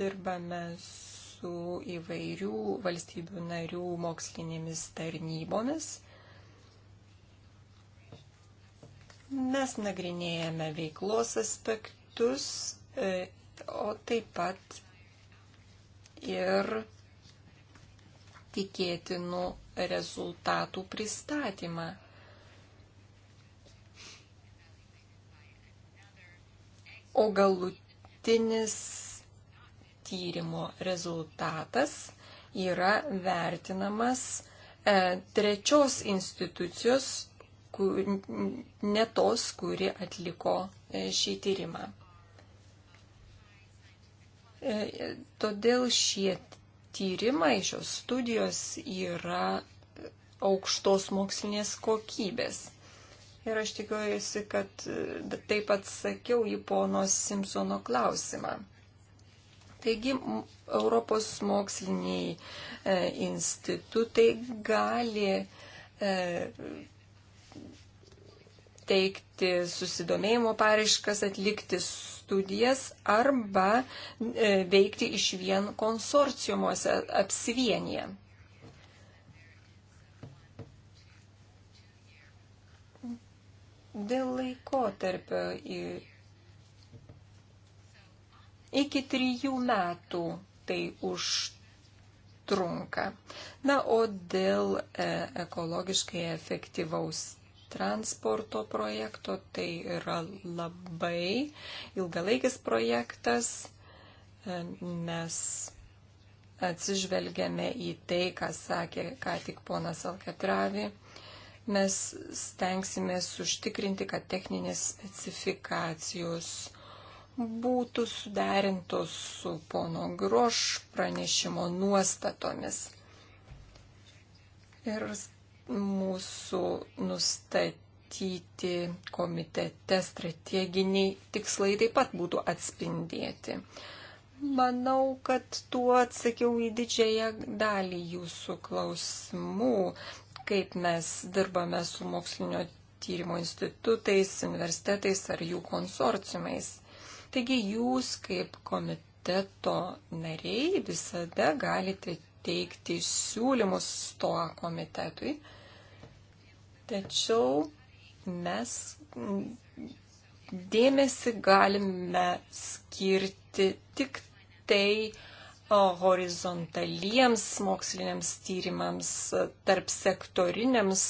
dirbame su įvairių valstybių narių mokslinėmis tarnybomis Mes nagrinėjame veiklos aspektus, e, o taip pat ir tikėtinų rezultatų pristatymą. O galutinis tyrimo rezultatas yra vertinamas e, trečios institucijos kur, ne tos, kuri atliko e, šį tyrimą. E, todėl šie tyrimai, šios studijos yra aukštos mokslinės kokybės. Ir aš tikiuosi, kad e, taip atsakiau į pono Simpsono klausimą. Taigi Europos moksliniai e, institutai gali e, teikti susidomėjimo paraiškas, atlikti studijas arba e, veikti iš vien konsorciumuose apsivienyje. Dėl laiko tarpio iki trijų metų tai užtrunka. Na, o dėl e, ekologiškai efektyvaus transporto projekto. Tai yra labai ilgalaikis projektas. E, mes atsižvelgiame į tai, ką sakė ką tik ponas Alkatravi. Mes stengsime užtikrinti, kad techninės specifikacijos būtų suderintos su pono Groš pranešimo nuostatomis. Ir mūsų nustatyti komitete strateginiai tikslai taip pat būtų atspindėti. Manau, kad tuo atsakiau į didžiąją dalį jūsų klausimų, kaip mes dirbame su mokslinio tyrimo institutais, universitetais ar jų konsorciumais. Taigi jūs kaip komiteto nariai visada galite teikti siūlymus to komitetui Tačiau mes dėmesį galime skirti tik tai horizontaliems moksliniams tyrimams, tarp sektoriniams,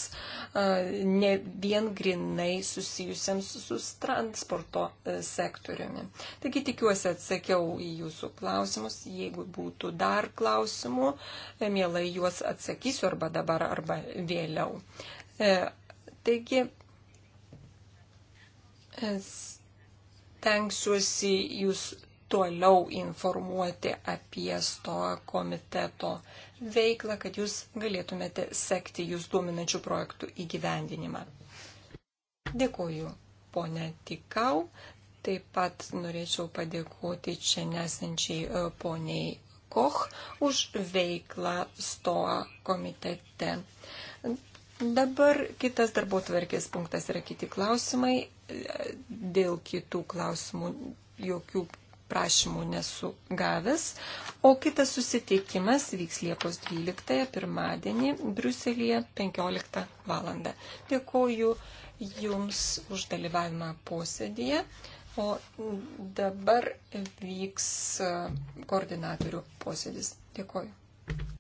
ne vien grinai susijusiams su transporto e, sektoriumi. Taigi tikiuosi atsakiau į jūsų klausimus. Jeigu būtų dar klausimų, e, mielai juos atsakysiu arba dabar, arba vėliau. E, taigi, e, stengsiuosi jūs toliau informuoti apie stoa komiteto veiklą, kad jūs galėtumėte sekti jūs duominančių projektų įgyvendinimą. Dėkuoju, ponė Tikau. Taip pat norėčiau padėkoti čia nesančiai e, poniai Koch už veiklą stoa komitete. Dabar kitas darbo tvarkės punktas yra kiti klausimai. Dėl kitų klausimų jokių prašymų nesu gavęs. O kitas susitikimas vyks Liepos 12, pirmadienį, Briuselėje 15 val. Dėkoju Jums už dalyvavimą posėdėje. O dabar vyks koordinatorių posėdis. Dėkoju.